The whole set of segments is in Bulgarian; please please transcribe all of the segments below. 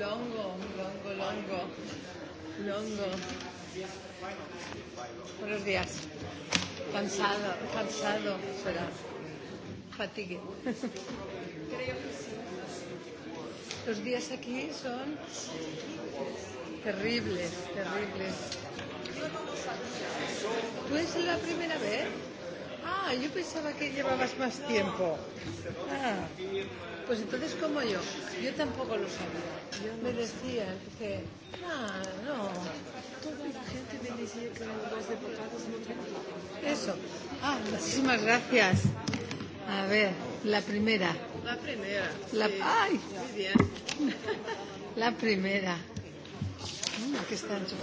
Longo, longo, longo. Longo. Buenos días. Cansado, cansado será. Fatigue. Creo que sí. Los días aquí son terribles, terribles. ¿Tú es la primera vez? Ah, yo pensaba que llevabas más tiempo. Ah, pues entonces como yo. Yo tampoco lo sabía. Yo me decía, dije, ah, no. Toda la gente me decía que los deportados no tenían. Eso. Ah, muchísimas gracias. A ver, la primera. La primera. La, sí. ¡Ay! Muy bien. La primera. Aquí están sus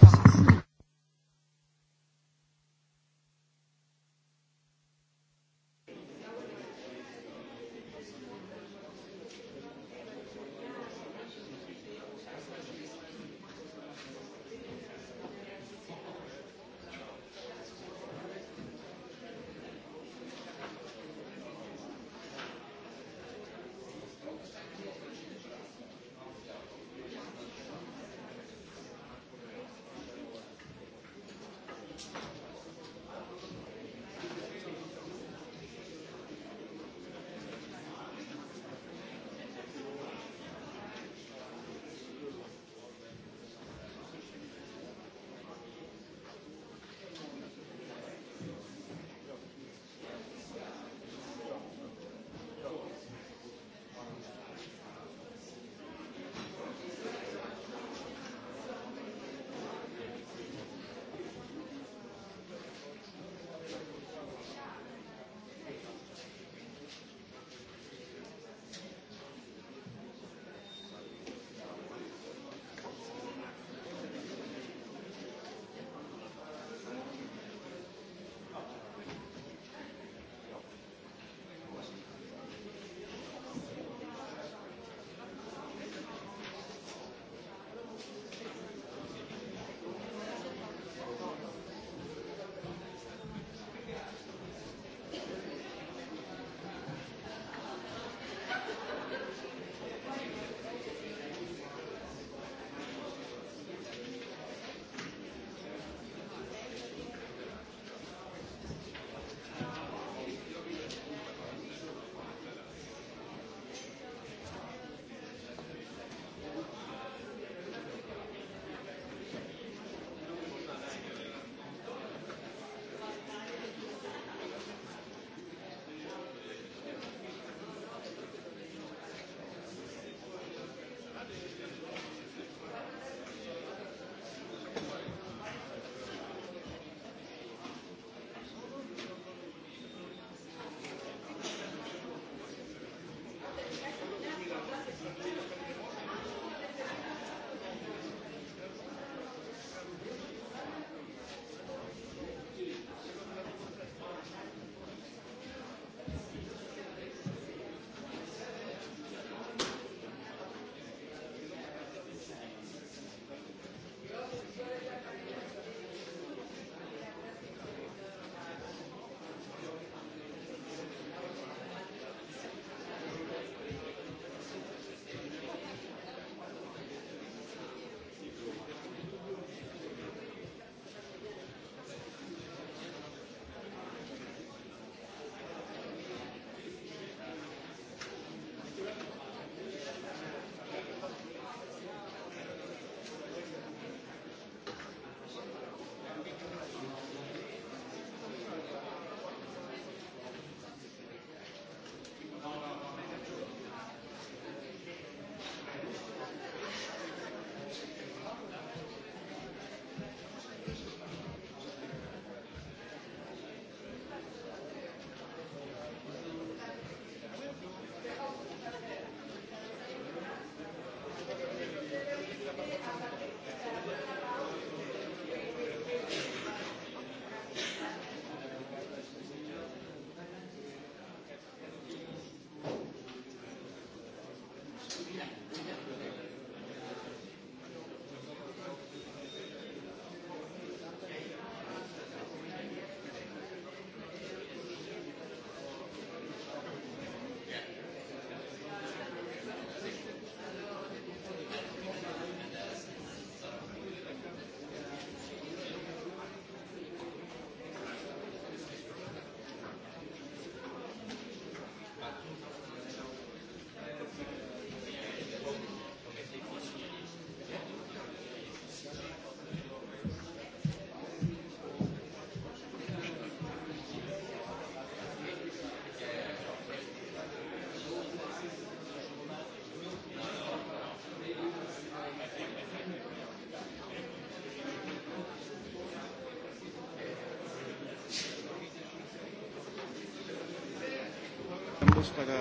minutos para.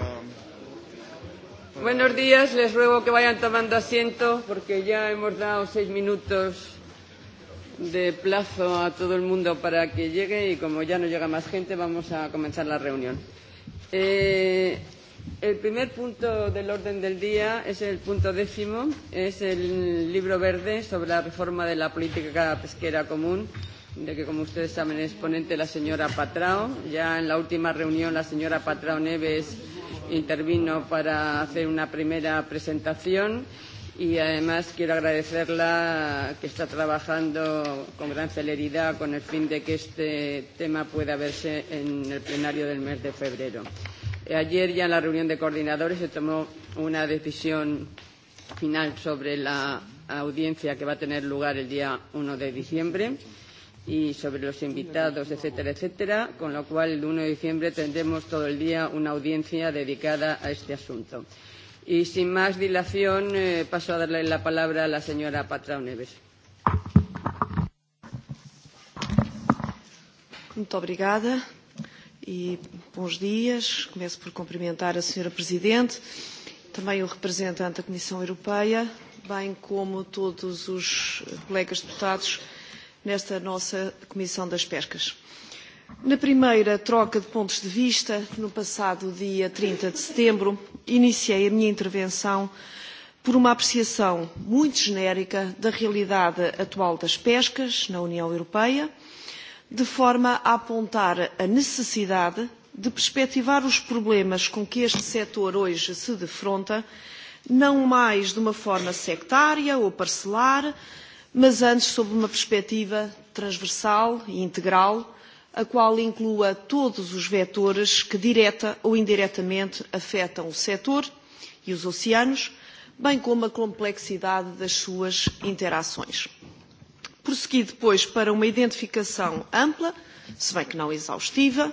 Buenos días, les ruego que vayan tomando asiento porque ya hemos dado seis minutos de plazo a todo el mundo para que llegue y como ya no llega más gente vamos a comenzar la reunión. Eh, el primer punto del orden del día es el punto décimo, es el libro verde sobre la reforma de la política pesquera común de que, como ustedes saben, es ponente la señora Patrao. Ya en la última reunión la señora Patrao Neves intervino para hacer una primera presentación y además quiero agradecerla que está trabajando con gran celeridad con el fin de que este tema pueda verse en el plenario del mes de febrero. Ayer ya en la reunión de coordinadores se tomó una decisión final sobre la audiencia que va a tener lugar el día 1 de diciembre y sobre los invitados, etcétera, etcétera, con lo cual el 1 de diciembre tendremos todo el día una audiencia dedicada a este asunto. Y sin más dilación, eh, paso a darle la palabra a la señora Patra Neves. Muito obrigada e bons dias. Começo por cumprimentar a senhora Presidente, também o representante da Comissão Europeia, bem como todos os colegas deputados nesta nossa Comissão das Pescas. Na primeira troca de pontos de vista, no passado dia 30 de setembro, iniciei a minha intervenção por uma apreciação muito genérica da realidade atual das pescas na União Europeia, de forma a apontar a necessidade de perspectivar os problemas com que este setor hoje se defronta, não mais de uma forma sectária ou parcelar, mas antes sob uma perspectiva transversal e integral, a qual inclua todos os vetores que direta ou indiretamente afetam o setor e os oceanos, bem como a complexidade das suas interações. Prossegui depois para uma identificação ampla, se bem que não exaustiva,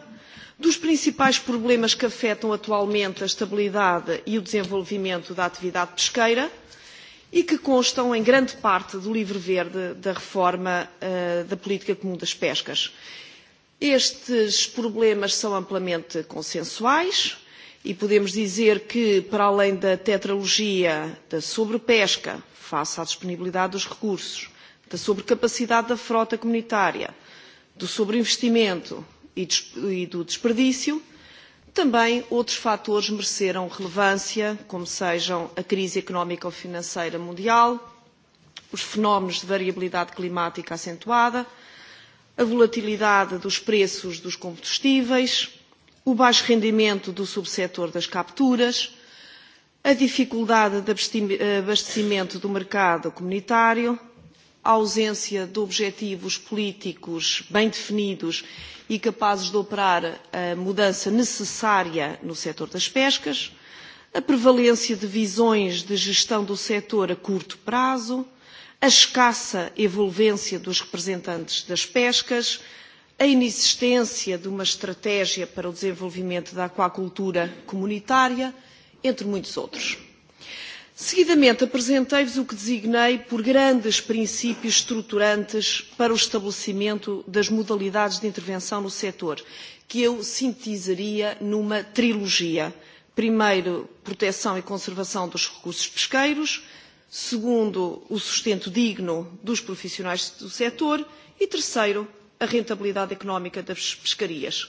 dos principais problemas que afetam atualmente a estabilidade e o desenvolvimento da atividade pesqueira, e que constam em grande parte do livro verde da reforma da política comum das pescas. Estes problemas são amplamente consensuais e podemos dizer que, para além da tetralogia da sobrepesca, face à disponibilidade dos recursos, da sobrecapacidade da frota comunitária, do sobreinvestimento e do desperdício, Também outros fatores mereceram relevância, como sejam a crise económica ou financeira mundial, os fenómenos de variabilidade climática acentuada, a volatilidade dos preços dos combustíveis, o baixo rendimento do subsetor das capturas, a dificuldade de abastecimento do mercado comunitário, a ausência de objetivos políticos bem definidos e capazes de operar a mudança necessária no setor das pescas, a prevalência de visões de gestão do setor a curto prazo, a escassa envolvência dos representantes das pescas, a inexistência de uma estratégia para o desenvolvimento da aquacultura comunitária, entre muitos outros Seguidamente apresentei-vos o que designei por grandes princípios estruturantes para o estabelecimento das modalidades de intervenção no setor, que eu sintetizaria numa trilogia. Primeiro, proteção e conservação dos recursos pesqueiros. Segundo, o sustento digno dos profissionais do setor. E terceiro, a rentabilidade económica das pescarias.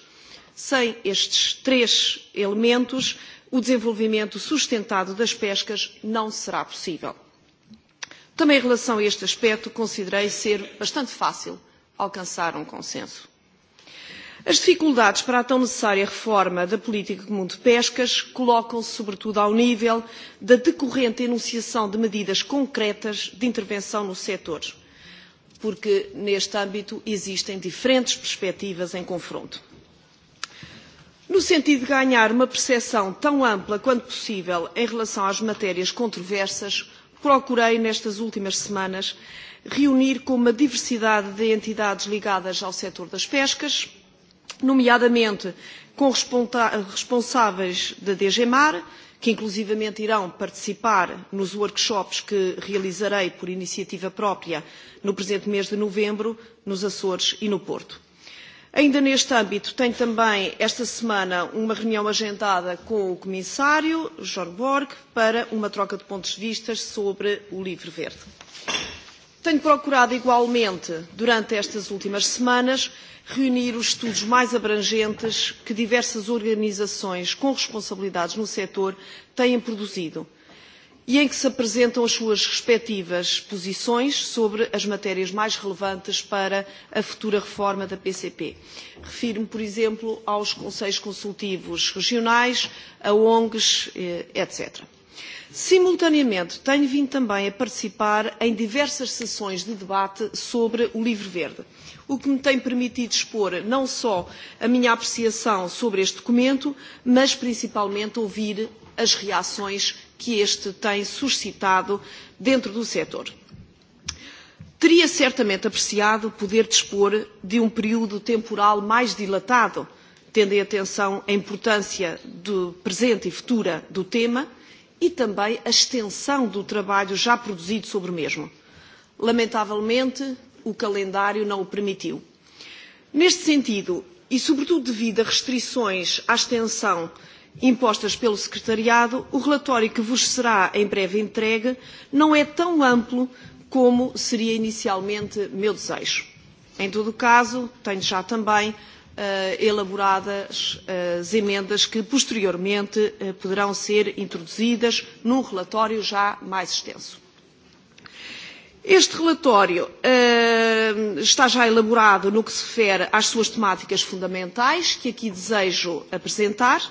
Sem estes três elementos, o desenvolvimento sustentado das pescas não será possível. Também em relação a este aspecto, considerei ser bastante fácil alcançar um consenso. As dificuldades para a tão necessária reforma da política comum de pescas colocam-se sobretudo ao nível da decorrente enunciação de medidas concretas de intervenção no setor, porque neste âmbito existem diferentes perspectivas em confronto. No sentido de ganhar uma percepção tão ampla quanto possível em relação às matérias controversas, procurei, nestas últimas semanas, reunir com uma diversidade de entidades ligadas ao setor das pescas, nomeadamente com responsáveis da DGMAR, que inclusivamente irão participar nos workshops que realizarei por iniciativa própria no presente mês de novembro, nos Açores e no Porto. Ainda neste âmbito, tem também esta semana uma reunião agendada com o Comissário Jorge Borg para uma troca de pontos de vista sobre o livro verde. Tenho procurado igualmente, durante estas últimas semanas, reunir os estudos mais abrangentes que diversas organizações com responsabilidades no setor têm produzido e em que se apresentam as suas respectivas posições sobre as matérias mais relevantes para a futura reforma da PCP. Refiro-me, por exemplo, aos Conselhos Consultivos Regionais, a ONGs, etc. Simultaneamente, tenho vindo também a participar em diversas sessões de debate sobre o Livro Verde, o que me tem permitido expor não só a minha apreciação sobre este documento, mas principalmente ouvir as reações que este tem suscitado dentro do setor. Teria certamente apreciado poder dispor de um período temporal mais dilatado, tendo em atenção a importância do presente e futura do tema e também a extensão do trabalho já produzido sobre o mesmo. Lamentavelmente, o calendário não o permitiu. Neste sentido, e sobretudo devido a restrições à extensão impostas pelo Secretariado, o relatório que vos será em breve entregue não é tão amplo como seria inicialmente meu desejo. Em todo o caso, tenho já também uh, elaboradas as emendas que posteriormente uh, poderão ser introduzidas num relatório já mais extenso. Este relatório uh, está já elaborado no que se refere às suas temáticas fundamentais, que aqui desejo apresentar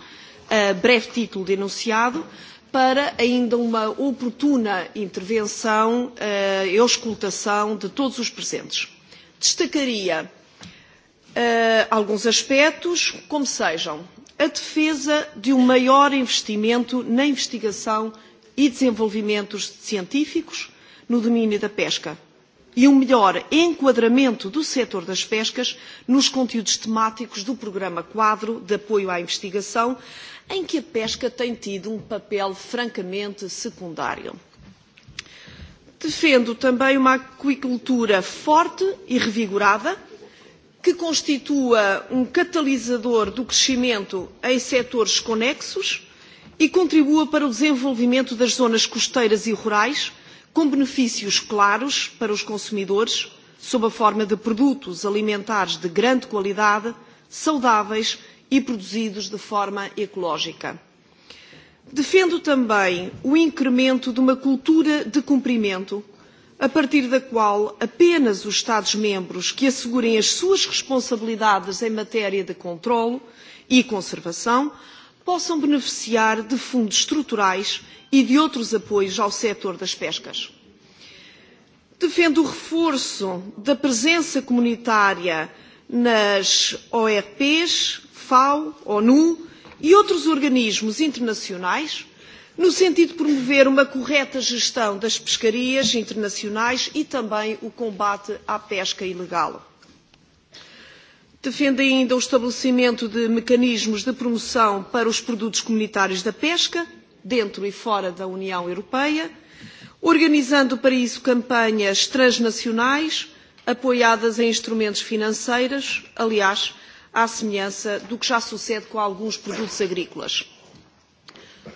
a breve título de enunciado para ainda uma oportuna intervenção e auscultação de todos os presentes. Destacaria alguns aspectos, como sejam a defesa de um maior investimento na investigação e desenvolvimentos científicos no domínio da pesca e um melhor enquadramento do setor das pescas nos conteúdos temáticos do Programa Quadro de Apoio à Investigação em que a pesca tem tido um papel francamente secundário. Defendo também uma aquicultura forte e revigorada, que constitua um catalisador do crescimento em setores conexos e contribua para o desenvolvimento das zonas costeiras e rurais, com benefícios claros para os consumidores, sob a forma de produtos alimentares de grande qualidade, saudáveis e produzidos de forma ecológica. Defendo também o incremento de uma cultura de cumprimento, a partir da qual apenas os Estados-membros que assegurem as suas responsabilidades em matéria de controlo e conservação possam beneficiar de fundos estruturais e de outros apoios ao setor das pescas. Defendo o reforço da presença comunitária nas ORPs, FAO, ONU e outros organismos internacionais, no sentido de promover uma correta gestão das pescarias internacionais e também o combate à pesca ilegal. Defende ainda o estabelecimento de mecanismos de promoção para os produtos comunitários da pesca, dentro e fora da União Europeia, organizando para isso campanhas transnacionais apoiadas em instrumentos financeiros. Aliás, à semelhança do que já sucede com alguns produtos agrícolas.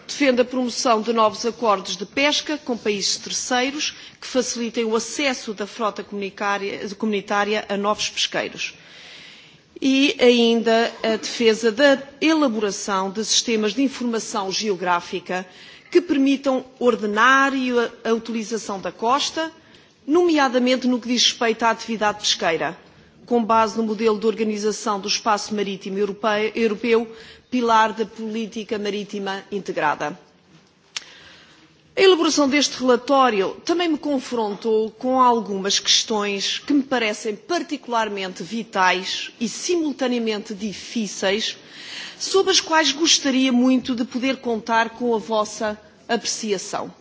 Defende a promoção de novos acordos de pesca com países terceiros que facilitem o acesso da frota comunitária a novos pesqueiros e ainda a defesa da elaboração de sistemas de informação geográfica que permitam ordenar a utilização da costa, nomeadamente no que diz respeito à atividade pesqueira com base no modelo de organização do espaço marítimo europeu, pilar da política marítima integrada. A elaboração deste relatório também me confrontou com algumas questões que me parecem particularmente vitais e simultaneamente difíceis, sobre as quais gostaria muito de poder contar com a vossa apreciação.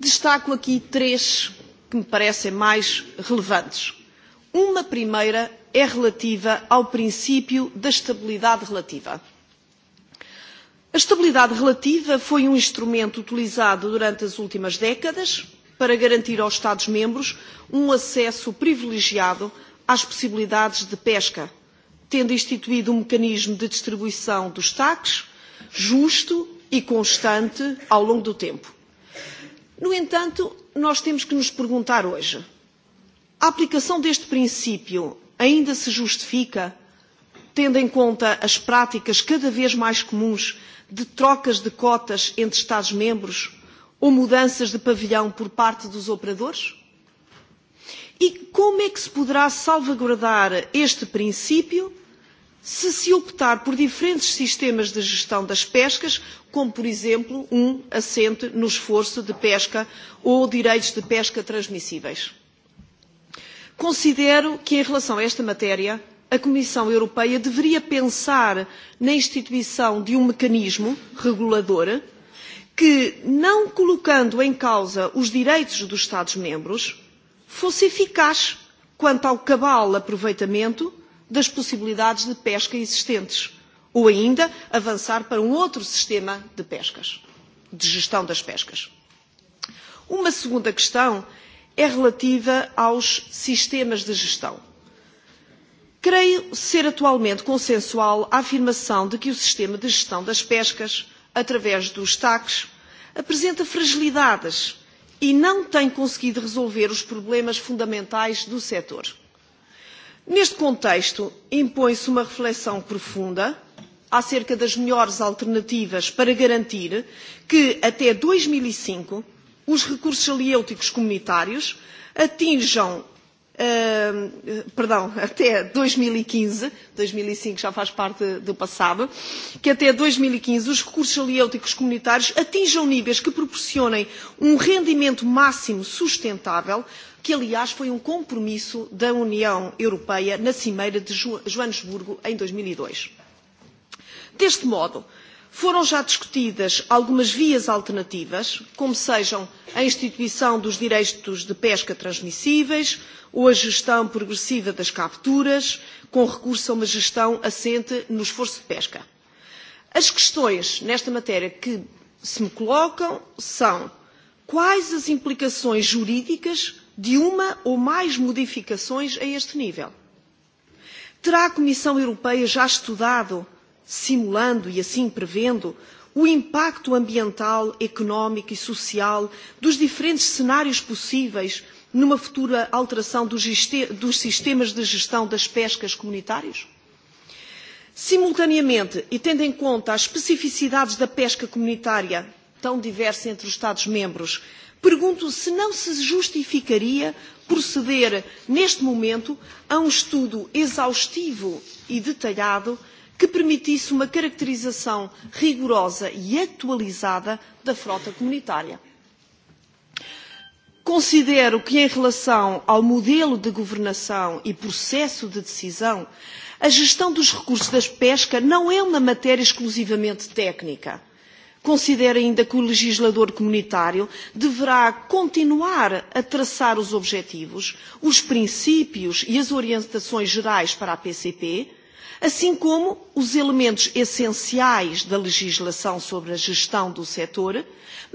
Destaco aqui três que me parecem mais relevantes. Uma primeira é relativa ao princípio da estabilidade relativa. A estabilidade relativa foi um instrumento utilizado durante as últimas décadas para garantir aos Estados-membros um acesso privilegiado às possibilidades de pesca, tendo instituído um mecanismo de distribuição dos taxes justo e constante ao longo do tempo. No entanto, nós temos que nos perguntar hoje A aplicação deste princípio ainda se justifica tendo em conta as práticas cada vez mais comuns de trocas de cotas entre Estados-membros ou mudanças de pavilhão por parte dos operadores? E como é que se poderá salvaguardar este princípio se se optar por diferentes sistemas de gestão das pescas, como, por exemplo, um assente no esforço de pesca ou direitos de pesca transmissíveis? Considero que, em relação a esta matéria, a Comissão Europeia deveria pensar na instituição de um mecanismo regulador que, não colocando em causa os direitos dos Estados-membros, fosse eficaz quanto ao cabal aproveitamento das possibilidades de pesca existentes, ou ainda avançar para um outro sistema de pescas, de gestão das pescas. Uma segunda questão é relativa aos sistemas de gestão. Creio ser atualmente consensual a afirmação de que o sistema de gestão das pescas, através dos TACs, apresenta fragilidades e não tem conseguido resolver os problemas fundamentais do setor. Neste contexto, impõe-se uma reflexão profunda acerca das melhores alternativas para garantir que, até dois mil e cinco os recursos aliêuticos comunitários atinjam perdão, até 2015, 2005 já faz parte do passado, que até 2015 os recursos aliêuticos comunitários atinjam níveis que proporcionem um rendimento máximo sustentável, que aliás foi um compromisso da União Europeia na Cimeira de Joanesburgo em 2002. Deste modo, Foram já discutidas algumas vias alternativas, como sejam a instituição dos direitos de pesca transmissíveis ou a gestão progressiva das capturas, com recurso a uma gestão assente no esforço de pesca. As questões nesta matéria que se me colocam são quais as implicações jurídicas de uma ou mais modificações a este nível? Terá a Comissão Europeia já estudado simulando e assim prevendo o impacto ambiental, económico e social dos diferentes cenários possíveis numa futura alteração dos sistemas de gestão das pescas comunitários? Simultaneamente, e tendo em conta as especificidades da pesca comunitária, tão diversa entre os Estados-membros, pergunto se não se justificaria proceder, neste momento, a um estudo exaustivo e detalhado que permitisse uma caracterização rigorosa e atualizada da frota comunitária. Considero que, em relação ao modelo de governação e processo de decisão, a gestão dos recursos da pesca não é uma matéria exclusivamente técnica. Considero ainda que o legislador comunitário deverá continuar a traçar os objetivos, os princípios e as orientações gerais para a PCP, assim como os elementos essenciais da legislação sobre a gestão do setor,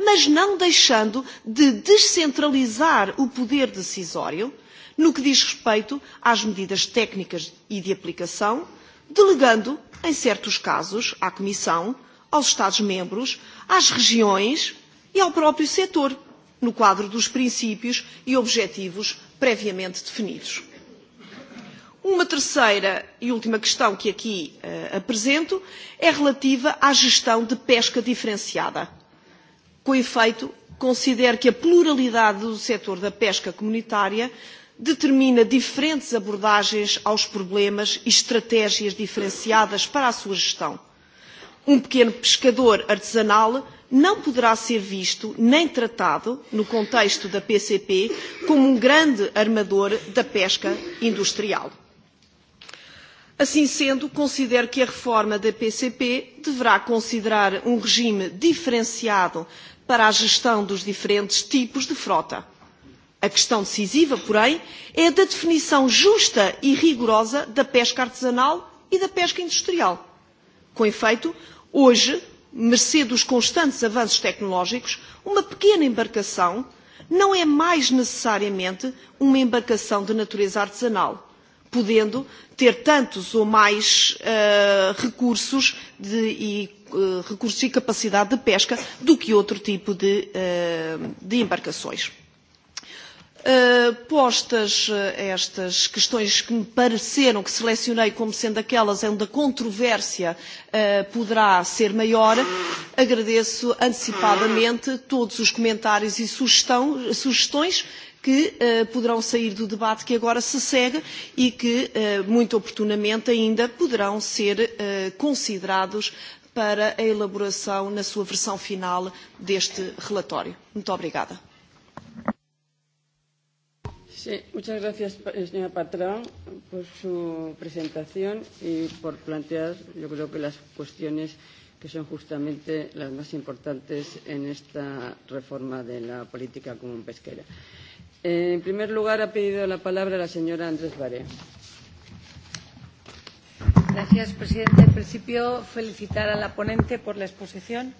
mas não deixando de descentralizar o poder decisório no que diz respeito às medidas técnicas e de aplicação, delegando, em certos casos, à Comissão, aos Estados-membros, às regiões e ao próprio setor, no quadro dos princípios e objetivos previamente definidos. Uma terceira e última questão que aqui apresento é relativa à gestão de pesca diferenciada. Com efeito, considero que a pluralidade do setor da pesca comunitária determina diferentes abordagens aos problemas e estratégias diferenciadas para a sua gestão. Um pequeno pescador artesanal não poderá ser visto nem tratado, no contexto da PCP, como um grande armador da pesca industrial. Assim sendo, considero que a reforma da PCP deverá considerar um regime diferenciado para a gestão dos diferentes tipos de frota. A questão decisiva, porém, é a da definição justa e rigorosa da pesca artesanal e da pesca industrial. Com efeito, hoje, mercê dos constantes avanços tecnológicos, uma pequena embarcação não é mais necessariamente uma embarcação de natureza artesanal podendo ter tantos ou mais uh, recursos de, e uh, recursos e capacidade de pesca do que outro tipo de, uh, de embarcações. Uh, postas uh, estas questões que me pareceram, que selecionei como sendo aquelas onde a controvérsia uh, poderá ser maior, agradeço antecipadamente todos os comentários e sugestão, sugestões que poderão sair do debate que agora se segue e que, muito oportunamente ainda, poderão ser considerados para a elaboração, na sua versão final, deste relatório. Muito obrigada. Sí, muchas gracias, señora Patrón, por su presentación y por plantear, yo creo que las cuestiones que son justamente las más importantes en esta reforma de la política común pesquera en primer lugar, ha pedido la palabra la señora Andrés Baré. Señor presidente. En principio, felicitar a la ponente por la exposición.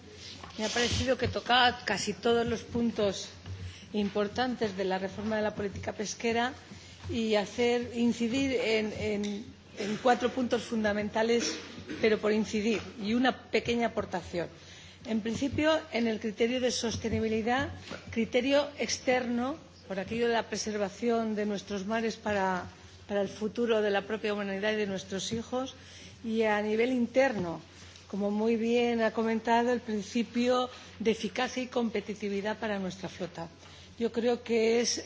Me ha parecido que tocaba casi todos los puntos importantes de la reforma de la política pesquera y hacer incidir en, en, en cuatro puntos fundamentales, pero por incidir, y una pequeña aportación. En principio, en el criterio de sostenibilidad, criterio externo por aquello de la preservación de nuestros mares para, para el futuro de la propia humanidad y de nuestros hijos, y a nivel interno, como muy bien ha comentado, el principio de eficacia y competitividad para nuestra flota yo creo que es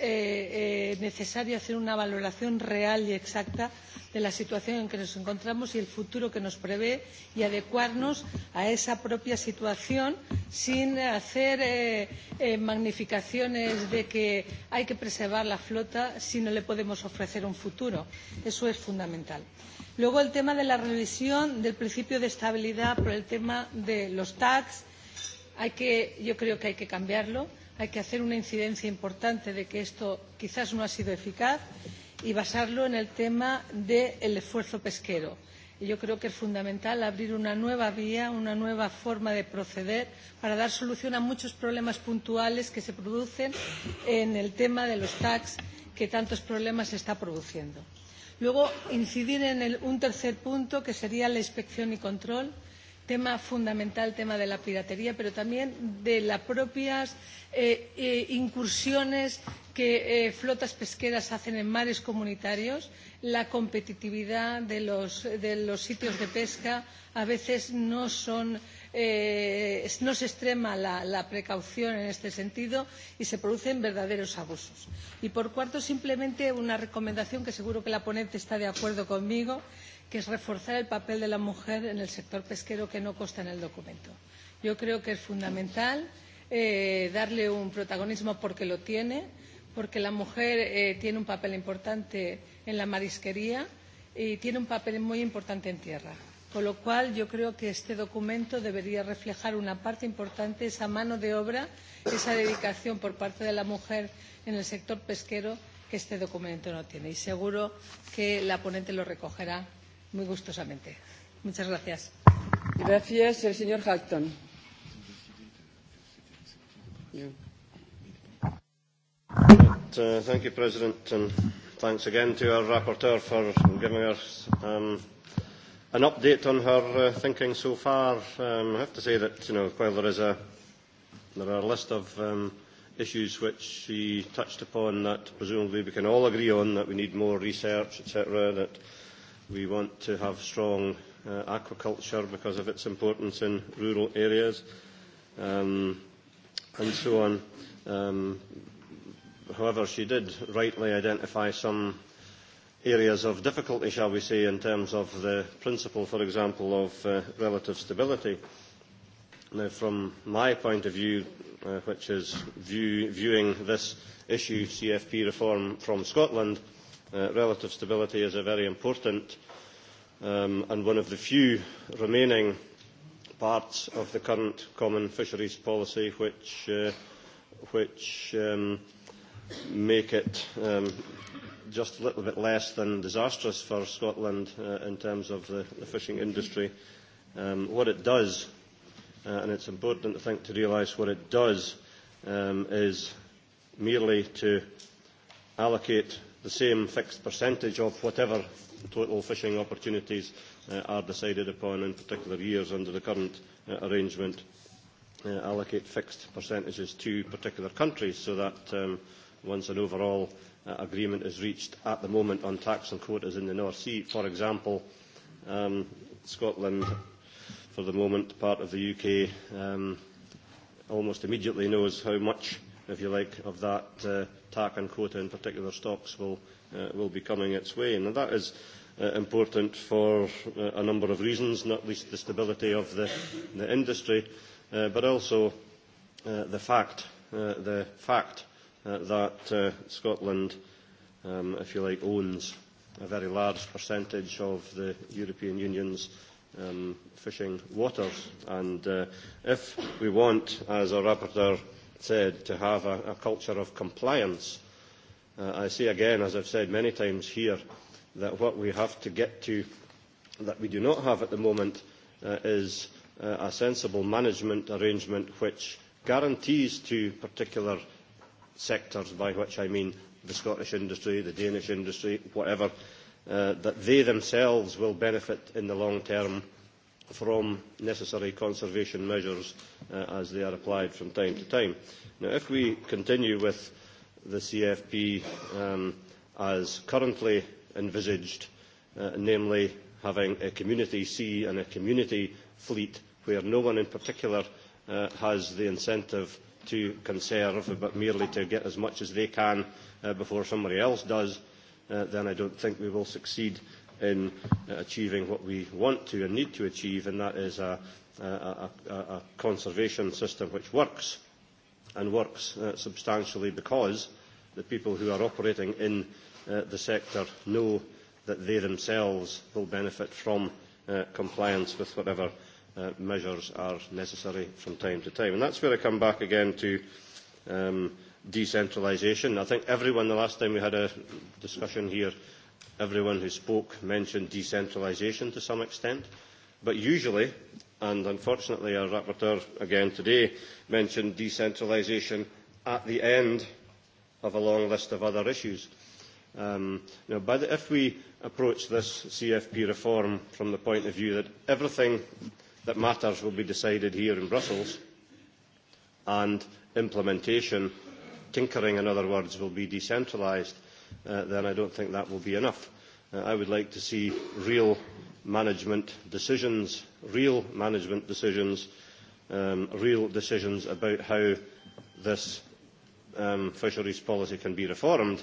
necesario hacer una valoración real y exacta de la situación en que nos encontramos y el futuro que nos prevé y adecuarnos a esa propia situación sin hacer magnificaciones de que hay que preservar la flota si no le podemos ofrecer un futuro. Eso es fundamental. Luego el tema de la revisión del principio de estabilidad por el tema de los TAC. yo creo que hay que cambiarlo hay que hacer una incidencia importante de que esto quizás no ha sido eficaz y basarlo en el tema del esfuerzo pesquero. Yo creo que es fundamental abrir una nueva vía, una nueva forma de proceder para dar solución a muchos problemas puntuales que se producen en el tema de los TAC que tantos problemas está produciendo. Luego, incidir en un tercer punto, que sería la inspección y control tema fundamental, tema de la piratería, pero también de las propias incursiones que flotas pesqueras hacen en mares comunitarios, la competitividad de los, sitios de pesca. A veces no, se extrema la, precaución en este sentido y se producen verdaderos abusos. Y por cuarto, simplemente una recomendación que seguro que la ponente está de acuerdo conmigo que es reforzar el papel de la mujer en el sector pesquero, que no consta en el documento. Yo creo que es fundamental darle un protagonismo porque lo tiene, porque la mujer tiene un papel importante en la marisquería y tiene un papel muy importante en tierra. Con lo cual, yo creo que este documento debería reflejar una parte importante, esa mano de obra, esa dedicación por parte de la mujer en el sector pesquero que este documento no tiene. Y seguro que la ponente lo recogerá muy gustosamente. Muchas gracias. Gracias, el señor Houghton. Thank you, President, and thanks again to our rapporteur for giving us um, an update on her uh, thinking so far. Um, I have to say that you know, while there is a there are a list of um, issues which she touched upon that presumably we can all agree on that we need more research, etc. That We want to have strong uh, aquaculture because of its importance in rural areas um, and so on. Um, however, she did rightly identify some areas of difficulty, shall we say, in terms of the principle, for example, of uh, relative stability. Now, from my point of view, uh, which is view, viewing this issue, CFP reform, from Scotland, uh, relative stability is a very important and one of the few remaining parts of the current common fisheries policy which, which make it just a little bit less than disastrous for Scotland in terms of the, fishing industry. what it does, and it's important, I think, to realise what it does, is merely to allocate the same fixed percentage of whatever total fishing opportunities uh, are decided upon in particular years under the current uh, arrangement uh, allocate fixed percentages to particular countries so that um, once an overall uh, agreement is reached at the moment on tax and quotas in the North Sea, for example, um, Scotland, for the moment, part of the UK, um, almost immediately knows how much if you like, of that uh, tac and quota in particular stocks will, uh, will be coming its way. And that is uh, important for uh, a number of reasons, not least the stability of the, the industry, uh, but also uh, the fact, uh, the fact uh, that uh, Scotland, um, if you like, owns a very large percentage of the European Union's um, fishing waters. And uh, if we want, as our rapporteur said, to have a, a culture of compliance. Uh, I say again, as I've said many times here, that what we have to get to that we do not have at the moment uh, is uh, a sensible management arrangement which guarantees to particular sectors, by which I mean the Scottish industry, the Danish industry, whatever, uh, that they themselves will benefit in the long term uh, from necessary conservation measures as they are applied from time to time. Now, if we continue with the CFP as currently envisaged, namely having a community sea and a community fleet where no one in particular has the incentive to conserve, but merely to get as much as they can before somebody else does, then I do not think we will succeed in achieving what we want to and need to achieve, and that is a, a, a, a conservation system which works and works uh, substantially because the people who are operating in uh, the sector know that they themselves will benefit from uh, compliance with whatever uh, measures are necessary from time to time. And that's where I come back again to um, decentralisation. I think everyone, the last time we had a discussion here, Everyone who spoke mentioned decentralisation to some extent, but usually, and unfortunately our rapporteur again today mentioned decentralisation at the end of a long list of other issues. Um, now, by the, if we approach this CFP reform from the point of view that everything that matters will be decided here in Brussels and implementation, tinkering in other words, will be decentralised, then I don't think that will be enough. I would like to see real management decisions, real management decisions, real decisions about how this fisheries policy can be reformed,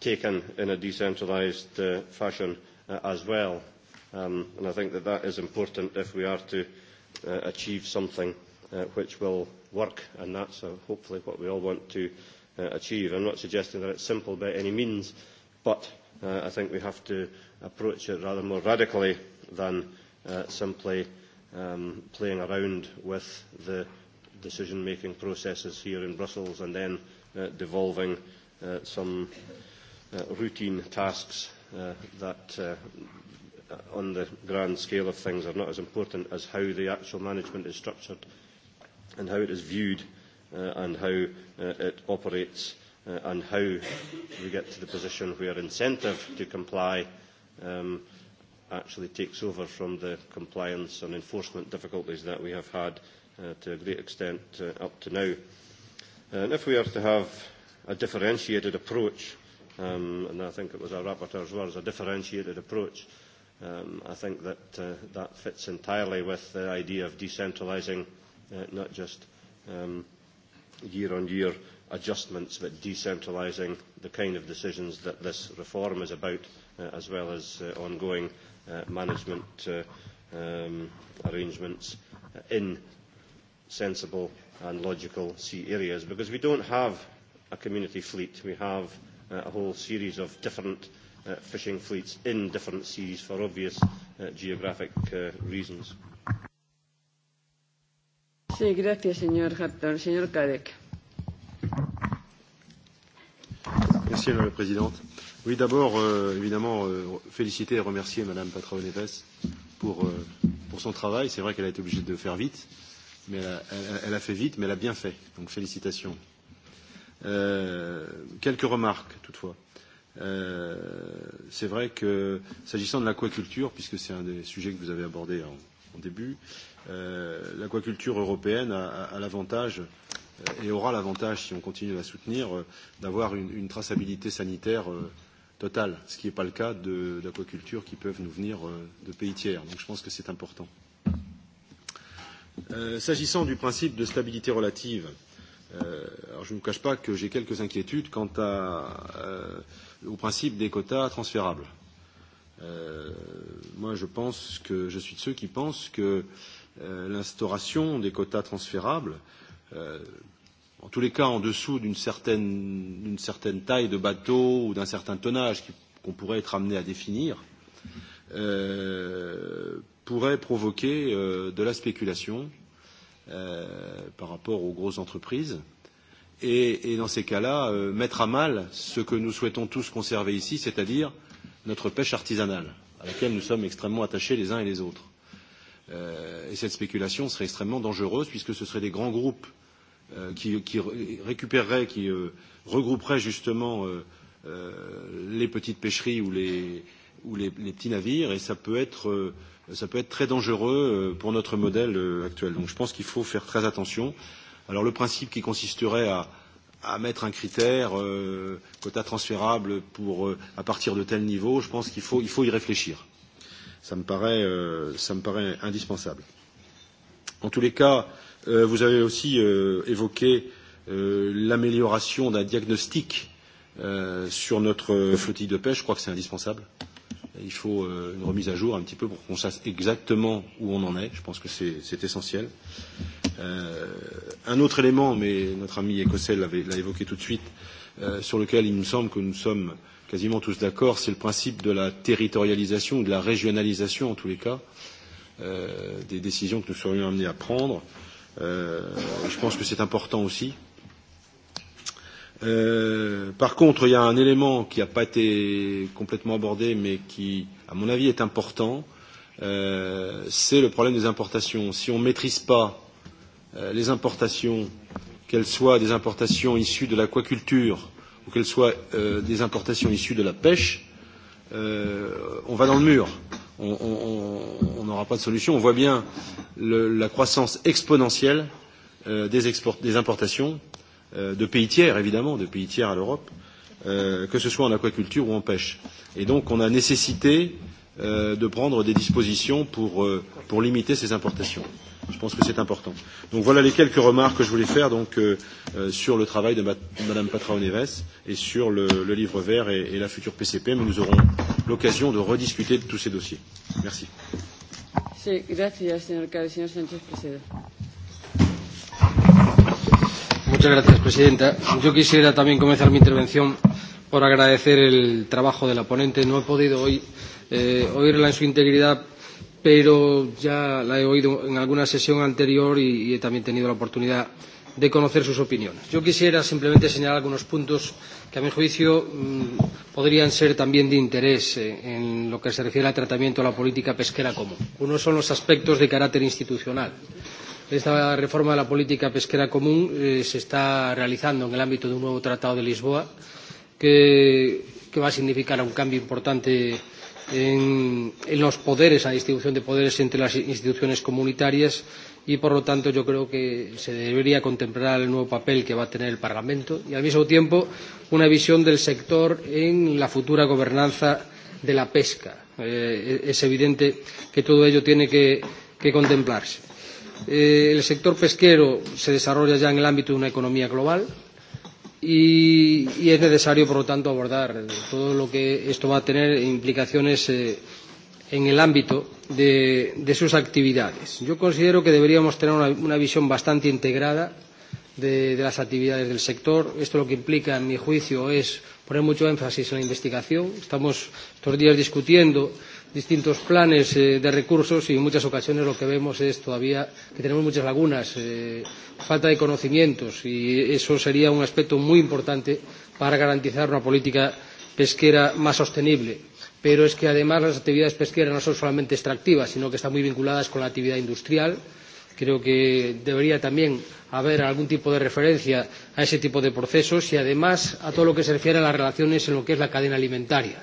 taken in a decentralised fashion as well. and I think that that is important if we are to achieve something which will work, and that's uh, hopefully what we all want to uh, achieve. I'm not suggesting that it's simple by any means, but uh, I think we have to approach it rather more radically than uh, simply um, playing around with the decision-making processes here in Brussels and then uh, devolving uh, some uh, routine tasks uh, that uh, on the grand scale of things are not as important as how the actual management is structured and how it is viewed uh, and how it operates and how we get to the position where incentive to comply actually takes over from the compliance and enforcement difficulties that we have had to a great extent up to now. if we are to have a differentiated approach, and I think it was our rapporteur's words, a differentiated approach, I think that that fits entirely with the idea of decentralising not just um, year-on-year adjustments, but decentralising the kind of decisions that this reform is about, as well as ongoing management arrangements in sensible and logical sea areas. Because we don't have a community fleet, we have a whole series of different fishing fleets in different seas for obvious geographic reasons. Sí, gracias, señor Señor Cadec. Merci, Madame la Présidente. Oui, d'abord, euh, évidemment, euh, féliciter et remercier Madame Patraoneves pour, euh, pour son travail. C'est vrai qu'elle a été obligée de faire vite, mais elle a, elle, elle a fait vite, mais elle a bien fait. Donc, félicitations. Euh, quelques remarques, toutefois. Euh, c'est vrai que, s'agissant de l'aquaculture, puisque c'est un des sujets que vous avez abordé en, Au début, l'aquaculture européenne a, l'avantage et aura l'avantage, si on continue à la soutenir, d'avoir une, traçabilité sanitaire totale, ce qui n'est pas le cas d'aquacultures qui peuvent nous venir de pays tiers. Donc je pense que c'est important. S'agissant du principe de stabilité relative, alors je ne vous cache pas que j'ai quelques inquiétudes quant à, au principe des quotas transférables moi, je pense que je suis de ceux qui pensent que l'instauration des quotas transférables, en tous les cas en dessous d'une certaine, certaine taille de bateau ou d'un certain tonnage qu'on pourrait être amené à définir, pourrait provoquer de la spéculation par rapport aux grosses entreprises et, dans ces cas-là, mettre à mal ce que nous souhaitons tous conserver ici, c'est-à-dire notre pêche artisanale, à laquelle nous sommes extrêmement attachés les uns et les autres. Euh, et cette spéculation serait extrêmement dangereuse, puisque ce seraient des grands groupes euh, qui, qui récupéreraient, qui euh, regrouperaient justement euh, euh, les petites pêcheries ou les, ou les, les petits navires, et ça peut être, euh, ça peut être très dangereux pour notre modèle actuel. Donc je pense qu'il faut faire très attention. Alors le principe qui consisterait à, à mettre un critère euh, quota transférable pour, euh, à partir de tel niveau, je pense qu'il faut, il faut y réfléchir. Ça me paraît, euh, ça me paraît indispensable. En tous les cas, euh, vous avez aussi euh, évoqué euh, l'amélioration d'un diagnostic euh, sur notre flottille de pêche. Je crois que c'est indispensable. Il faut euh, une remise à jour un petit peu pour qu'on sache exactement où on en est. Je pense que c'est essentiel. Euh, un autre élément, mais notre ami écossais l'a évoqué tout de suite, euh, sur lequel il me semble que nous sommes quasiment tous d'accord, c'est le principe de la territorialisation ou de la régionalisation en tous les cas euh, des décisions que nous serions amenés à prendre. Euh, je pense que c'est important aussi. Euh, par contre, il y a un élément qui n'a pas été complètement abordé, mais qui, à mon avis, est important, euh, c'est le problème des importations. Si on ne maîtrise pas les importations, qu'elles soient des importations issues de l'aquaculture ou qu'elles soient des importations issues de la pêche, on va dans le mur. On n'aura pas de solution. On voit bien la croissance exponentielle des, importations de pays tiers, évidemment, de pays tiers à l'Europe, que ce soit en aquaculture ou en pêche. Et donc, on a nécessité de prendre des dispositions pour, limiter ces importations. Je pense que c'est important. Donc voilà les quelques remarques que je voulais faire donc, euh, sur le travail de Mme Patraoneves et sur le, le livre vert et, et la future PCP, mais nous aurons l'occasion de rediscuter de tous ces dossiers. Merci. Muchas gracias, presidenta. Yo quisiera también comenzar mi intervención por agradecer el trabajo de la ponente. No he podido hoy eh, oírla en su integridad pero ya la he oído en alguna sesión anterior y, y he también tenido la oportunidad de conocer sus opiniones. Yo quisiera simplemente señalar algunos puntos que, a mi juicio, podrían ser también de interés en lo que se refiere al tratamiento de la política pesquera común. Uno son los aspectos de carácter institucional. Esta reforma de la política pesquera común se está realizando en el ámbito de un nuevo Tratado de Lisboa que, va a significar un cambio importante en, en los poderes, en la distribución de poderes entre las instituciones comunitarias y, por lo tanto, yo creo que se debería contemplar el nuevo papel que va a tener el Parlamento y, al mismo tiempo, una visión del sector en la futura gobernanza de la pesca. Eh, es evidente que todo ello tiene que, que contemplarse. Eh, el sector pesquero se desarrolla ya en el ámbito de una economía global, y, y es necesario, por lo tanto, abordar todo lo que esto va a tener implicaciones eh, en el ámbito de, de sus actividades. Yo considero que deberíamos tener una, una visión bastante integrada de, de las actividades del sector. Esto lo que implica, en mi juicio, es poner mucho énfasis en la investigación. Estamos estos días discutiendo distintos planes de recursos y en muchas ocasiones lo que vemos es todavía que tenemos muchas lagunas, falta de conocimientos y eso sería un aspecto muy importante para garantizar una política pesquera más sostenible. Pero es que además las actividades pesqueras no son solamente extractivas, sino que están muy vinculadas con la actividad industrial. Creo que debería también haber algún tipo de referencia a ese tipo de procesos y además a todo lo que se refiere a las relaciones en lo que es la cadena alimentaria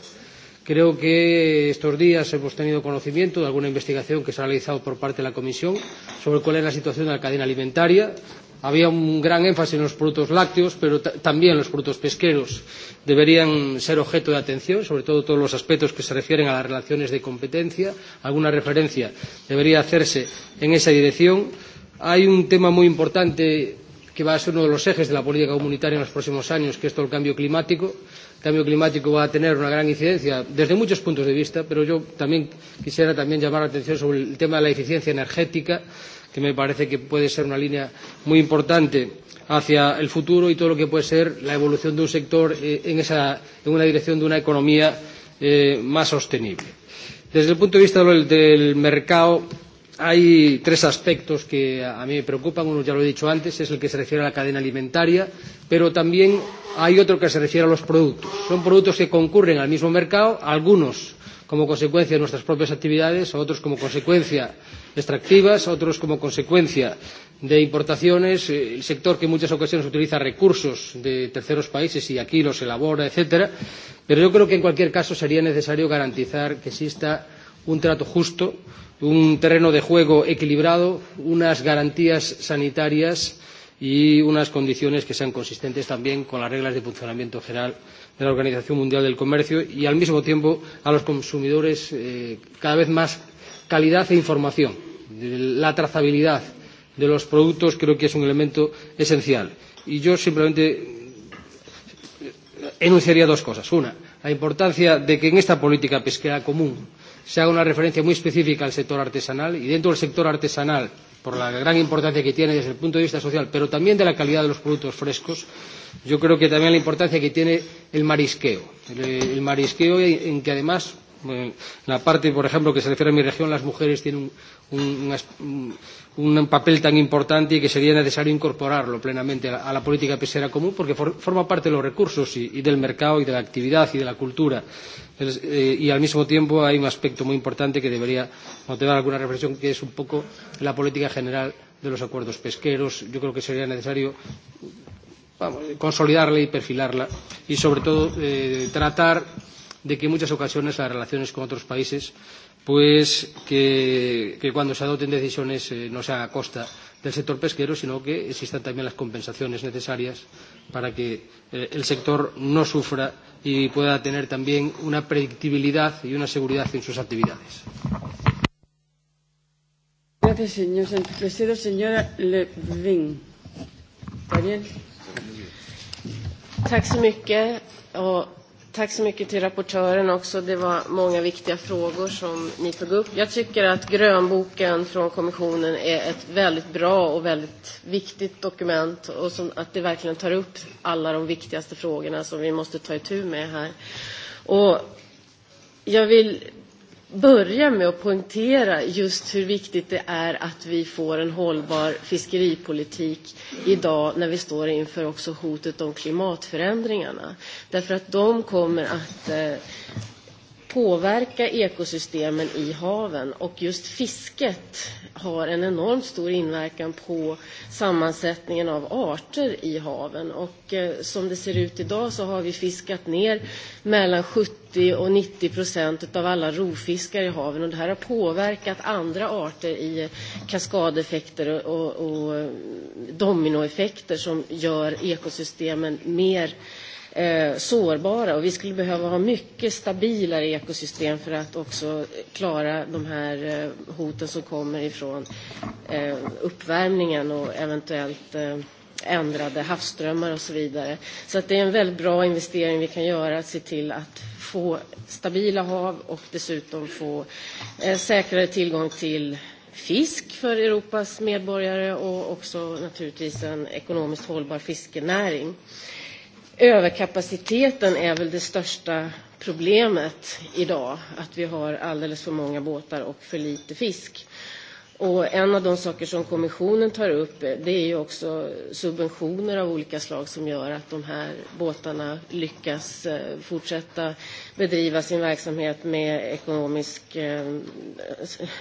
Creo que estos días hemos tenido conocimiento de alguna investigación que se ha realizado por parte de la Comisión sobre cuál es la situación de la cadena alimentaria. Había un gran énfasis en los productos lácteos, pero también los productos pesqueros deberían ser objeto de atención, sobre todo todos los aspectos que se refieren a las relaciones de competencia. Alguna referencia debería hacerse en esa dirección. Hay un tema muy importante que va a ser uno de los ejes de la política comunitaria en los próximos años, que es todo el cambio climático cambio climático va a tener una gran incidencia desde muchos puntos de vista, pero yo también quisiera también llamar la atención sobre el tema de la eficiencia energética, que me parece que puede ser una línea muy importante hacia el futuro y todo lo que puede ser la evolución de un sector eh, en, esa, en una dirección de una economía eh, más sostenible. Desde el punto de vista del, del mercado, hay tres aspectos que a mí me preocupan. Uno ya lo he dicho antes, es el que se refiere a la cadena alimentaria, pero también hay otro que se refiere a los productos. Son productos que concurren al mismo mercado, algunos como consecuencia de nuestras propias actividades, otros como consecuencia extractivas, otros como consecuencia de importaciones, el sector que en muchas ocasiones utiliza recursos de terceros países y aquí los elabora, etcétera. Pero yo creo que en cualquier caso sería necesario garantizar que exista un trato justo, un terreno de juego equilibrado, unas garantías sanitarias y unas condiciones que sean consistentes también con las reglas de funcionamiento general de la Organización Mundial del Comercio y, al mismo tiempo, a los consumidores cada vez más calidad e información. La trazabilidad de los productos creo que es un elemento esencial. Y yo simplemente enunciaría dos cosas. Una, la importancia de que en esta política pesquera común se haga una referencia muy específica al sector artesanal y dentro del sector artesanal por la gran importancia que tiene desde el punto de vista social, pero también de la calidad de los productos frescos, yo creo que también la importancia que tiene el marisqueo. El, el marisqueo en que además, en la parte, por ejemplo, que se refiere a mi región, las mujeres tienen un, un, un papel tan importante y que sería necesario incorporarlo plenamente a la, a la política pesquera común porque for, forma parte de los recursos y, y del mercado y de la actividad y de la cultura y al mismo tiempo hay un aspecto muy importante que debería motivar alguna reflexión, que es un poco la política general de los acuerdos pesqueros. Yo creo que sería necesario consolidarla y perfilarla y, sobre todo, tratar de que en muchas ocasiones las relaciones con otros países pues que, que cuando se adopten decisiones eh, no sea a costa del sector pesquero, sino que existan también las compensaciones necesarias para que eh, el sector no sufra y pueda tener también una predictibilidad y una seguridad en sus actividades. Gracias, señor Sánchez Presedo. Señora Levin. Daniel. Tack Gracias. Tack så mycket till rapportören också. Det var många viktiga frågor som ni tog upp. Jag tycker att grönboken från kommissionen är ett väldigt bra och väldigt viktigt dokument och som, att det verkligen tar upp alla de viktigaste frågorna som vi måste ta itu med här. Och jag vill börja med att poängtera just hur viktigt det är att vi får en hållbar fiskeripolitik idag när vi står inför också hotet om klimatförändringarna. Därför att de kommer att påverka ekosystemen i haven och just fisket har en enormt stor inverkan på sammansättningen av arter i haven. Och som det ser ut idag så har vi fiskat ner mellan 70 och 90 procent av alla rovfiskar i haven och det här har påverkat andra arter i kaskadeffekter och, och dominoeffekter som gör ekosystemen mer sårbara och vi skulle behöva ha mycket stabilare ekosystem för att också klara de här hoten som kommer ifrån uppvärmningen och eventuellt ändrade havsströmmar och så vidare. Så att det är en väldigt bra investering vi kan göra att se till att få stabila hav och dessutom få säkrare tillgång till fisk för Europas medborgare och också naturligtvis en ekonomiskt hållbar fiskenäring. Eh, överkapaciteten är väl det största problemet idag, att vi har alldeles för många båtar och för lite fisk. Och en av de saker som kommissionen tar upp är ju också subventioner av olika slag som gör att de här båtarna lyckas fortsätta bedriva sin verksamhet med ekonomisk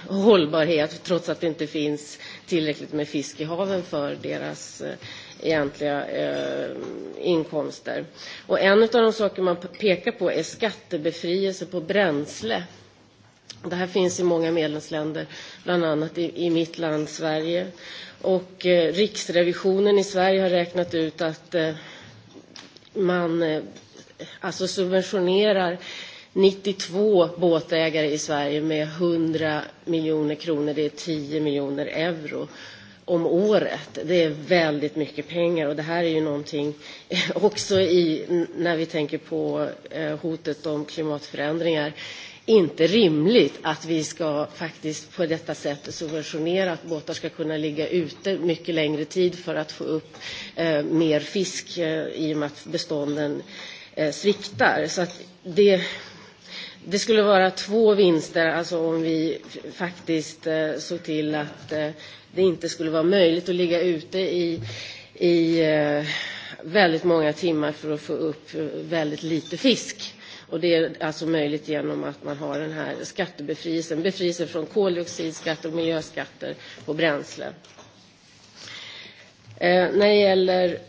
hållbarhet trots att det inte finns tillräckligt med fisk i haven för deras egentliga eh, inkomster. Och en av de saker man pekar på är skattebefrielse på bränsle. Det här finns i många medlemsländer, bland annat i, i mitt land Sverige. Och eh, Riksrevisionen i Sverige har räknat ut att eh, man eh, alltså subventionerar 92 båtägare i Sverige med 100 miljoner kronor, det är 10 miljoner euro om året. Det är väldigt mycket pengar och det här är ju någonting också i, när vi tänker på hotet om klimatförändringar inte rimligt att vi ska faktiskt på detta sätt subventionera att båtar ska kunna ligga ute mycket längre tid för att få upp eh, mer fisk eh, i och med att bestånden eh, sviktar. Så att det, det skulle vara två vinster, alltså om vi faktiskt eh, såg till att eh, det inte skulle vara möjligt att ligga ute i, i väldigt många timmar för att få upp väldigt lite fisk. Och det är alltså möjligt genom att man har den här skattebefrielsen, Befrielsen från koldioxidskatt och miljöskatter på bränsle. När det gäller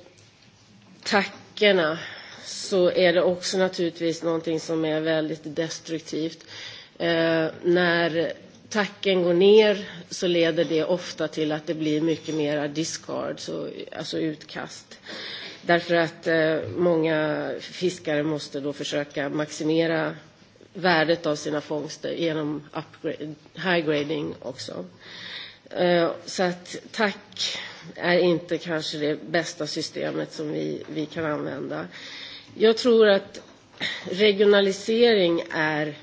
tackorna så är det också naturligtvis någonting som är väldigt destruktivt. När tacken går ner så leder det ofta till att det blir mycket mera discards, och, alltså utkast. Därför att eh, många fiskare måste då försöka maximera värdet av sina fångster genom high-grading också. Eh, så att tack är inte kanske det bästa systemet som vi, vi kan använda. Jag tror att regionalisering är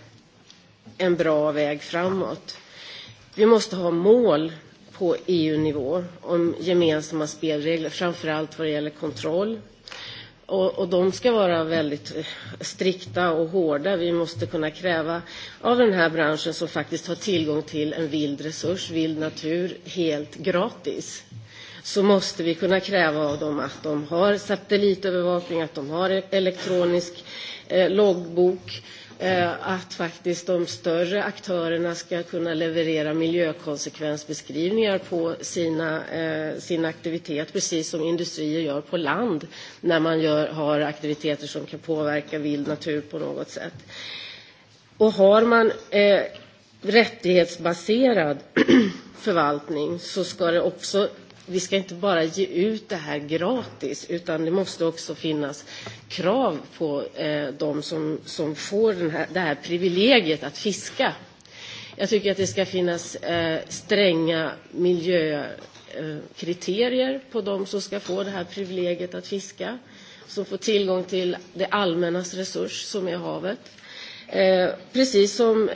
en bra väg framåt. Vi måste ha mål på EU-nivå om gemensamma spelregler, framförallt vad det gäller kontroll. Och, och de ska vara väldigt strikta och hårda. Vi måste kunna kräva av den här branschen som faktiskt har tillgång till en vild resurs, vild natur, helt gratis så måste vi kunna kräva av dem att de har satellitövervakning, att de har elektronisk loggbok, att faktiskt de större aktörerna ska kunna leverera miljökonsekvensbeskrivningar på sina, sin aktivitet, precis som industrier gör på land när man gör, har aktiviteter som kan påverka vild natur på något sätt. Och har man eh, rättighetsbaserad förvaltning så ska det också vi ska inte bara ge ut det här gratis utan det måste också finnas krav på eh, de som, som får den här, det här privilegiet att fiska. Jag tycker att det ska finnas eh, stränga miljökriterier på de som ska få det här privilegiet att fiska, som får tillgång till det allmännas resurs som är havet. Eh, precis som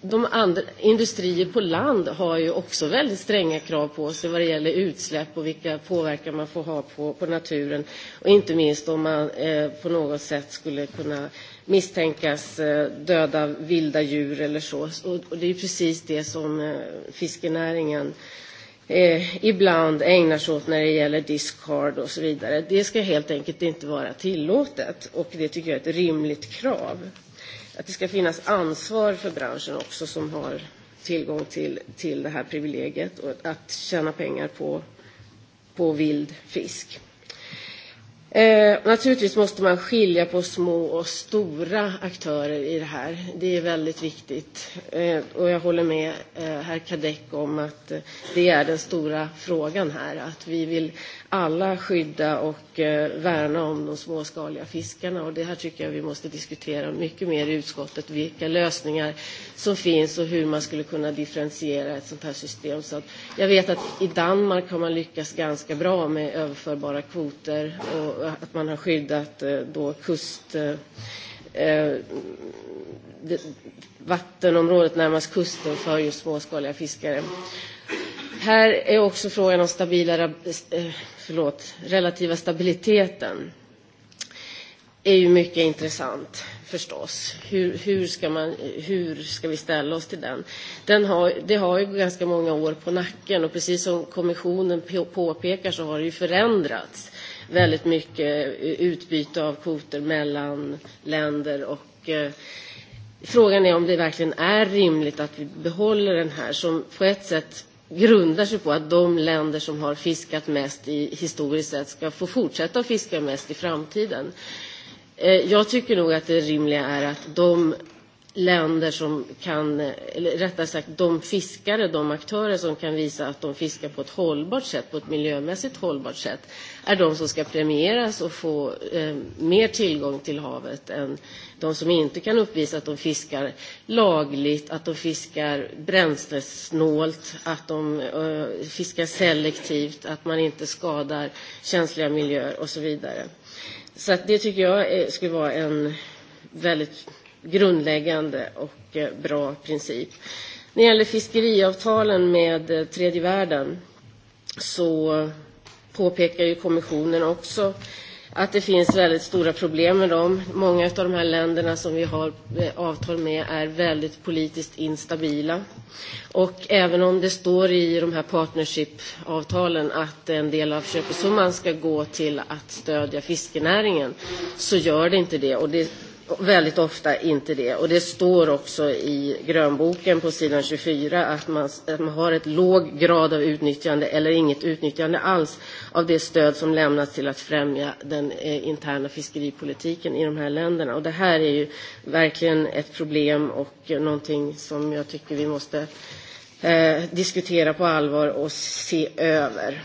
de andra, industrier på land har ju också väldigt stränga krav på sig vad det gäller utsläpp och vilka påverkan man får ha på, på naturen. Och inte minst om man eh, på något sätt skulle kunna misstänkas eh, döda vilda djur eller så. Och, och det är precis det som eh, fiskenäringen eh, ibland ägnar sig åt när det gäller discard och så vidare. Det ska helt enkelt inte vara tillåtet och det tycker jag är ett rimligt krav att det ska finnas ansvar för branschen också som har tillgång till, till det här privilegiet och att tjäna pengar på, på vild fisk naturligtvis måste man skilja på små och stora aktörer i det här. Det är väldigt viktigt. och jag håller med herr Kadek om att det är den stora frågan här. Att vi vill alla skydda och värna om de småskaliga fiskarna. Och det här tycker jag vi måste diskutera mycket mer i utskottet. Vilka lösningar som finns och hur man skulle kunna differentiera ett sånt här system. Så att jag vet att i Danmark har man lyckats ganska bra med överförbara kvoter. Och att man har skyddat då kust vattenområdet närmast kusten för just småskaliga fiskare. Här är också frågan om stabila, förlåt, relativa stabiliteten är ju mycket intressant förstås. Hur, hur, ska man, hur ska vi ställa oss till den? den har, det har ju ganska många år på nacken och precis som kommissionen påpekar så har det ju förändrats väldigt mycket utbyte av kvoter mellan länder och frågan är om det verkligen är rimligt att vi behåller den här som på ett sätt grundar sig på att de länder som har fiskat mest i, historiskt sett ska få fortsätta att fiska mest i framtiden. Jag tycker nog att det rimliga är att de länder som kan, eller rättare sagt de fiskare, de aktörer som kan visa att de fiskar på ett hållbart sätt, på ett miljömässigt hållbart sätt, är de som ska premieras och få eh, mer tillgång till havet än de som inte kan uppvisa att de fiskar lagligt, att de fiskar bränslesnålt, att de eh, fiskar selektivt, att man inte skadar känsliga miljöer och så vidare. Så att det tycker jag skulle vara en väldigt grundläggande och bra princip. När det gäller fiskeriavtalen med tredje världen så påpekar ju kommissionen också att det finns väldigt stora problem med dem. Många av de här länderna som vi har avtal med är väldigt politiskt instabila. Och även om det står i de här partnership-avtalen att en del av köpesumman ska gå till att stödja fiskenäringen så gör det inte det. Och det väldigt ofta inte det. Och det står också i grönboken på sidan 24 att man, att man har ett låg grad av utnyttjande eller inget utnyttjande alls av det stöd som lämnas till att främja den eh, interna fiskeripolitiken i de här länderna. Och det här är ju verkligen ett problem och någonting som jag tycker vi måste eh, diskutera på allvar och se över.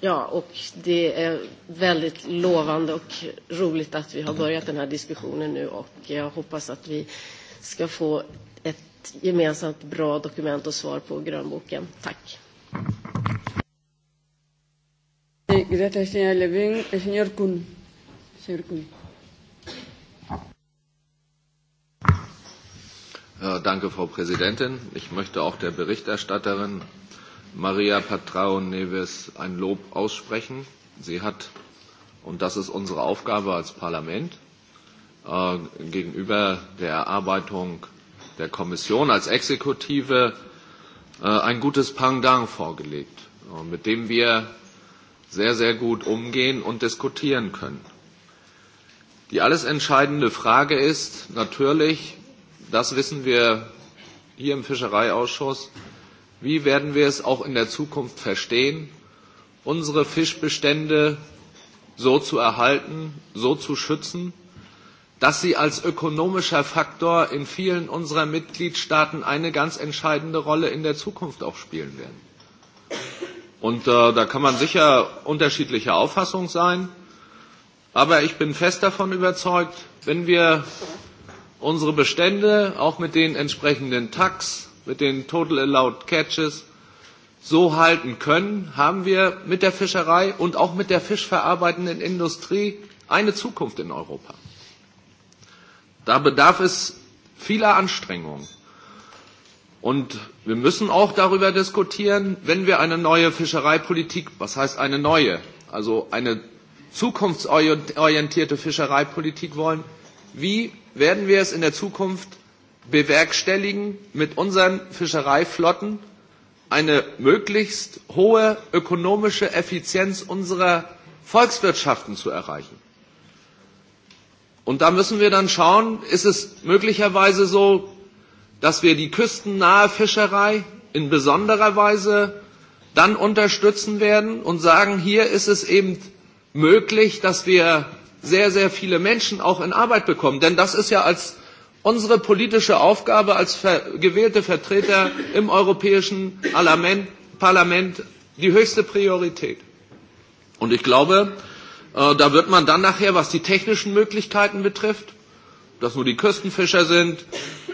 Ja, och det är väldigt lovande och roligt att vi har börjat den här diskussionen nu och jag hoppas att vi ska få ett gemensamt bra dokument och svar på grönboken. Tack! Gracias, Levin. El señor Kuhn. Señor Kuhn. Danke, Frau Präsidentin. Ich möchte auch der Berichterstatterin Maria Patrao Neves ein Lob aussprechen. Sie hat, und das ist unsere Aufgabe als Parlament, gegenüber der Erarbeitung der Kommission als Exekutive ein gutes Pendant vorgelegt, mit dem wir sehr, sehr gut umgehen und diskutieren können. Die alles entscheidende Frage ist natürlich, das wissen wir hier im Fischereiausschuss, Wie werden wir es auch in der Zukunft verstehen, unsere Fischbestände so zu erhalten, so zu schützen, dass sie als ökonomischer Faktor in vielen unserer Mitgliedstaaten eine ganz entscheidende Rolle in der Zukunft auch spielen werden. Und äh, da kann man sicher unterschiedlicher Auffassung sein, aber ich bin fest davon überzeugt, wenn wir unsere Bestände auch mit den entsprechenden Tax, mit den total allowed catches so halten können, haben wir mit der Fischerei und auch mit der fischverarbeitenden Industrie eine Zukunft in Europa. Da bedarf es vieler Anstrengungen. Und wir müssen auch darüber diskutieren, wenn wir eine neue Fischereipolitik, was heißt eine neue, also eine zukunftsorientierte Fischereipolitik wollen, wie werden wir es in der Zukunft bewerkstelligen mit unseren Fischereiflotten eine möglichst hohe ökonomische Effizienz unserer Volkswirtschaften zu erreichen. Und da müssen wir dann schauen, ist es möglicherweise so, dass wir die küstennahe Fischerei in besonderer Weise dann unterstützen werden und sagen, hier ist es eben möglich, dass wir sehr, sehr viele Menschen auch in Arbeit bekommen. Denn das ist ja als unsere politische Aufgabe als gewählte Vertreter im Europäischen Parlament die höchste Priorität. Und ich glaube, da wird man dann nachher, was die technischen Möglichkeiten betrifft, dass nur die Küstenfischer sind,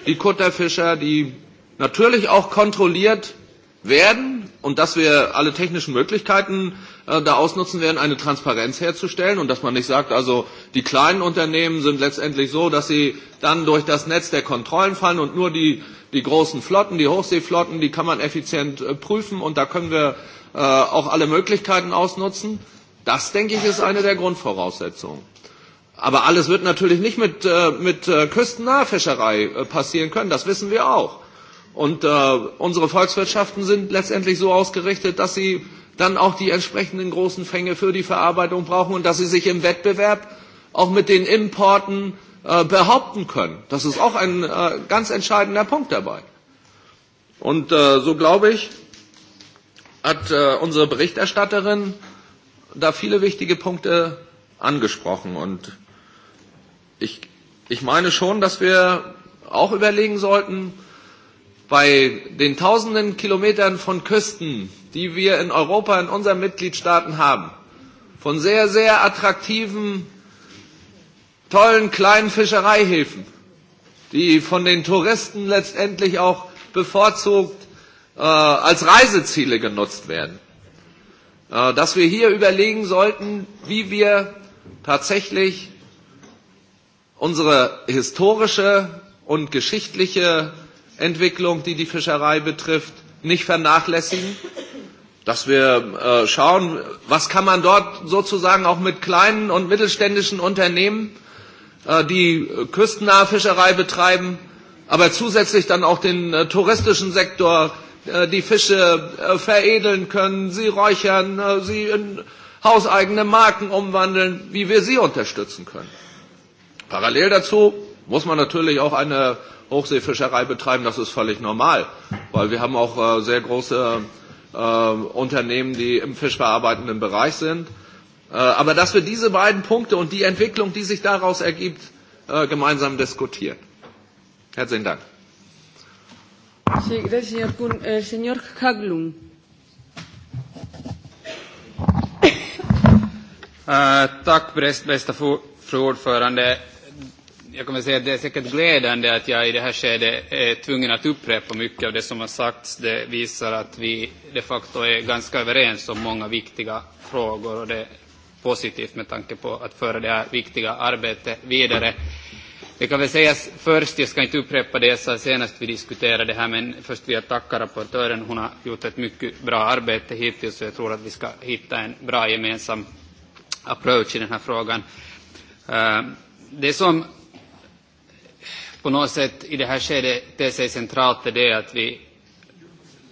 die Kutterfischer, die natürlich auch kontrolliert werden, und dass wir alle technischen Möglichkeiten äh, da ausnutzen werden, eine Transparenz herzustellen und dass man nicht sagt, also die kleinen Unternehmen sind letztendlich so, dass sie dann durch das Netz der Kontrollen fallen und nur die, die großen Flotten, die Hochseeflotten, die kann man effizient äh, prüfen und da können wir äh, auch alle Möglichkeiten ausnutzen. Das, denke ich, ist eine der Grundvoraussetzungen. Aber alles wird natürlich nicht mit, äh, mit äh, küstennahfischerei äh, passieren können, das wissen wir auch. Und äh, unsere Volkswirtschaften sind letztendlich so ausgerichtet, dass sie dann auch die entsprechenden großen Fänge für die Verarbeitung brauchen und dass sie sich im Wettbewerb auch mit den Importen äh, behaupten können. Das ist auch ein äh, ganz entscheidender Punkt dabei. Und äh, so glaube ich, hat äh, unsere Berichterstatterin da viele wichtige Punkte angesprochen. Und ich, ich meine schon, dass wir auch überlegen sollten, bei den tausenden Kilometern von Küsten, die wir in Europa, in unseren Mitgliedstaaten haben, von sehr, sehr attraktiven, tollen kleinen Fischereihäfen, die von den Touristen letztendlich auch bevorzugt äh, als Reiseziele genutzt werden, äh, dass wir hier überlegen sollten, wie wir tatsächlich unsere historische und geschichtliche Entwicklung, die die Fischerei betrifft, nicht vernachlässigen, dass wir schauen, was kann man dort sozusagen auch mit kleinen und mittelständischen Unternehmen, die küstennahe Fischerei betreiben, aber zusätzlich dann auch den touristischen Sektor, die Fische veredeln können, sie räuchern, sie in hauseigene Marken umwandeln, wie wir sie unterstützen können. Parallel dazu muss man natürlich auch eine Hochseefischerei betreiben, das ist völlig normal, weil wir haben auch sehr große Unternehmen, die im fischverarbeitenden Bereich sind. aber dass wir diese beiden Punkte und die Entwicklung, die sich daraus ergibt, gemeinsam diskutieren. Herzlichen Dank. Tack bästa fru ordförande. Jag kommer säga att det är säkert glädjande att jag i det här skedet är tvungen att upprepa mycket av det som har sagts. Det visar att vi de facto är ganska överens om många viktiga frågor och det är positivt med tanke på att föra det här viktiga arbetet vidare. Det kan väl sägas först, jag ska inte upprepa det jag senast vi diskuterade det här, men först vill jag tacka rapportören. Hon har gjort ett mycket bra arbete hittills och jag tror att vi ska hitta en bra gemensam approach i den här frågan. Det som på något sätt i det här skedet ter sig centralt är det att vi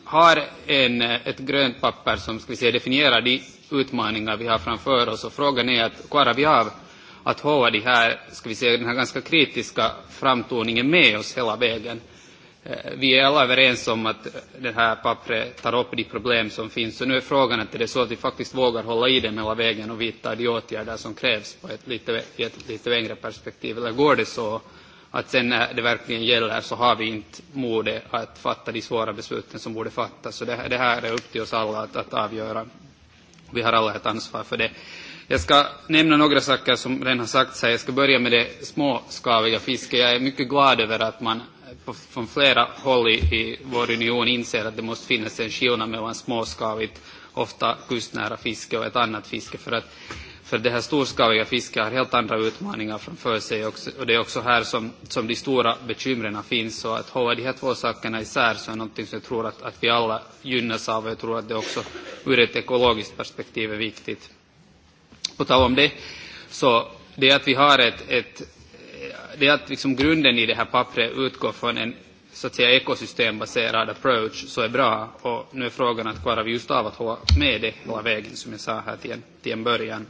har en, ett grönt papper som ska vi säga, definierar de utmaningar vi har framför oss och frågan är att klarar vi av att hålla de här, ska vi säga, den här ganska kritiska framtoningen med oss hela vägen. Vi är alla överens om att det här pappret tar upp de problem som finns Så nu är frågan att det är så att vi faktiskt vågar hålla i den hela vägen och vidta de åtgärder som krävs på ett lite, i ett lite längre perspektiv, eller går det så? att sen när det verkligen gäller så har vi inte modet att fatta de svåra besluten som borde fattas. Så det, det här är upp till oss alla att, att avgöra. Vi har alla ett ansvar för det. Jag ska nämna några saker som redan har sagts här. Jag ska börja med det småskaliga fisket. Jag är mycket glad över att man på, från flera håll i, i vår union inser att det måste finnas en skillnad mellan småskaligt, ofta kustnära fiske och ett annat fiske. För att För det här storskaliga fisket har helt andra utmaningar framför sig och det är också här som, som de stora bekymren finns. Så att hålla de här två sakerna isär så är något som jag tror att, att vi alla gynnas av och jag tror att det också ur ett ekologiskt perspektiv är viktigt. På tal om det, så det att vi har ett, ett det att liksom grunden i det här pappret utgår från en så att säga ekosystembaserad approach så är bra och nu är frågan att klarar vi just av att hålla med det hela vägen som jag sa här till en, till en början.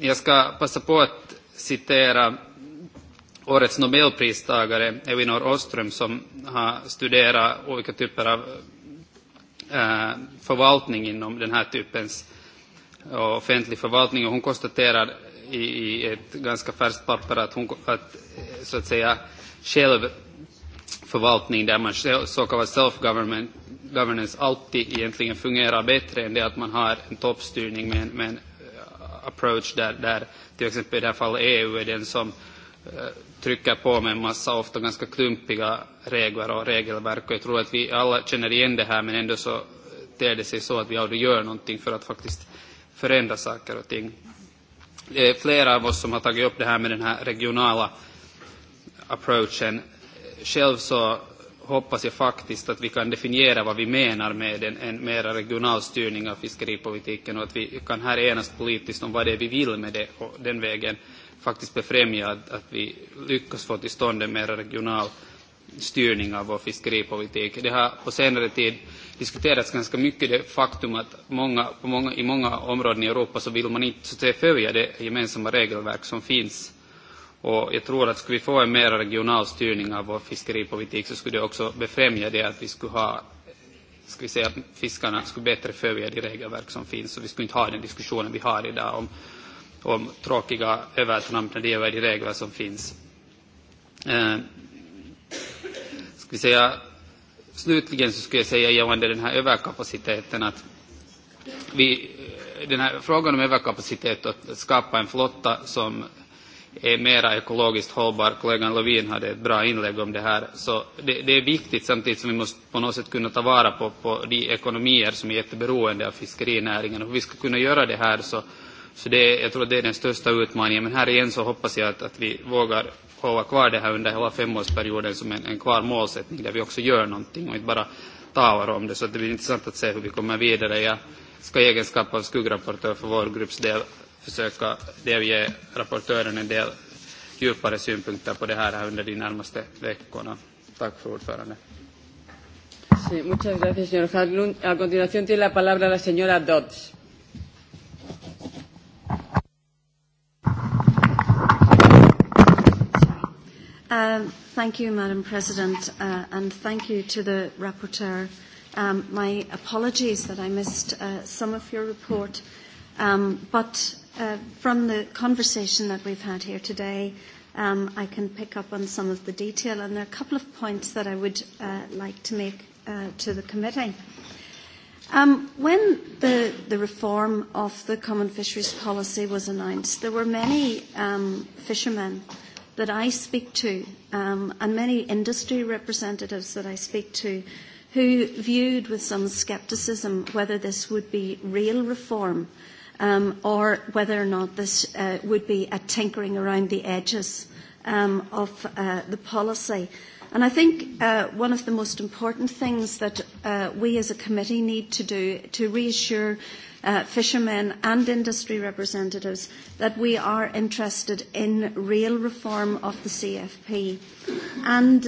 Jag ska passa på att citera årets nobelpristagare Elinor Ostrom som har studerat olika typer av förvaltning inom den här typens offentlig förvaltning och hon konstaterar i ett ganska färskt papper att, hon, att så att säga självförvaltning där man så kallad self-governance alltid egentligen fungerar bättre än det att man har en toppstyrning med en, med en approach där, där till exempel i det här fallet EU är den som trycker på med en massa ofta ganska klumpiga regler och regelverk. Och jag tror att vi alla känner igen det här men ändå så ter det sig så att vi aldrig gör någonting för att faktiskt förändra saker och ting. Det är flera av oss som har tagit upp det här med den här regionala approachen. Själv så hoppas jag faktiskt att vi kan definiera vad vi menar med en, en mera regional styrning av fiskeripolitiken och att vi kan här enas politiskt om vad det är vi vill med det och den vägen faktiskt befrämja att, att vi lyckas få till stånd en mera regional styrning av vår fiskeripolitik. Det har på senare tid diskuterats ganska mycket det faktum att många, på många, i många områden i Europa så vill man inte så att säga, följa det gemensamma regelverk som finns Och jag tror att skulle vi få en mer regional styrning av vår fiskeripolitik så skulle det också befrämja det att vi skulle ha ska vi säga att fiskarna skulle bättre följa de regelverk som finns Så vi skulle inte ha den diskussionen vi har idag om, om tråkiga övertramp när det gäller de regler som finns. Eh, ska vi säga, slutligen så skulle jag säga gällande den här överkapaciteten att vi, den här frågan om överkapacitet och att skapa en flotta som är mera ekologiskt hållbar. Kollegan Lovin hade ett bra inlägg om det här. Så det, det är viktigt samtidigt som vi måste på något sätt kunna ta vara på, på de ekonomier som är jätteberoende av fiskerinäringen. Och vi ska kunna göra det här så, så det, jag tror att det är den största utmaningen. Men här igen så hoppas jag att, att vi vågar hålla kvar det här under hela femårsperioden som en, en kvar målsättning där vi också gör någonting och inte bara talar om det. Så det blir intressant att se hur vi kommer vidare. Jag ska i egenskap av skuggrapportör för vår grupps del försöka delge rapportören en del djupare synpunkter på det här under de närmaste veckorna. Tack för ordförande. Sí, muchas gracias, señor Haglund. A continuación tiene la palabra la señora Dodds. thank you, Madam President, uh, and thank you to the rapporteur. Um, my apologies that I missed uh, some of your report, um, but uh, from the conversation that we've had here today, um, I can pick up on some of the detail, and there are a couple of points that I would uh, like to make uh, to the committee. Um, when the, the reform of the common fisheries policy was announced, there were many um, fishermen that I speak to um, and many industry representatives that I speak to who viewed with some scepticism whether this would be real reform um, or whether or not this uh, would be a tinkering around the edges um, of uh, the policy. And I think uh, one of the most important things that uh, we as a committee need to do to reassure uh, fishermen and industry representatives that we are interested in real reform of the CFP and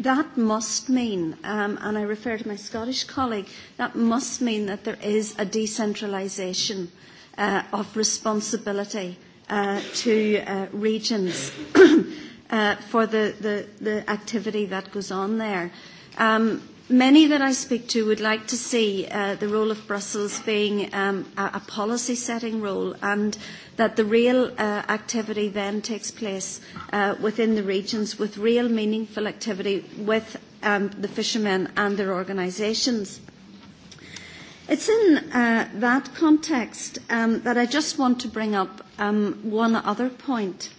that must mean, um, and I refer to my Scottish colleague, that must mean that there is a decentralisation uh, of responsibility uh, to uh, regions uh, for the, the, the activity that goes on there. Um, Many that I speak to would like to see uh, the role of Brussels being um, a, a policy setting role and that the real uh, activity then takes place uh, within the regions with real meaningful activity with um, the fishermen and their organisations. It's in uh, that context um, that I just want to bring up um, one other point.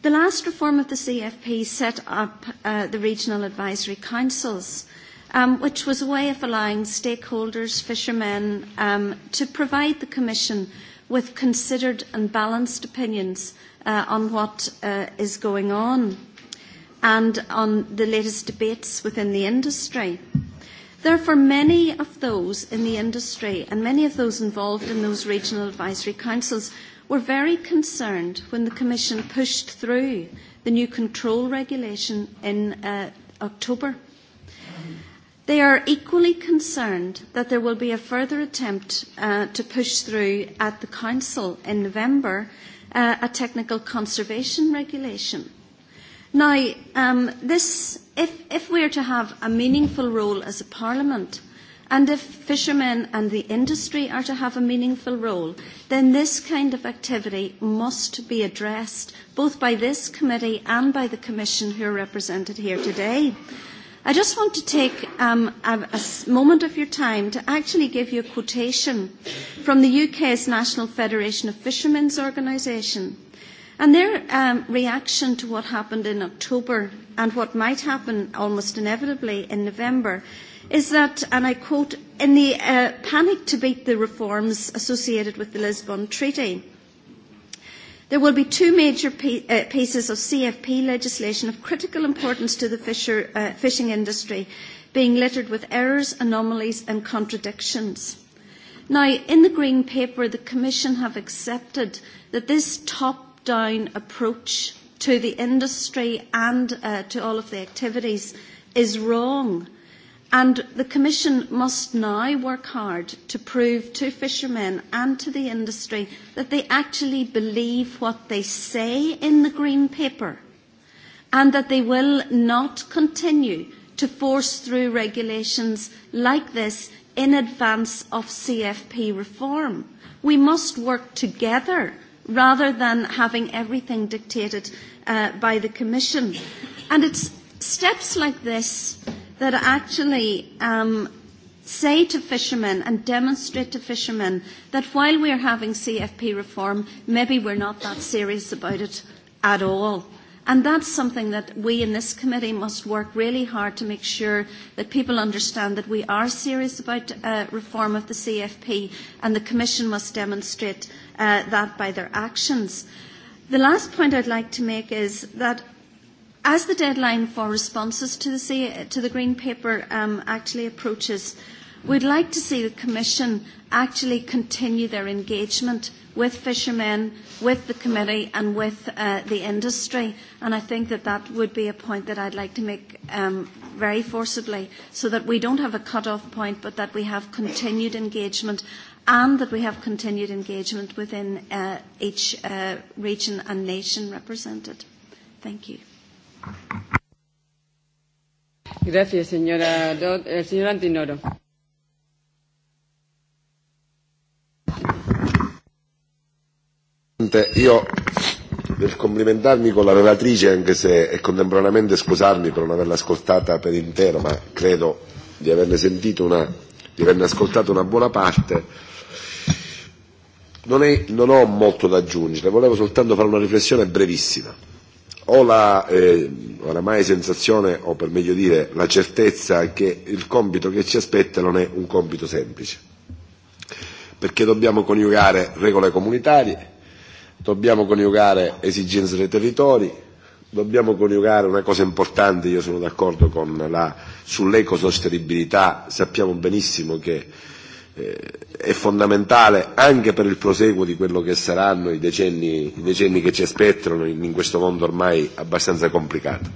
The last reform of the CFP set up uh, the regional advisory councils – um, which was a way of allowing stakeholders, fishermen, um, to provide the Commission with considered and balanced opinions uh, on what uh, is going on and on the latest debates within the industry. Therefore, many of those in the industry and many of those involved in those regional advisory councils were very concerned when the Commission pushed through the new control regulation in uh, October They are equally concerned that there will be a further attempt uh, to push through at the Council in November uh, a technical conservation regulation. Now, um, this, if, if we are to have a meaningful role as a parliament, and if fishermen and the industry are to have a meaningful role, then this kind of activity must be addressed both by this committee and by the Commission who are represented here today. I just want to take um, a, a moment of your time to actually give you a quotation from the UK's National Federation of Fishermen's Organisation and their um, reaction to what happened in October and what might happen almost inevitably in November is that, and I quote, in the uh, panic to beat the reforms associated with the Lisbon Treaty, There will be two major pieces of CFP legislation of critical importance to the fisher, uh, fishing industry, being littered with errors, anomalies and contradictions. Now, in the Green Paper, the Commission have accepted that this top-down approach to the industry and uh, to all of the activities is wrong And the Commission must now work hard to prove to fishermen and to the industry that they actually believe what they say in the Green Paper and that they will not continue to force through regulations like this in advance of CFP reform. We must work together rather than having everything dictated uh, by the Commission. And it's steps like this that actually um, say to fishermen and demonstrate to fishermen that while we're having CFP reform, maybe we're not that serious about it at all. And that's something that we in this committee must work really hard to make sure that people understand that we are serious about uh, reform of the CFP and the Commission must demonstrate uh, that by their actions. The last point I'd like to make is that As the deadline for responses to the, to the Green Paper um, actually approaches, we'd like to see the Commission actually continue their engagement with fishermen, with the committee and with uh, the industry. And I think that that would be a point that I'd like to make um, very forcibly so that we don't have a cut-off point but that we have continued engagement and that we have continued engagement within uh, each uh, region and nation represented. Thank you. Gracias, señora Dodd. El señor Antinoro. Io per complimentarmi con la relatrice, anche se e contemporaneamente scusarmi per non averla ascoltata per intero, ma credo di averne sentito una, di averne ascoltato una buona parte, non, è, non ho molto da aggiungere, volevo soltanto fare una riflessione brevissima ho la eh, oramai sensazione, o per meglio dire la certezza, che il compito che ci aspetta non è un compito semplice, perché dobbiamo coniugare regole comunitarie, dobbiamo coniugare esigenze dei territori, dobbiamo coniugare una cosa importante, io sono d'accordo con la, sull'ecosostenibilità, sappiamo benissimo che eh, è fondamentale anche per il proseguo di quello che saranno i decenni, i decenni che ci aspettano in, in questo mondo ormai abbastanza complicato.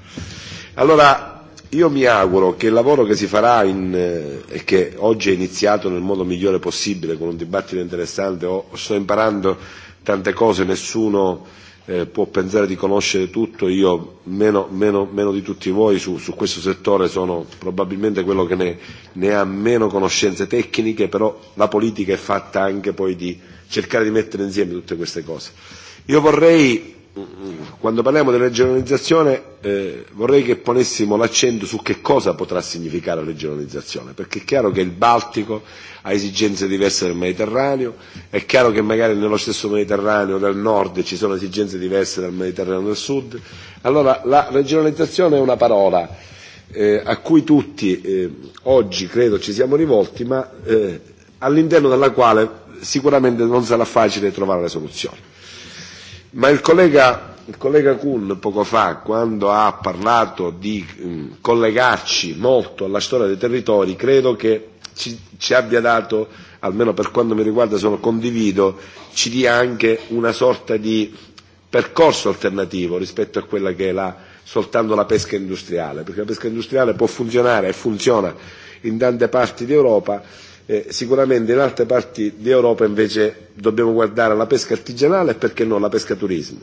Allora, io mi auguro che il lavoro che si farà in, eh, e che oggi è iniziato nel modo migliore possibile con un dibattito interessante, o sto imparando tante cose, nessuno eh, può pensare di conoscere tutto, io meno, meno, meno di tutti voi su, su questo settore sono probabilmente quello che ne, ne ha meno conoscenze tecniche, però la politica è fatta anche poi di cercare di mettere insieme tutte queste cose. Io vorrei Quando parliamo di regionalizzazione eh, vorrei che ponessimo l'accento su che cosa potrà significare la regionalizzazione, perché è chiaro che il Baltico ha esigenze diverse del Mediterraneo, è chiaro che magari nello stesso Mediterraneo del nord ci sono esigenze diverse dal Mediterraneo del sud, allora la regionalizzazione è una parola eh, a cui tutti eh, oggi credo ci siamo rivolti, ma eh, all'interno della quale sicuramente non sarà facile trovare le soluzioni Ma il collega, il collega Kuhn poco fa, quando ha parlato di mh, collegarci molto alla storia dei territori, credo che ci, ci abbia dato, almeno per quanto mi riguarda sono condivido, ci dia anche una sorta di percorso alternativo rispetto a quella che è la, soltanto la pesca industriale, perché la pesca industriale può funzionare e funziona in tante parti d'Europa, Eh, sicuramente in altre parti d'Europa invece dobbiamo guardare alla pesca artigianale e perché no alla pesca turismo.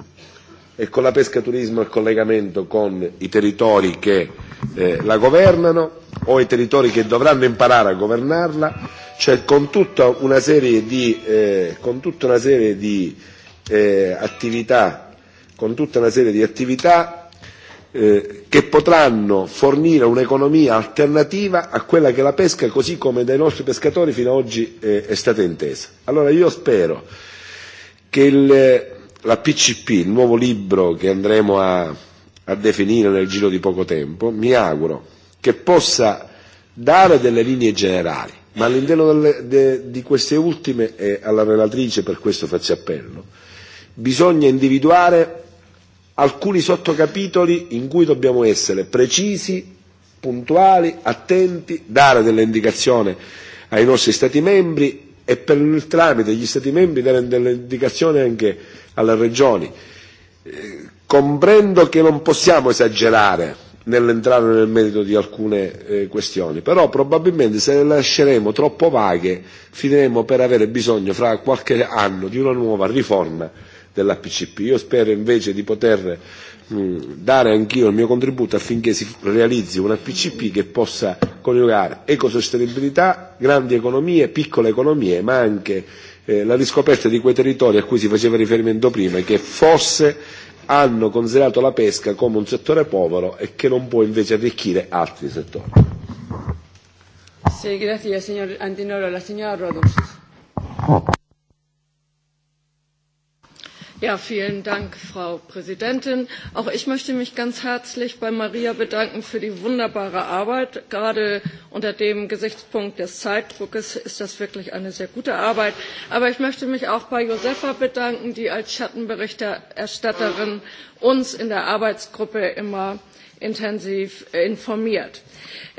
E con la pesca turismo il collegamento con i territori che eh, la governano o i territori che dovranno imparare a governarla, cioè con tutta una serie di, eh, con tutta una serie di eh, attività, con tutta una serie di attività eh, che potranno fornire un'economia alternativa a quella che è la pesca così come dai nostri pescatori fino ad oggi eh, è stata intesa. Allora io spero che il, la PCP, il nuovo libro che andremo a, a definire nel giro di poco tempo, mi auguro che possa dare delle linee generali, ma all'interno delle, de, di queste ultime, e alla relatrice per questo faccio appello, bisogna individuare alcuni sottocapitoli in cui dobbiamo essere precisi, puntuali, attenti, dare delle indicazioni ai nostri Stati membri e per il tramite degli Stati membri dare delle indicazioni anche alle regioni. Comprendo che non possiamo esagerare nell'entrare nel merito di alcune eh, questioni, però probabilmente se le lasceremo troppo vaghe finiremo per avere bisogno fra qualche anno di una nuova riforma PCP. Io spero invece di poter dare anch'io il mio contributo affinché si realizzi una PCP che possa coniugare ecosostenibilità, grandi economie, piccole economie, ma anche eh, la riscoperta di quei territori a cui si faceva riferimento prima, e che forse hanno considerato la pesca come un settore povero e che non può invece arricchire altri settori. Sì, grazie, signor Antinoro. La signora Rodos vielen Dank, Frau Präsidentin. Auch ich möchte mich ganz herzlich bei Maria bedanken für die wunderbare Arbeit. Gerade unter dem Gesichtspunkt des Zeitdrucks ist das wirklich eine sehr gute Arbeit. Aber ich möchte mich auch bei Josefa bedanken, die als Schattenberichterstatterin uns in der Arbeitsgruppe immer intensiv informiert.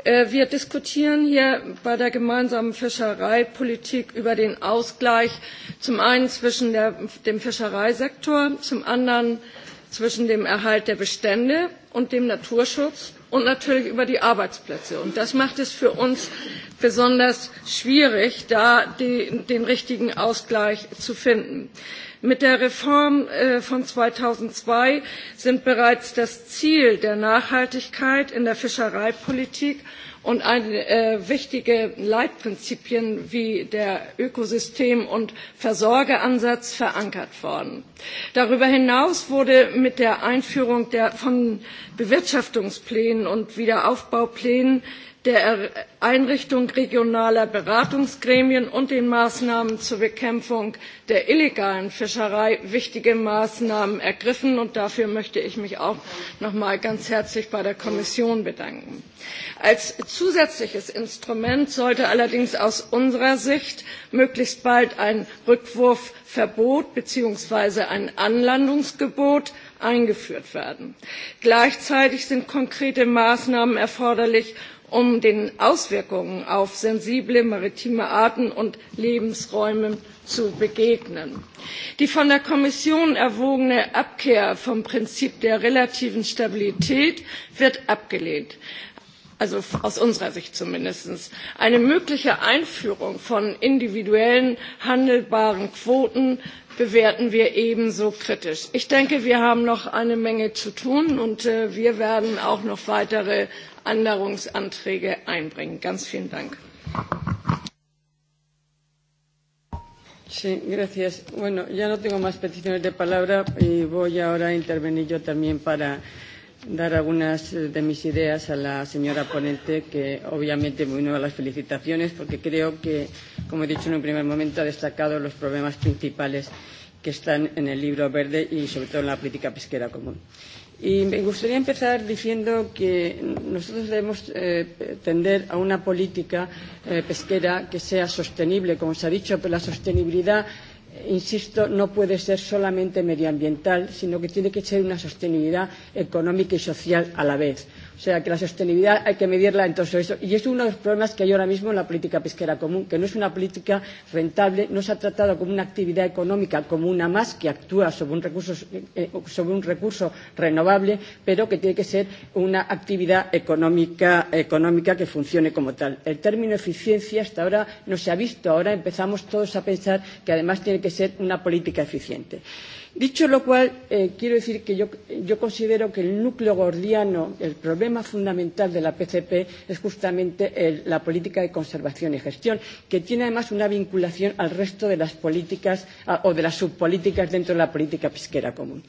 Wir diskutieren hier bei der gemeinsamen Fischereipolitik über den Ausgleich zum einen zwischen dem Fischereisektor, zum anderen zwischen dem Erhalt der Bestände und dem Naturschutz und natürlich über die Arbeitsplätze. Und das macht es für uns besonders schwierig, da den richtigen Ausgleich zu finden. Mit der Reform von zweitausendzwei sind bereits das Ziel der Nachhaltigkeit in der Fischereipolitik und wichtige Leitprinzipien wie der Ökosystem- und Versorgeransatz verankert worden. Darüber hinaus wurde mit der Einführung von Bewirtschaftungsplänen und Wiederaufbauplänen der Einrichtung regionaler Beratungsgremien und den Maßnahmen zur Bekämpfung der illegalen Fischerei wichtige Maßnahmen ergriffen. Und dafür möchte ich mich auch noch mal ganz herzlich bei der Kommission bedanken. Als zusätzliches Instrument sollte allerdings aus unserer Sicht möglichst bald ein Rückwurfverbot bzw. ein Anlandungsgebot eingeführt werden. Gleichzeitig sind konkrete Maßnahmen erforderlich, um den Auswirkungen auf sensible maritime Arten und Lebensräume zu begegnen. Die von der Kommission erwogene Abkehr vom Prinzip der relativen Stabilität wird abgelehnt also aus unserer Sicht zumindest. Eine mögliche Einführung von individuellen handelbaren Quoten bewerten wir ebenso kritisch. Ich denke, wir haben noch eine Menge zu tun und wir werden auch noch weitere Änderungsanträge einbringen. Ganz vielen Dank. Sí, gracias. Bueno, ya no tengo más peticiones de palabra y voy ahora a intervenir yo también para dar algunas de mis ideas a la señora ponente, que obviamente muy nuevas las felicitaciones, porque creo que, como he dicho en un primer momento, ha destacado los problemas principales que están en el libro verde y sobre todo en la política pesquera común. Y me gustaría empezar diciendo que nosotros debemos eh, tender a una política eh, pesquera que sea sostenible, como se ha dicho, pero la sostenibilidad insisto, no puede ser solamente medioambiental, sino que tiene que ser una sostenibilidad económica y social a la vez sea, que la sostenibilidad hay que medirla en todo eso. Y es uno de los problemas que hay ahora mismo en la política pesquera común, que no es una política rentable, no se ha tratado como una actividad económica, como una más que actúa sobre un recurso, eh, sobre un recurso renovable, pero que tiene que ser una actividad económica, económica que funcione como tal. El término eficiencia hasta ahora no se ha visto, ahora empezamos todos a pensar que además tiene que ser una política eficiente. Dicho lo cual, eh, quiero decir que yo, yo considero que el núcleo gordiano, el problema fundamental de la PCP es justamente el, la política de conservación y gestión, que tiene además una vinculación al resto de las políticas a, o de las subpolíticas dentro de la política pesquera común.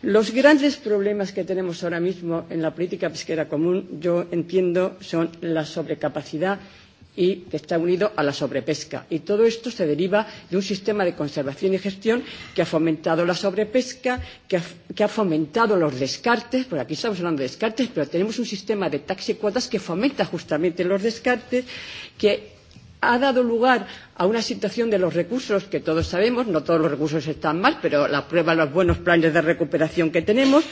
Los grandes problemas que tenemos ahora mismo en la política pesquera común, yo entiendo, son la sobrecapacidad y que está unido a la sobrepesca. Y todo esto se deriva de un sistema de conservación y gestión que ha fomentado la sobrepesca, que ha, que ha fomentado los descartes, porque aquí estamos hablando de descartes, pero tenemos un sistema de y cuotas que fomenta justamente los descartes, que ha dado lugar a una situación de los recursos que todos sabemos, no todos los recursos están mal, pero la prueba los buenos planes de recuperación que tenemos,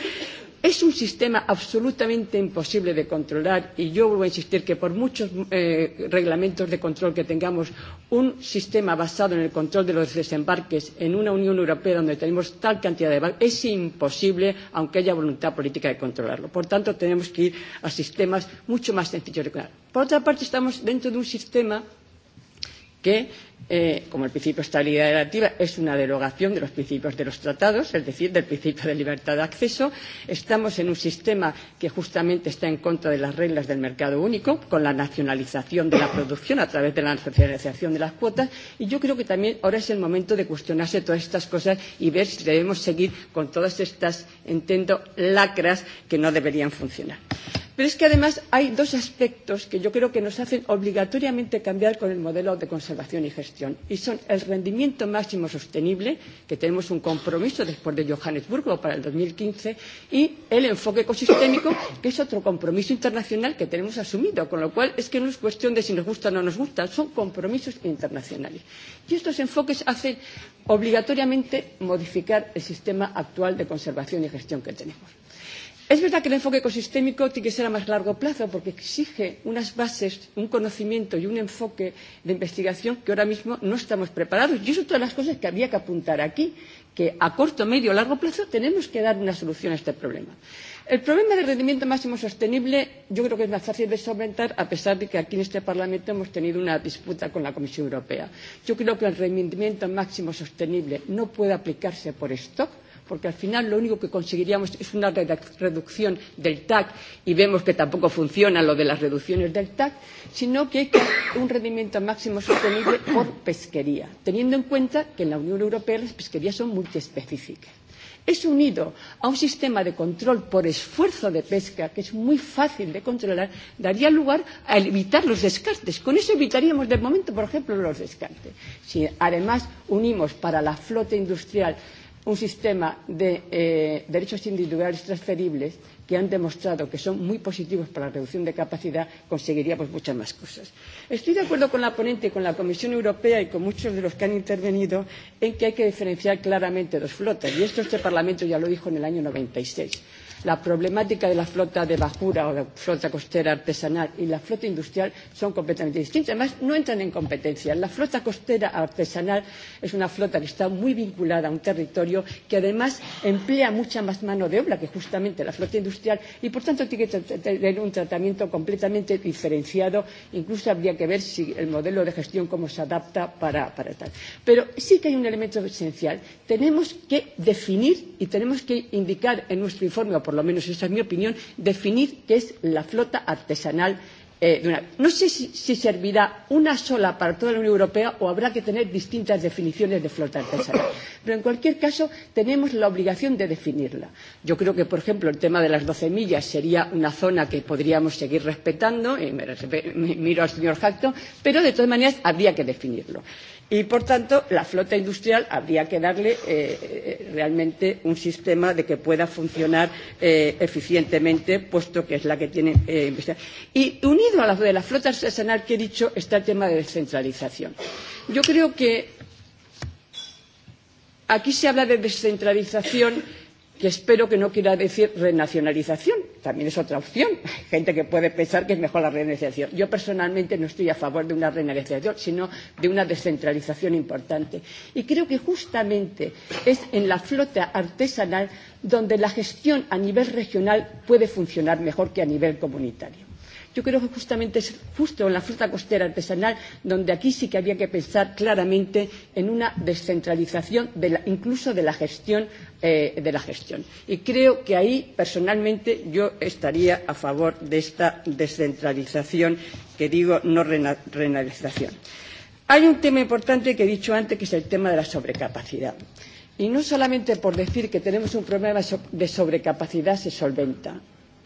Es un sistema absolutamente imposible de controlar y yo vuelvo a insistir que por muchos eh, reglamentos de control que tengamos, un sistema basado en el control de los desembarques en una Unión Europea donde tenemos tal cantidad de barcos es imposible aunque haya voluntad política de controlarlo. Por tanto, tenemos que ir a sistemas mucho más sencillos de controlar. Por otra parte, estamos dentro de un sistema que eh, como el principio de estabilidad relativa es una derogación de los principios de los tratados, es decir, del principio de libertad de acceso. Estamos en un sistema que justamente está en contra de las reglas del mercado único, con la nacionalización de la producción a través de la nacionalización de las cuotas. Y yo creo que también ahora es el momento de cuestionarse todas estas cosas y ver si debemos seguir con todas estas, entiendo, lacras que no deberían funcionar. Pero es que además hay dos aspectos que yo creo que nos hacen obligatoriamente cambiar con el modelo de conservación y gestión gestión y son el rendimiento máximo sostenible, que tenemos un compromiso después de Johannesburgo para el 2015, y el enfoque ecosistémico, que es otro compromiso internacional que tenemos asumido, con lo cual es que no es cuestión de si nos gusta o no nos gusta, son compromisos internacionales. Y estos enfoques hacen obligatoriamente modificar el sistema actual de conservación y gestión que tenemos. Es verdad que el enfoque ecosistémico tiene que ser a más largo plazo porque exige unas bases, un conocimiento y un enfoque de investigación que ahora mismo no estamos preparados. Y eso es todas las cosas que había que apuntar aquí, que a corto, medio o largo plazo tenemos que dar una solución a este problema. El problema del rendimiento máximo sostenible yo creo que es más fácil de solventar a pesar de que aquí en este Parlamento hemos tenido una disputa con la Comisión Europea. Yo creo que el rendimiento máximo sostenible no puede aplicarse por stock porque al final lo único que conseguiríamos es una reducción del TAC y vemos que tampoco funciona lo de las reducciones del TAC, sino que hay que un rendimiento máximo sostenible por pesquería, teniendo en cuenta que en la Unión Europea las pesquerías son multiespecíficas. Es unido a un sistema de control por esfuerzo de pesca, que es muy fácil de controlar, daría lugar a evitar los descartes. Con eso evitaríamos de momento, por ejemplo, los descartes. Si además unimos para la flota industrial un sistema de eh, derechos individuales transferibles que han demostrado que son muy positivos para la reducción de capacidad, conseguiríamos muchas más cosas. Estoy de acuerdo con la ponente, con la Comisión Europea y con muchos de los que han intervenido en que hay que diferenciar claramente dos flotas, y esto este Parlamento ya lo dijo en el año 96 La problemática de la flota de bajura o la flota costera artesanal y la flota industrial son completamente distintas. Además, no entran en competencia. La flota costera artesanal es una flota que está muy vinculada a un territorio que además emplea mucha más mano de obra que justamente la flota industrial y por tanto tiene que tener un tratamiento completamente diferenciado. Incluso habría que ver si el modelo de gestión cómo se adapta para, para tal. Pero sí que hay un elemento esencial. Tenemos que definir y tenemos que indicar en nuestro informe por lo menos esa es mi opinión, definir qué es la flota artesanal eh, de una. No sé si, si servirá una sola para toda la Unión Europea o habrá que tener distintas definiciones de flota artesanal. Pero en cualquier caso, tenemos la obligación de definirla. Yo creo que, por ejemplo, el tema de las 12 millas sería una zona que podríamos seguir respetando, y me, me, miro al señor Jacto, pero de todas maneras habría que definirlo. Y, por tanto, la flota industrial habría que darle eh, realmente un sistema de que pueda funcionar eh, eficientemente, puesto que es la que tiene eh, Y unido a la de la flota artesanal que he dicho está el tema de descentralización. Yo creo que aquí se habla de descentralización que espero que no quiera decir renacionalización, también es otra opción. Hay gente que puede pensar que es mejor la renacionalización. Yo personalmente no estoy a favor de una renacionalización, sino de una descentralización importante. Y creo que justamente es en la flota artesanal donde la gestión a nivel regional puede funcionar mejor que a nivel comunitario. Yo creo que justamente es justo en la flota costera artesanal donde aquí sí que había que pensar claramente en una descentralización de la, incluso de la gestión eh, de la gestión. Y creo que ahí personalmente yo estaría a favor de esta descentralización que digo no renalización. Hay un tema importante que he dicho antes que es el tema de la sobrecapacidad. Y no solamente por decir que tenemos un problema de sobrecapacidad se solventa.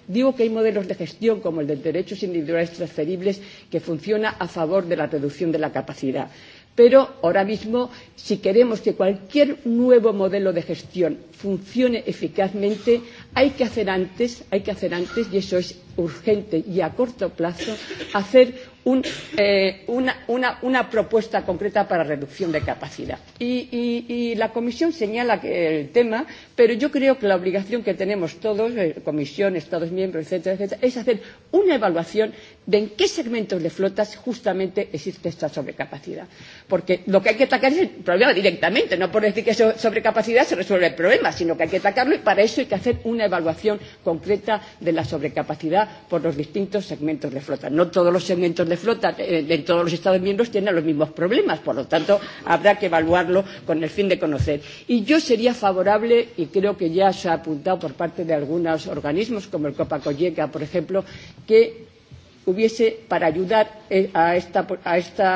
Digo que hay modelos de gestión como el de derechos individuales transferibles que funciona a favor de la reducción de la capacidad. Pero ahora mismo, si queremos que cualquier nuevo modelo de gestión funcione eficazmente, hay que hacer antes, hay que hacer antes, y eso es urgente y a corto plazo, hacer un, eh, una, una, una propuesta concreta para reducción de capacidad. Y, y, y la Comisión señala el tema, pero yo creo que la obligación que tenemos todos, eh, Comisión, Estados miembros, etcétera, etcétera, es hacer una evaluación de en qué segmentos de flotas justamente existe esta sobrecapacidad. Porque lo que hay que atacar es el problema directamente, no por decir que sobrecapacidad se resuelve el problema, sino que hay que atacarlo y para eso hay que hacer una evaluación concreta de la sobrecapacidad por los distintos segmentos de flota. No todos los segmentos de flota en todos los Estados miembros tiene los mismos problemas. Por lo tanto, habrá que evaluarlo con el fin de conocer. Y yo sería favorable, y creo que ya se ha apuntado por parte de algunos organismos, como el Copacoyeca, por ejemplo, que hubiese, para ayudar a esta, a esta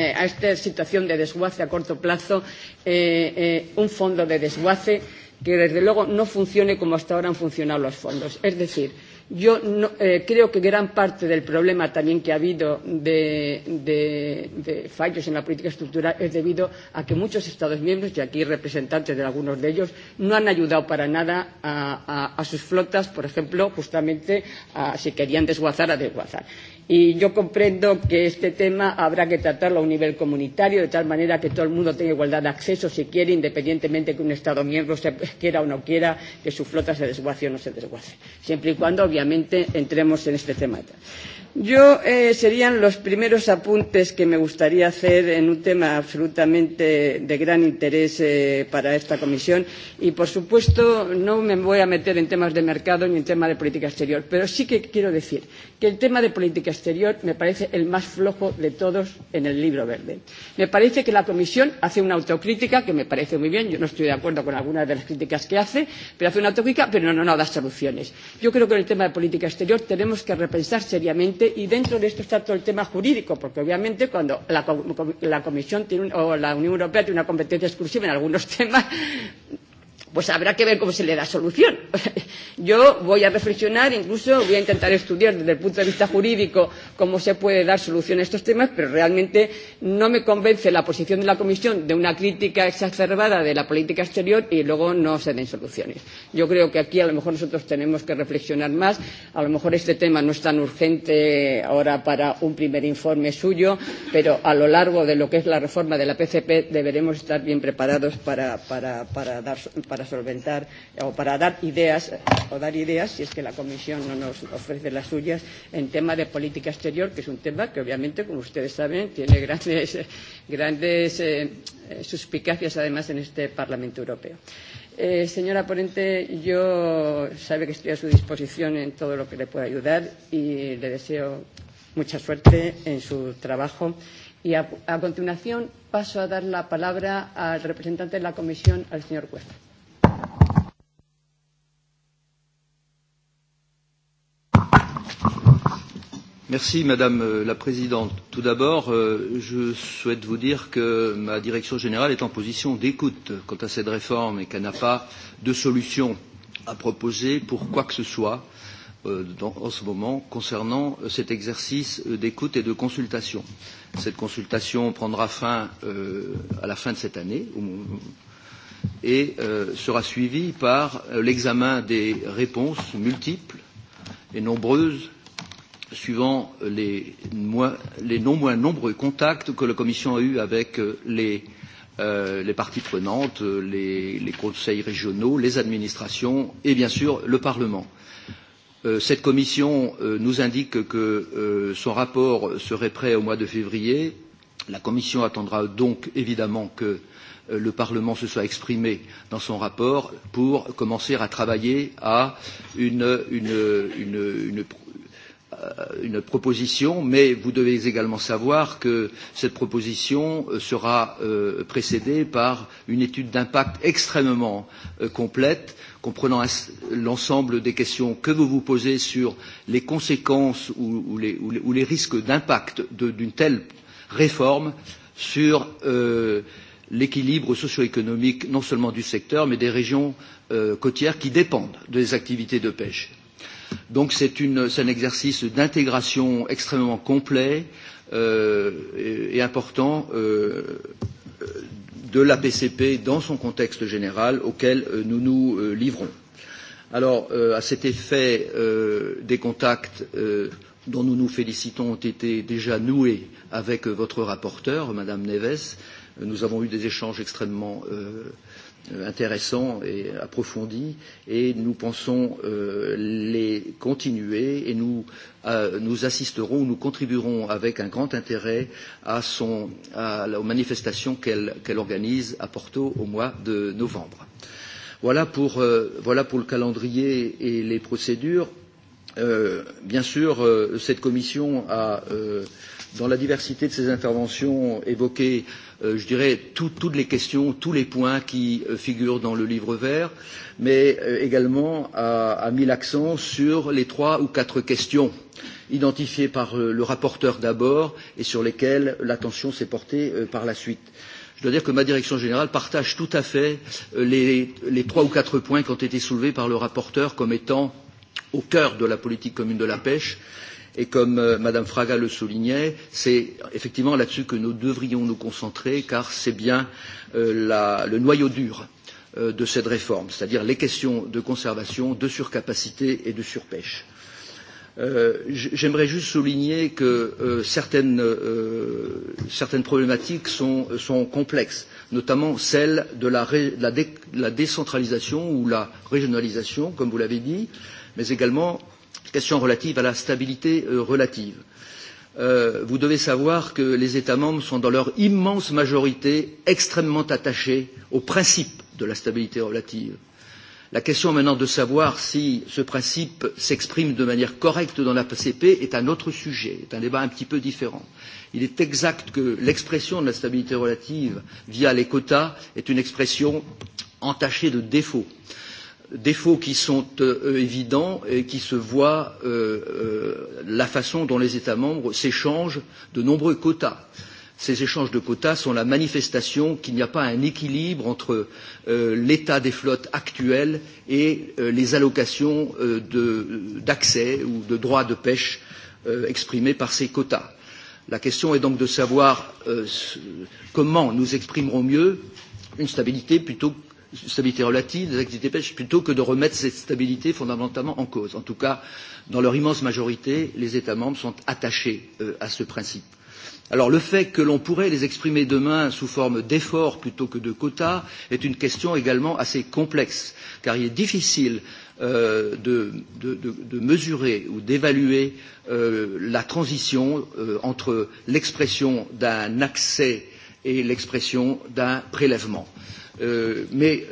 eh, a esta situación de desguace a corto plazo eh, eh, un fondo de desguace que desde luego no funcione como hasta ahora han funcionado los fondos. Es decir, Yo no, eh, creo que gran parte del problema también que ha habido de, de, de fallos en la política estructural es debido a que muchos Estados miembros, y aquí representantes de algunos de ellos, no han ayudado para nada a, a, a sus flotas, por ejemplo, justamente a, si querían desguazar, a desguazar. Y yo comprendo que este tema habrá que tratarlo a un nivel comunitario, de tal manera que todo el mundo tenga igualdad de acceso si quiere, independientemente de que un Estado miembro se quiera o no quiera que su flota se desguace o no se desguace. Siempre y cuando, obviamente, entremos en este tema. Yo eh, serían los primeros apuntes que me gustaría hacer en un tema absolutamente de gran interés eh, para esta comisión y, por supuesto, no me voy a meter en temas de mercado ni en temas de política exterior, pero sí que quiero decir que el tema de política exterior me parece el más flojo de todos en el libro verde. Me parece que la comisión hace una autocrítica que me parece muy bien, yo no estoy de acuerdo con algunas de las críticas que hace, pero hace una autocrítica, pero no, no, no da soluciones. Yo creo que en el tema de política exterior tenemos que repensar seriamente importante y dentro de esto está todo el tema jurídico, porque obviamente cuando la, la Comisión tiene, o la Unión Europea tiene una competencia exclusiva en algunos temas, pues habrá que ver cómo se le da solución. Yo voy a reflexionar, incluso voy a intentar estudiar desde el punto de vista jurídico cómo se puede dar solución a estos temas, pero realmente no me convence la posición de la Comisión de una crítica exacerbada de la política exterior y luego no se den soluciones. Yo creo que aquí a lo mejor nosotros tenemos que reflexionar más. A lo mejor este tema no es tan urgente ahora para un primer informe suyo, pero a lo largo de lo que es la reforma de la PCP deberemos estar bien preparados para, para, para, dar, para solventar o para dar ideas o dar ideas si es que la Comisión no nos ofrece las suyas en tema de política exterior, que es un tema que obviamente, como ustedes saben, tiene grandes, grandes eh, suspicacias además en este Parlamento Europeo. Eh, señora ponente, yo sabe que estoy a su disposición en todo lo que le pueda ayudar y le deseo mucha suerte en su trabajo. Y a, a continuación paso a dar la palabra al representante de la Comisión, al señor Cuesta. Merci Madame la Présidente. Tout d'abord, je souhaite vous dire que ma direction générale est en position d'écoute quant à cette réforme et qu'elle n'a pas de solution à proposer pour quoi que ce soit en ce moment concernant cet exercice d'écoute et de consultation. Cette consultation prendra fin à la fin de cette année et sera suivie par l'examen des réponses multiples et nombreuses suivant les, non moins nombreux contacts que la Commission a eus avec les, parties prenantes, les, conseils régionaux, les administrations et bien sûr le Parlement. Cette commission nous indique que son rapport serait prêt au mois de février. La commission attendra donc évidemment que le Parlement se soit exprimé dans son rapport pour commencer à travailler à une, une proposition, mais vous devez également savoir que cette proposition sera précédée par une étude d'impact extrêmement complète, comprenant l'ensemble des questions que vous vous posez sur les conséquences ou, les, risques d'impact d'une telle réforme sur l'équilibre socio-économique non seulement du secteur, mais des régions côtières qui dépendent des activités de pêche. Donc c'est un exercice d'intégration extrêmement complet euh, et, et important euh, de la PCP dans son contexte général auquel nous nous euh, livrons. Alors, euh, à cet effet, euh, des contacts euh, dont nous nous félicitons ont été déjà noués avec votre rapporteur, Madame Neves. Nous avons eu des échanges extrêmement euh, intéressants et approfondis et nous pensons les continuer et nous, nous assisterons, nous contribuerons avec un grand intérêt à son, à, aux manifestations qu'elle qu organise à Porto au mois de novembre. Voilà pour, euh, voilà pour le calendrier et les procédures. Euh, bien sûr, euh, cette commission a, euh, dans la diversité de ses interventions, évoqué euh, je dirais, toutes les questions, tous les points qui figurent dans le livre vert, mais également a, mis l'accent sur les trois ou quatre questions identifiées par le rapporteur d'abord et sur lesquelles l'attention s'est portée par la suite. Je dois dire que ma direction générale partage tout à fait les, les trois ou quatre points qui ont été soulevés par le rapporteur comme étant au cœur de la politique commune de la pêche Et comme euh, Madame Fraga le soulignait, c'est effectivement là-dessus que nous devrions nous concentrer, car c'est bien euh, la, le noyau dur euh, de cette réforme, c'est-à-dire les questions de conservation, de surcapacité et de surpêche. J'aimerais juste souligner que certaines, certaines problématiques sont, sont complexes, notamment celle de la, la, dé, la décentralisation ou la régionalisation, comme vous l'avez dit, mais également question relative à la stabilité relative. vous devez savoir que les États membres sont dans leur immense majorité extrêmement attachés au principe de la stabilité relative. La question maintenant de savoir si ce principe s'exprime de manière correcte dans la PCP est un autre sujet, est un débat un petit peu différent. Il est exact que l'expression de la stabilité relative via les quotas est une expression entachée de défauts. Euh, défauts qui sont évidents et qui se voient la façon dont les États membres s'échangent de nombreux quotas. Ces échanges de quotas sont la manifestation qu'il n'y a pas un équilibre entre l'état des flottes actuelles et les allocations d'accès ou de droits de pêche exprimés par ces quotas. La question est donc de savoir comment nous exprimerons mieux une stabilité plutôt stabilité relative des activités de pêche plutôt que de remettre cette stabilité fondamentalement en cause. En tout cas, dans leur immense majorité, les États membres sont attachés à ce principe. Alors le fait que l'on pourrait les exprimer demain sous forme d'efforts plutôt que de quotas est une question également assez complexe, car il est difficile de, mesurer ou d'évaluer la transition entre l'expression d'un accès et l'expression d'un prélèvement mais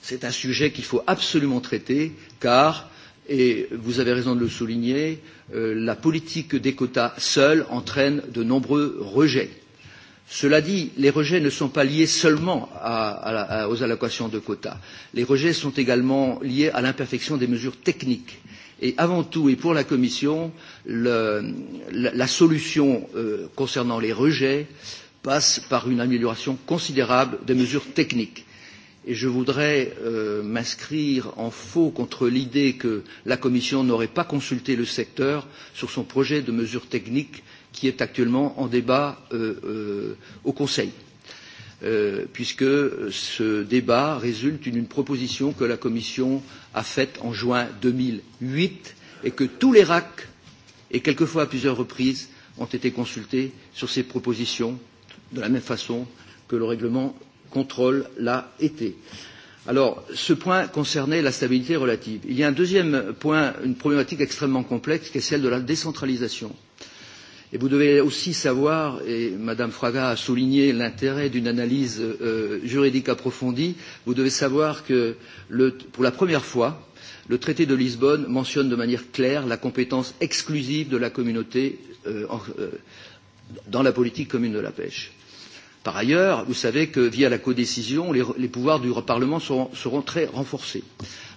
c'est un sujet qu'il faut absolument traiter car et vous avez raison de le souligner la politique des quotas seule entraîne de nombreux rejets. Cela dit, les rejets ne sont pas liés seulement à, à, aux allocations de quotas. Les rejets sont également liés à l'imperfection des mesures techniques. Et avant tout, et pour la Commission, le, la, la solution euh, concernant les rejets, euh, passe par une amélioration considérable des mesures techniques. Et je voudrais euh, m'inscrire en faux contre l'idée que la Commission n'aurait pas consulté le secteur sur son projet de mesures techniques qui est actuellement en débat euh, euh, au Conseil, euh, puisque ce débat résulte d'une proposition que la Commission a faite en juin 2008 et que tous les RAC, et quelquefois à plusieurs reprises, ont été consultés sur ces propositions de la même façon que le règlement contrôle l'a été. Alors, ce point concernait la stabilité relative. Il y a un deuxième point, une problématique extrêmement complexe, qui est celle de la décentralisation. Et vous devez aussi savoir, et Madame Fraga a souligné l'intérêt d'une analyse euh, juridique approfondie, vous devez savoir que le, pour la première fois, le traité de Lisbonne mentionne de manière claire la compétence exclusive de la communauté euh, en, euh, dans la politique commune de la pêche. Par ailleurs, vous savez que via la codécision, les, les pouvoirs du Parlement seront, seront très renforcés.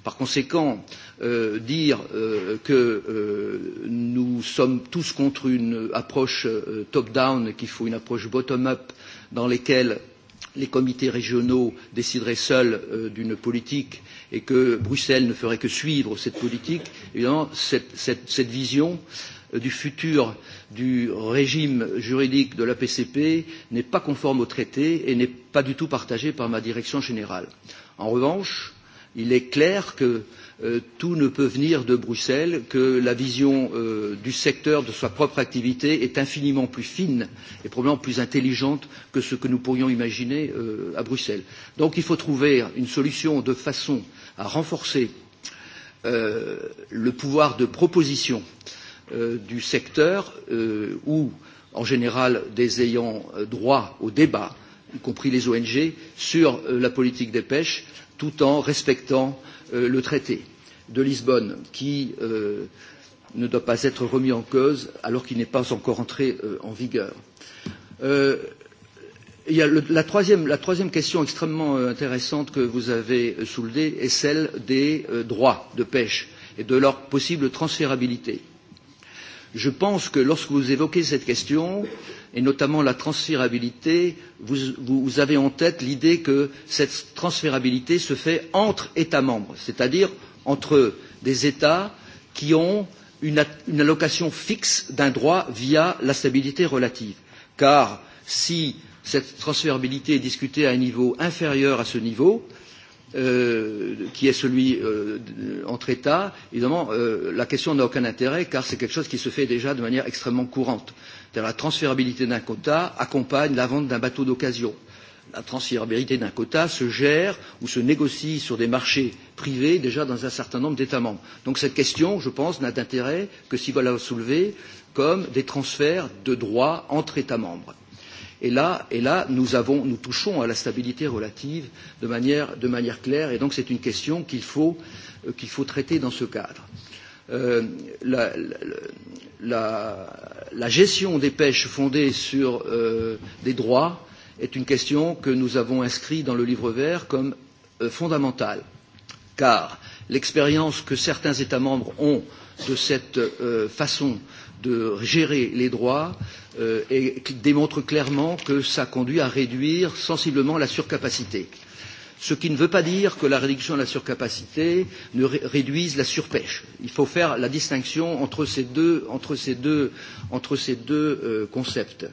Par conséquent, euh, dire euh, que euh, nous sommes tous contre une approche euh, top-down, qu'il faut une approche bottom-up dans laquelle les comités régionaux décideraient seuls euh, d'une politique et que Bruxelles ne ferait que suivre cette politique, évidemment, cette, cette, cette vision euh, du futur du régime juridique de la PCP n'est pas conforme au traité et n'est pas du tout partagé par ma direction générale. En revanche, il est clair que tout ne peut venir de Bruxelles, que la vision du secteur, de sa propre activité, est infiniment plus fine et probablement plus intelligente que ce que nous pourrions imaginer à Bruxelles. Donc il faut trouver une solution de façon à renforcer le pouvoir de proposition euh, du secteur où, en général, des ayants droit au débat, y compris les ONG, sur la politique des pêches, tout en respectant le traité de Lisbonne, qui ne doit pas être remis en cause alors qu'il n'est pas encore entré en vigueur. la, troisième, question extrêmement intéressante que vous avez soulevée est celle des droits de pêche et de leur possible transférabilité Je pense que lorsque vous évoquez cette question, et notamment la transférabilité, vous, vous avez en tête l'idée que cette transférabilité se fait entre États membres, c'est-à-dire entre des États qui ont une, une allocation fixe d'un droit via la stabilité relative. Car si cette transférabilité est discutée à un niveau inférieur à ce niveau, qui est celui entre États, évidemment, la question n'a aucun intérêt car c'est quelque chose qui se fait déjà de manière extrêmement courante. La transférabilité d'un quota accompagne la vente d'un bateau d'occasion. La transférabilité d'un quota se gère ou se négocie sur des marchés privés déjà dans un certain nombre d'États membres. Donc cette question, je pense, n'a d'intérêt que si vous la soulevez comme des transferts de droits entre États membres Et là, et là nous, avons, nous touchons à la stabilité relative de manière, de manière claire, et donc c'est une question qu'il faut, euh, qu'il faut traiter dans ce cadre. Euh, la, la, la gestion des pêches fondée sur euh, des droits est une question que nous avons inscrite dans le livre vert comme euh, fondamentale, car l'expérience que certains États membres ont de cette euh, façon euh, de gérer les droits euh, et démontre clairement que ça conduit à réduire sensiblement la surcapacité. Ce qui ne veut pas dire que la réduction de la surcapacité ne ré réduise la surpêche. Il faut faire la distinction entre ces deux, entre ces deux, entre ces deux euh, concepts.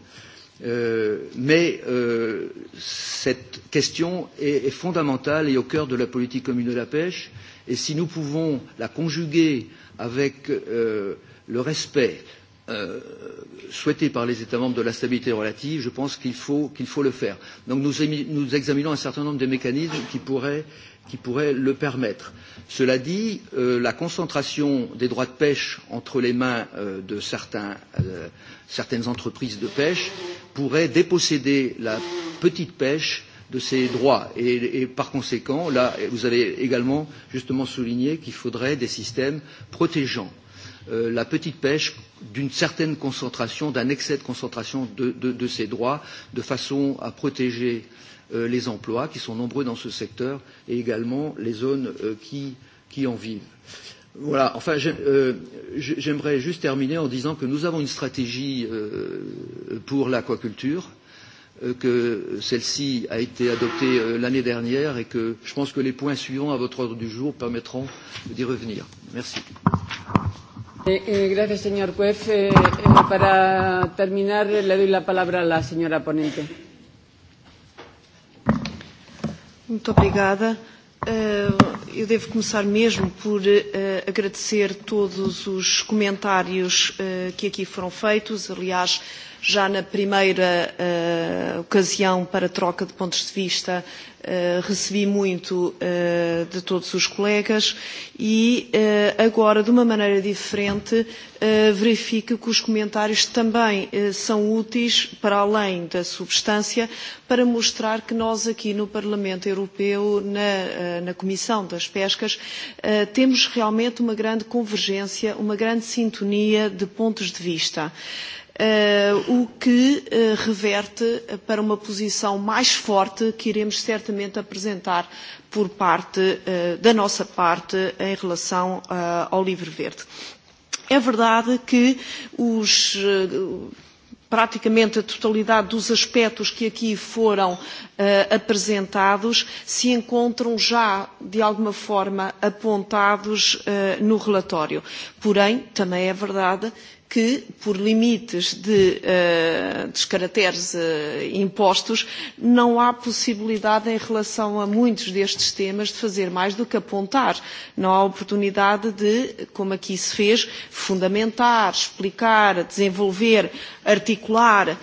Euh, mais euh, cette question est, est fondamentale et au cœur de la politique commune de la pêche. Et si nous pouvons la conjuguer avec euh, le respect euh, souhaité par les États membres de la stabilité relative, je pense qu'il faut, le faire. Donc nous, examinons un certain nombre de mécanismes qui pourraient, le permettre. Cela dit, la concentration des droits de pêche entre les mains de certaines entreprises de pêche pourrait déposséder la petite pêche de ses droits. Et, par conséquent, là, vous avez également justement souligné qu'il faudrait des systèmes protégeants la petite pêche d'une certaine concentration, d'un excès de concentration de, de, de ces droits, de façon à protéger les emplois qui sont nombreux dans ce secteur et également les zones qui, qui en vivent. Voilà, enfin j'aimerais juste terminer en disant que nous avons une stratégie pour l'aquaculture, que celle-ci a été adoptée l'année dernière et que je pense que les points suivants à votre ordre du jour permettront d'y revenir. Merci gracias, señor Cuef. para terminar, le doy la palabra a la señora ponente. Muito obrigada. Eu devo começar mesmo por agradecer todos os comentários que aqui foram feitos. Aliás, já na primeira ocasião para troca de pontos de vista recebi muito de todos os colegas e agora, de uma maneira diferente, verifico que os comentários também são úteis, para além da substância, para mostrar que nós aqui no Parlamento Europeu, na, Comissão das Pescas, temos realmente uma grande convergência, uma grande sintonia de pontos de vista. Uh, o que reverte para uma posição mais forte que iremos certamente apresentar por parte, da nossa parte, em relação ao livro verde. É verdade que os praticamente a totalidade dos aspectos que aqui foram apresentados se encontram já, de alguma forma, apontados no relatório. Porém, também é verdade que, por limites de, uh, dos caracteres uh, impostos, não há possibilidade em relação a muitos destes temas de fazer mais do que apontar. Não há oportunidade de, como aqui se fez, fundamentar, explicar, desenvolver, articular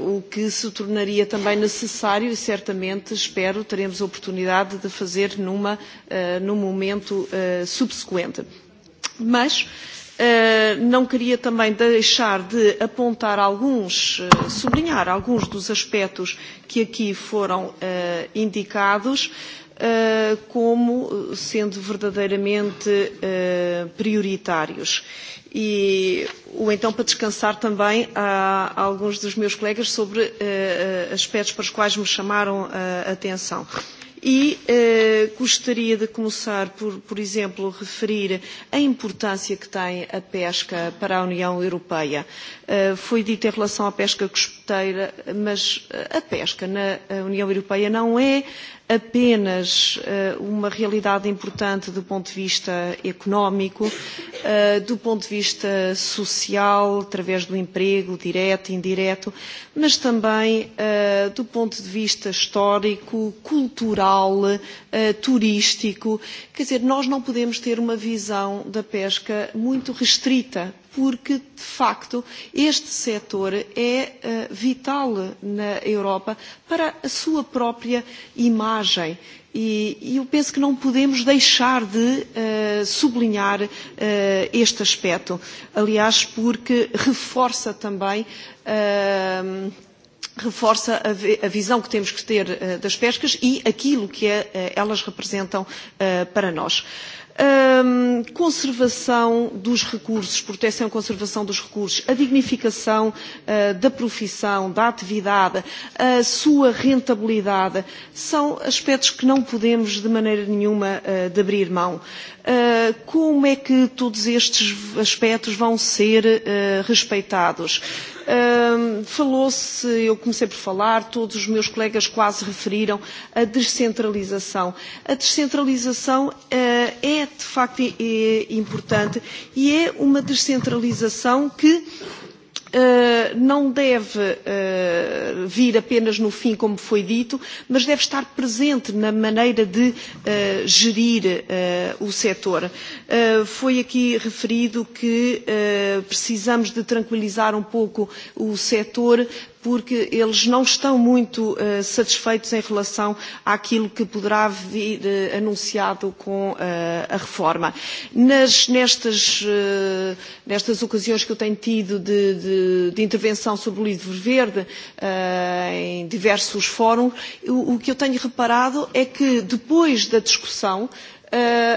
o que se tornaria também necessário e certamente, espero, teremos a oportunidade de fazer numa, num momento subsequente. Mas, uh, não queria também deixar de apontar alguns, sublinhar alguns dos aspectos que aqui foram indicados como sendo verdadeiramente prioritários. E, ou então para descansar também a, alguns dos meus colegas sobre aspectos para os quais me chamaram a atenção. E eh, gostaria de começar por, por exemplo, referir a importância que tem a pesca para a União Europeia. Eh, foi dito em relação à pesca costeira, mas a pesca na União Europeia não é apenas uma realidade importante do ponto de vista económico, do ponto de vista social, através do emprego, direto e indireto, mas também do ponto de vista histórico, cultural, turístico. Quer dizer, nós não podemos ter uma visão da pesca muito restrita porque, de facto, este setor é vital na Europa para a sua própria imagem. E eu penso que não podemos deixar de sublinhar este aspecto. Aliás, porque reforça também reforça a, visão que temos que ter das pescas e aquilo que elas representam para nós. Uh, conservação dos recursos, proteção e conservação dos recursos, a dignificação da profissão, da atividade, a sua rentabilidade, são aspectos que não podemos de maneira nenhuma de abrir mão. Como é que todos estes aspectos vão ser respeitados? Falou-se, eu comecei por falar, todos os meus colegas quase referiram, a descentralização. A descentralização é, de facto, importante e é uma descentralização que não deve vir apenas no fim, como foi dito, mas deve estar presente na maneira de gerir o setor. Foi aqui referido que precisamos de tranquilizar um pouco o setor porque eles não estão muito satisfeitos em relação àquilo que poderá vir anunciado com a reforma. nestas, ocasiões que eu tenho tido de, intervenção sobre o livro verde em diversos fóruns, o, que eu tenho reparado é que depois da discussão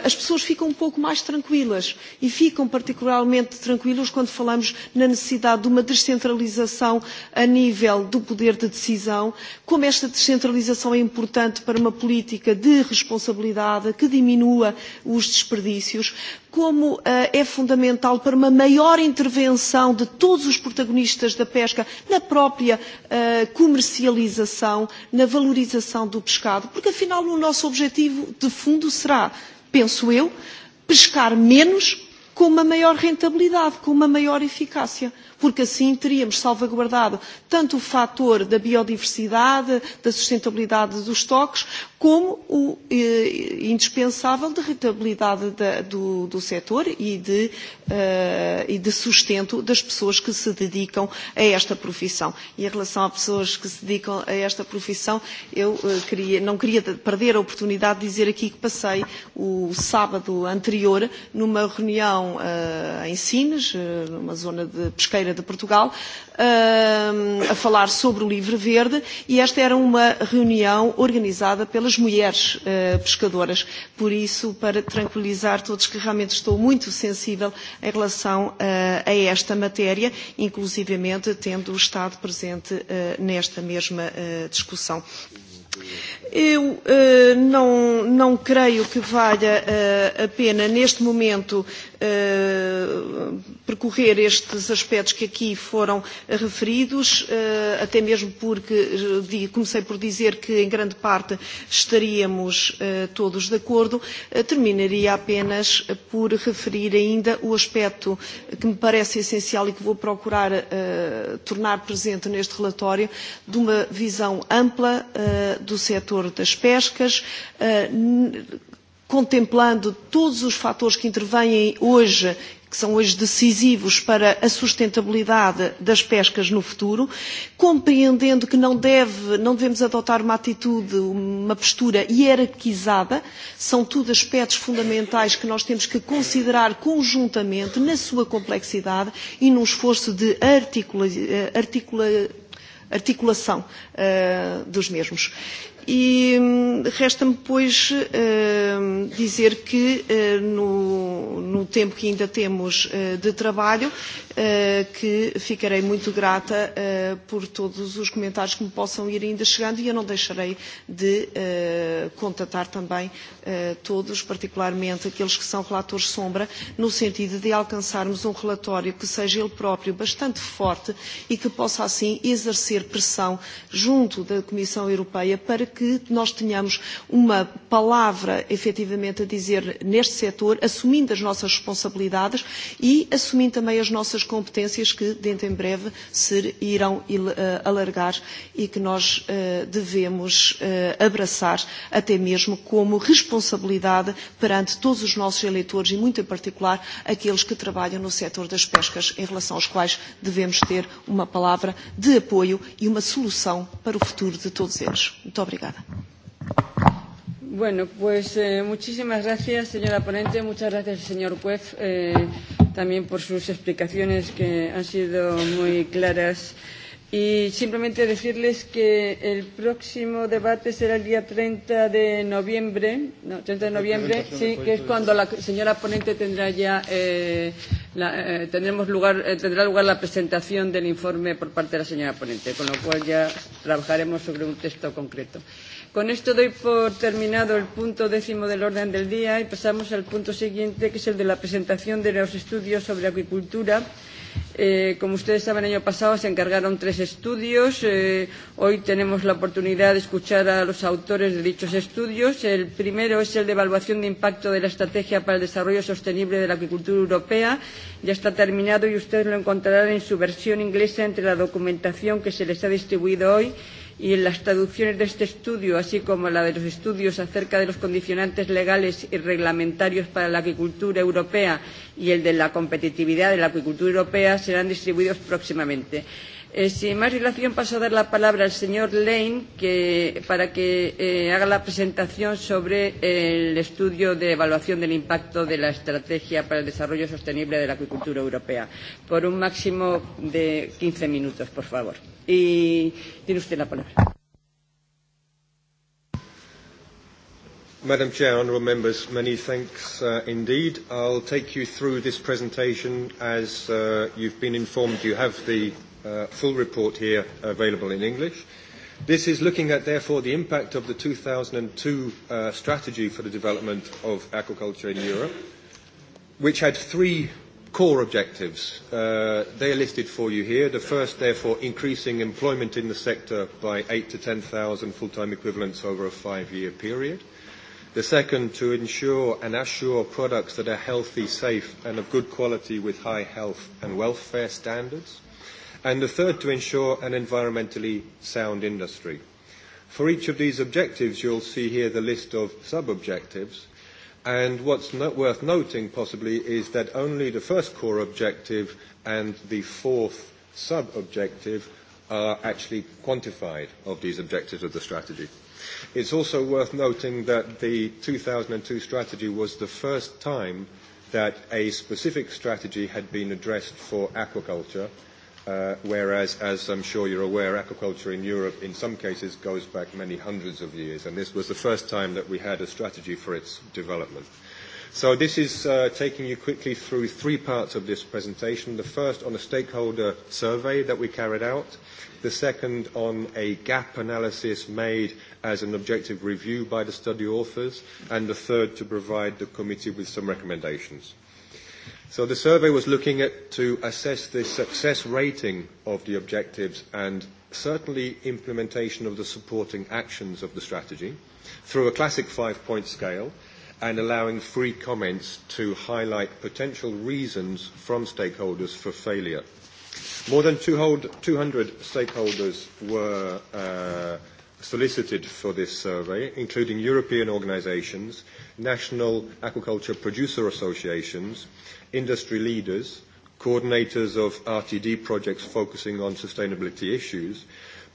as pessoas ficam um pouco mais tranquilas e ficam particularmente tranquilas quando falamos na necessidade de uma descentralização a nível do poder de decisão, como esta descentralização é importante para uma política de responsabilidade que diminua os desperdícios, como é fundamental para uma maior intervenção de todos os protagonistas da pesca na própria comercialização, na valorização do pescado, porque afinal o nosso objetivo de fundo será penso eu, pescar menos com uma maior rentabilidade, com uma maior eficácia porque assim teríamos salvaguardado tanto o fator da biodiversidade, da sustentabilidade dos estoques, como o indispensável de rentabilidade do setor e de sustento das pessoas que se dedicam a esta profissão. E em relação a pessoas que se dedicam a esta profissão, eu não queria perder a oportunidade de dizer aqui que passei o sábado anterior numa reunião em Sines, numa zona de pesqueiro. Madeira de Portugal a falar sobre o Livre Verde e esta era uma reunião organizada pelas mulheres pescadoras. Por isso, para tranquilizar todos que realmente estou muito sensível em relação a esta matéria, inclusivamente tendo o estado presente nesta mesma discussão. Eu uh, não, não creio que valha uh, a pena, neste momento, uh, percorrer estes aspectos que aqui foram referidos, uh, até mesmo porque uh, comecei por dizer que, em grande parte, estaríamos uh, todos de acordo. Uh, terminaria apenas por referir ainda o aspecto que me parece essencial e que vou procurar uh, tornar presente neste relatório, de uma visão ampla uh, do setor Protetor das Pescas, contemplando todos os fatores que intervêm hoje que são hoje decisivos para a sustentabilidade das pescas no futuro, compreendendo que não, deve, não devemos adotar uma atitude, uma postura hierarquizada, são tudo aspectos fundamentais que nós temos que considerar conjuntamente na sua complexidade e num esforço de articula, articula, articulação uh, dos mesmos. E resta-me, pois, dizer que no, no tempo que ainda temos de trabalho, que ficarei muito grata por todos os comentários que me possam ir ainda chegando e eu não deixarei de contatar também todos, particularmente aqueles que são relatores sombra, no sentido de alcançarmos um relatório que seja ele próprio bastante forte e que possa assim exercer pressão junto da Comissão Europeia para que nós tenhamos uma palavra efetivamente a dizer neste setor, assumindo as nossas responsabilidades e assumindo também as nossas competências que dentro em breve se irão alargar e que nós devemos abraçar até mesmo como responsabilidade perante todos os nossos eleitores e muito em particular aqueles que trabalham no setor das pescas em relação aos quais devemos ter uma palavra de apoio e uma solução para o futuro de todos eles. Muito obrigada diputada. Bueno, pues eh, muchísimas gracias, señora ponente. Muchas gracias, señor juez, eh, también por sus explicaciones que han sido muy claras Y simplemente decirles que el próximo debate será el día 30 de noviembre, no, 30 de noviembre, sí, que es cuando la señora ponente tendrá ya, eh, la, eh, tendremos lugar, eh, tendrá lugar la presentación del informe por parte de la señora ponente, con lo cual ya trabajaremos sobre un texto concreto. Con esto doy por terminado el punto décimo del orden del día y pasamos al punto siguiente, que es el de la presentación de los estudios sobre acuicultura Eh, como ustedes saben, el año pasado se encargaron tres estudios. Eh, hoy tenemos la oportunidad de escuchar a los autores de dichos estudios. El primero es el de evaluación de impacto de la Estrategia para el Desarrollo Sostenible de la Agricultura Europea. Ya está terminado y ustedes lo encontrarán en su versión inglesa entre la documentación que se les ha distribuido hoy y en las traducciones de este estudio, así como la de los estudios acerca de los condicionantes legales y reglamentarios para la acuicultura europea y el de la competitividad de la acuicultura europea, serán distribuidos próximamente. Eh, sin más dilación paso a dar la palabra al señor Lane que, para que eh, haga la presentación sobre el estudio de evaluación del impacto de la Estrategia para el Desarrollo Sostenible de la Acuicultura Europea, por un máximo de 15 minutos, por favor. Y tiene usted la palabra. Madam Chair, honourable members, many thanks uh, indeed. I'll take you through this presentation as uh, you've been informed you have the uh, full report here available in English. This is looking at, therefore, the impact of the 2002 uh, strategy for the development of aquaculture in Europe, which had three core objectives. Uh, they are listed for you here. The first, therefore, increasing employment in the sector by 8 to 10,000 full-time equivalents over a five-year period. The second, to ensure and assure products that are healthy, safe, and of good quality with high health and welfare standards and the third to ensure an environmentally sound industry. For each of these objectives, you'll see here the list of sub-objectives, and what's not worth noting possibly is that only the first core objective and the fourth sub-objective are actually quantified of these objectives of the strategy. It's also worth noting that the 2002 strategy was the first time that a specific strategy had been addressed for aquaculture whereas, as I'm sure you're aware, aquaculture in Europe in some cases goes back many hundreds of years, and this was the first time that we had a strategy for its development. So this is uh, taking you quickly through three parts of this presentation. The first on a stakeholder survey that we carried out, the second on a gap analysis made as an objective review by the study authors, and the third to provide the committee with some recommendations. So the survey was looking at to assess the success rating of the objectives and certainly implementation of the supporting actions of the strategy through a classic five-point scale and allowing free comments to highlight potential reasons from stakeholders for failure. More than 200 stakeholders were uh, solicited for this survey, including European organisations, national aquaculture producer associations, industry leaders, coordinators of RTD projects focusing on sustainability issues,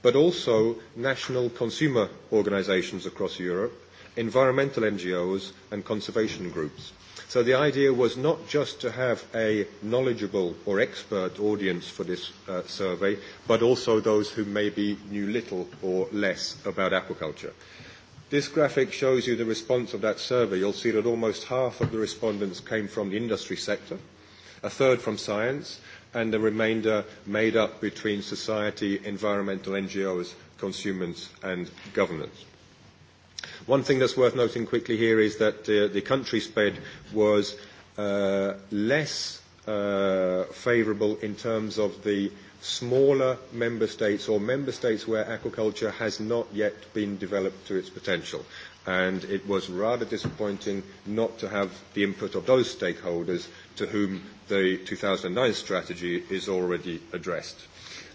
but also national consumer organisations across Europe, environmental NGOs and conservation groups. So the idea was not just to have a knowledgeable or expert audience for this uh, survey, but also those who maybe knew little or less about aquaculture. This graphic shows you the response of that survey. You'll see that almost half of the respondents came from the industry sector, a third from science, and the remainder made up between society, environmental NGOs, consumers, and governments. One thing that's worth noting quickly here is that uh, the country sped was uh, less uh, favourable in terms of the smaller member states or member states where aquaculture has not yet been developed to its potential. And it was rather disappointing not to have the input of those stakeholders to whom the 2009 strategy is already addressed.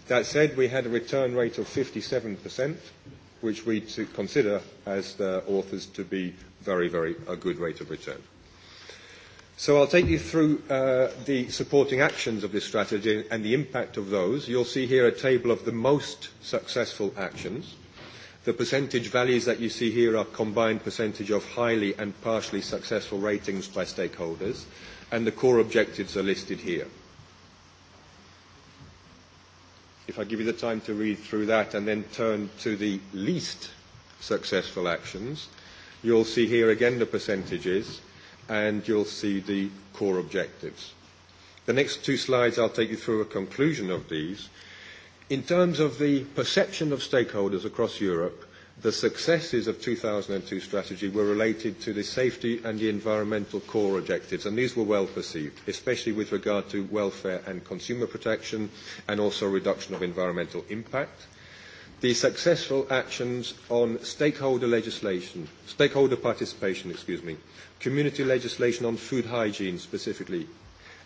That said, we had a return rate of 57%, which we consider as the authors to be very, very a good rate of return. So I'll take you through uh, the supporting actions of this strategy and the impact of those. You'll see here a table of the most successful actions. The percentage values that you see here are combined percentage of highly and partially successful ratings by stakeholders, and the core objectives are listed here. If I give you the time to read through that and then turn to the least successful actions, you'll see here again the percentages and you'll see the core objectives. The next two slides, I'll take you through a conclusion of these. In terms of the perception of stakeholders across Europe, the successes of 2002 strategy were related to the safety and the environmental core objectives, and these were well perceived, especially with regard to welfare and consumer protection, and also reduction of environmental impact. The successful actions on stakeholder legislation, stakeholder participation, excuse me, community legislation on food hygiene specifically,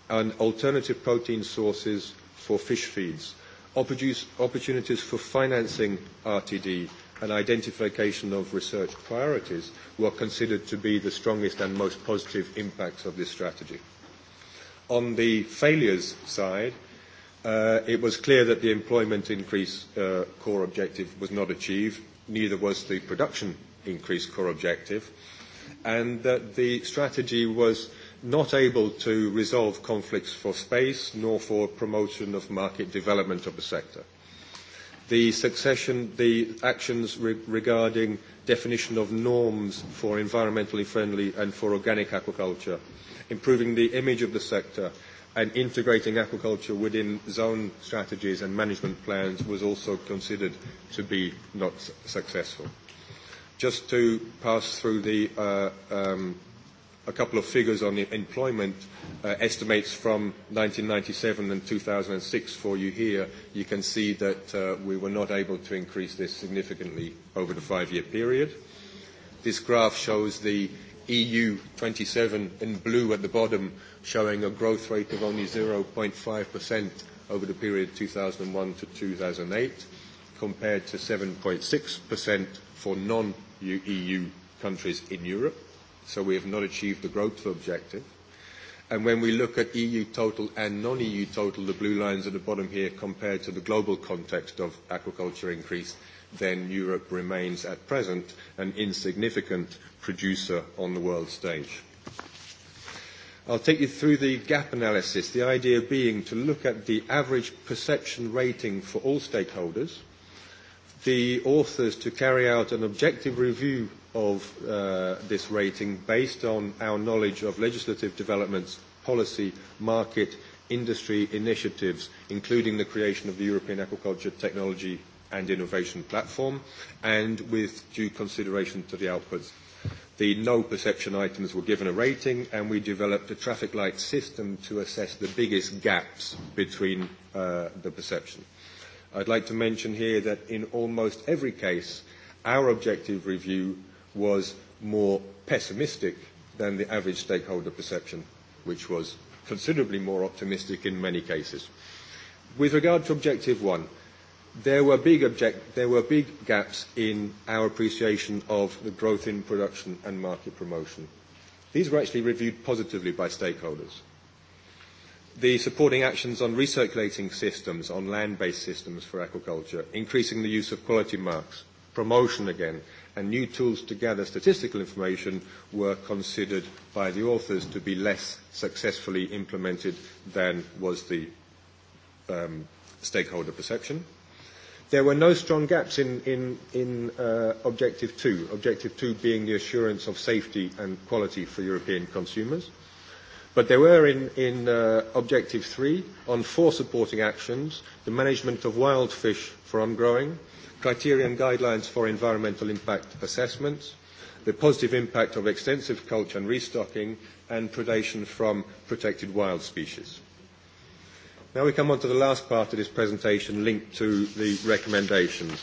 and alternative protein sources for fish feeds, opportunities for financing RTD and identification of research priorities were considered to be the strongest and most positive impacts of this strategy. On the failures side, uh, it was clear that the employment increase uh, core objective was not achieved, neither was the production increase core objective and that the strategy was not able to resolve conflicts for space nor for promotion of market development of the sector. The succession, the actions re- regarding definition of norms for environmentally friendly and for organic aquaculture, improving the image of the sector, and integrating aquaculture within zone strategies and management plans was also considered to be not successful. Just to pass through the, uh, um, a couple of figures on the employment uh, estimates from 1997 and 2006 for you here, you can see that uh, we were not able to increase this significantly over the five-year period. This graph shows the EU 27 in blue at the bottom, showing a growth rate of only 0.5% over the period 2001 to 2008, compared to 7.6% for non EU countries in Europe, so we have not achieved the growth objective. And When we look at EU total and non-EU total, the blue lines at the bottom here, compared to the global context of aquaculture increase, then Europe remains at present an insignificant producer on the world stage. I'll take you through the gap analysis, the idea being to look at the average perception rating for all stakeholders, the authors to carry out an objective review of uh, this rating based on our knowledge of legislative developments, policy, market, industry initiatives, including the creation of the European Aquaculture Technology and Innovation Platform, and with due consideration to the outputs. The no perception items were given a rating, and we developed a traffic light system to assess the biggest gaps between uh, the perception. I'd like to mention here that in almost every case, our objective review was more pessimistic than the average stakeholder perception, which was considerably more optimistic in many cases. With regard to objective one, there were big object there were big gaps in our appreciation of the growth in production and market promotion. These were actually reviewed positively by stakeholders the supporting actions on recirculating systems, on land-based systems for aquaculture, increasing the use of quality marks, promotion again, and new tools to gather statistical information were considered by the authors to be less successfully implemented than was the um, stakeholder perception. There were no strong gaps in, in, in uh, Objective 2, Objective 2 being the assurance of safety and quality for European consumers. But there were in, in uh, Objective 3 on four supporting actions, the management of wild fish for growing, criteria and guidelines for environmental impact assessments, the positive impact of extensive culture and restocking, and predation from protected wild species. Now we come on to the last part of this presentation linked to the recommendations.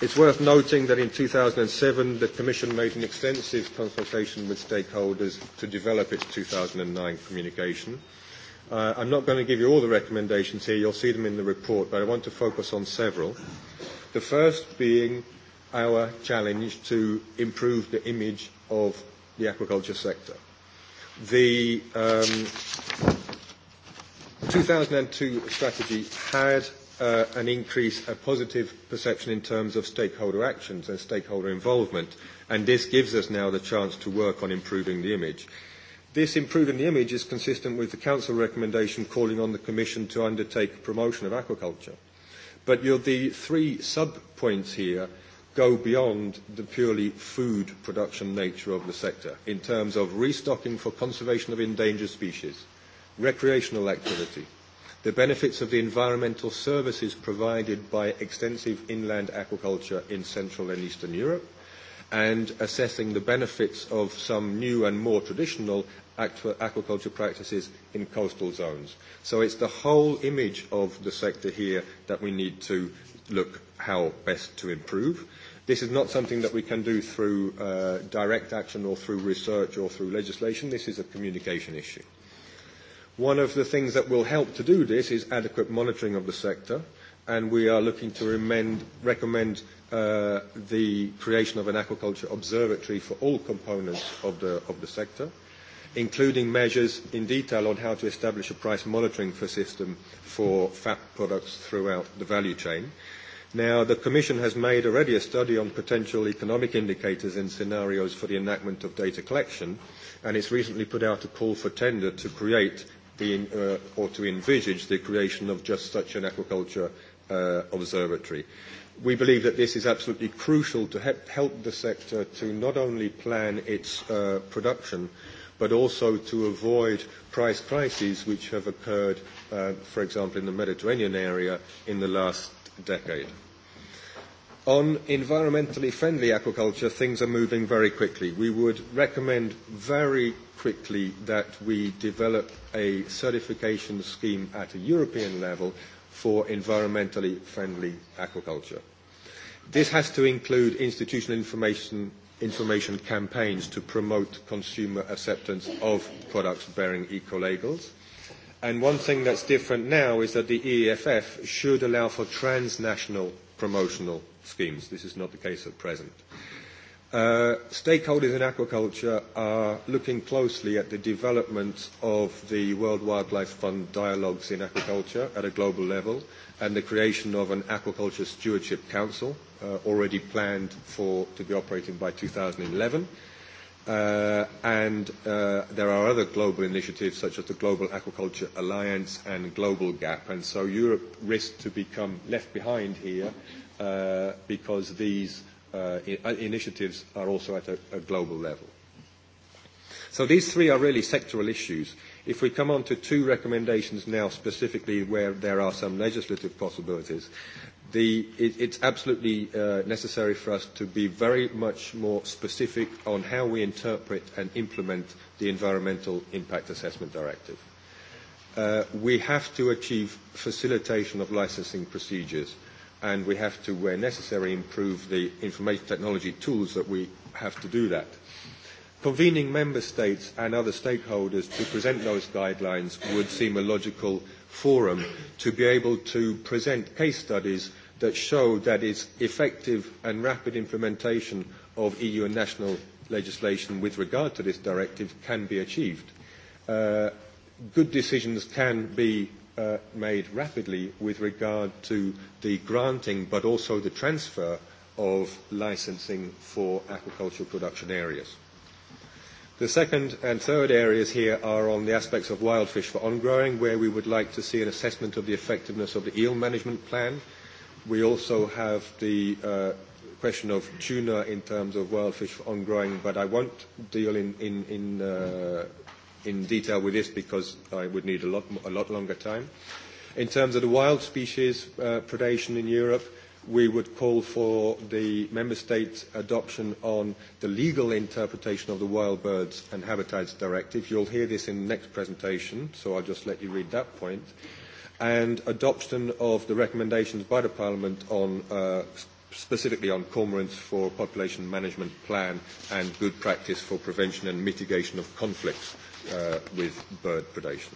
It's worth noting that in 2007 the Commission made an extensive consultation with stakeholders to develop its 2009 communication. Uh, I'm not going to give you all the recommendations here, you'll see them in the report, but I want to focus on several. The first being our challenge to improve the image of the aquaculture sector. The um, 2002 strategy had uh, an increase, a positive perception in terms of stakeholder actions and stakeholder involvement, and this gives us now the chance to work on improving the image. This improving the image is consistent with the Council recommendation calling on the Commission to undertake promotion of aquaculture. But you're, the three sub-points here go beyond the purely food production nature of the sector in terms of restocking for conservation of endangered species – recreational activity, the benefits of the environmental services provided by extensive inland aquaculture in Central and Eastern Europe, and assessing the benefits of some new and more traditional aquaculture practices in coastal zones. So it's the whole image of the sector here that we need to look how best to improve. This is not something that we can do through uh, direct action or through research or through legislation. This is a communication issue. One of the things that will help to do this is adequate monitoring of the sector, and we are looking to remend, recommend uh, the creation of an aquaculture observatory for all components of the, of the sector, including measures in detail on how to establish a price monitoring for system for fat products throughout the value chain. Now, the Commission has made already a study on potential economic indicators and scenarios for the enactment of data collection, and it's recently put out a call for tender to create the, uh, or to envisage the creation of just such an aquaculture uh, observatory. We believe that this is absolutely crucial to he- help the sector to not only plan its uh, production, but also to avoid price crises which have occurred, uh, for example, in the Mediterranean area in the last decade. On environmentally friendly aquaculture, things are moving very quickly. We would recommend very quickly that we develop a certification scheme at a European level for environmentally friendly aquaculture. This has to include institutional information, information campaigns to promote consumer acceptance of products bearing eco-labels. And one thing that's different now is that the EEFF should allow for transnational promotional schemes. This is not the case at present. Uh, stakeholders in aquaculture are looking closely at the development of the World Wildlife Fund dialogues in aquaculture at a global level and the creation of an aquaculture stewardship council uh, already planned for to be operating by 2011. Uh, and uh, there are other global initiatives such as the Global Aquaculture Alliance and Global Gap. And so Europe risks to become left behind here uh, because these uh, initiatives are also at a, a global level. So these three are really sectoral issues. If we come on to two recommendations now, specifically where there are some legislative possibilities, the, it, it's absolutely uh, necessary for us to be very much more specific on how we interpret and implement the Environmental Impact Assessment Directive. Uh, we have to achieve facilitation of licensing procedures. Uh, and we have to, where necessary, improve the information technology tools that we have to do that. Convening member states and other stakeholders to present those guidelines would seem a logical forum to be able to present case studies that show that it's effective and rapid implementation of EU and national legislation with regard to this directive can be achieved. Uh, good decisions can be uh, made rapidly with regard to the granting but also the transfer of licensing for aquaculture production areas. The second and third areas here are on the aspects of wild fish for on-growing, where we would like to see an assessment of the effectiveness of the eel management plan. We also have the uh, question of tuna in terms of wild fish for on-growing, but I won't deal in, in, in uh, in detail with this because I would need a lot, a lot longer time. In terms of the wild species uh, predation in Europe, we would call for the member States' adoption on the legal interpretation of the Wild Birds and Habitats Directive. You'll hear this in the next presentation, so I'll just let you read that point. And adoption of the recommendations by the Parliament on uh, specifically on cormorants for population management plan and good practice for prevention and mitigation of conflicts uh, with bird predation.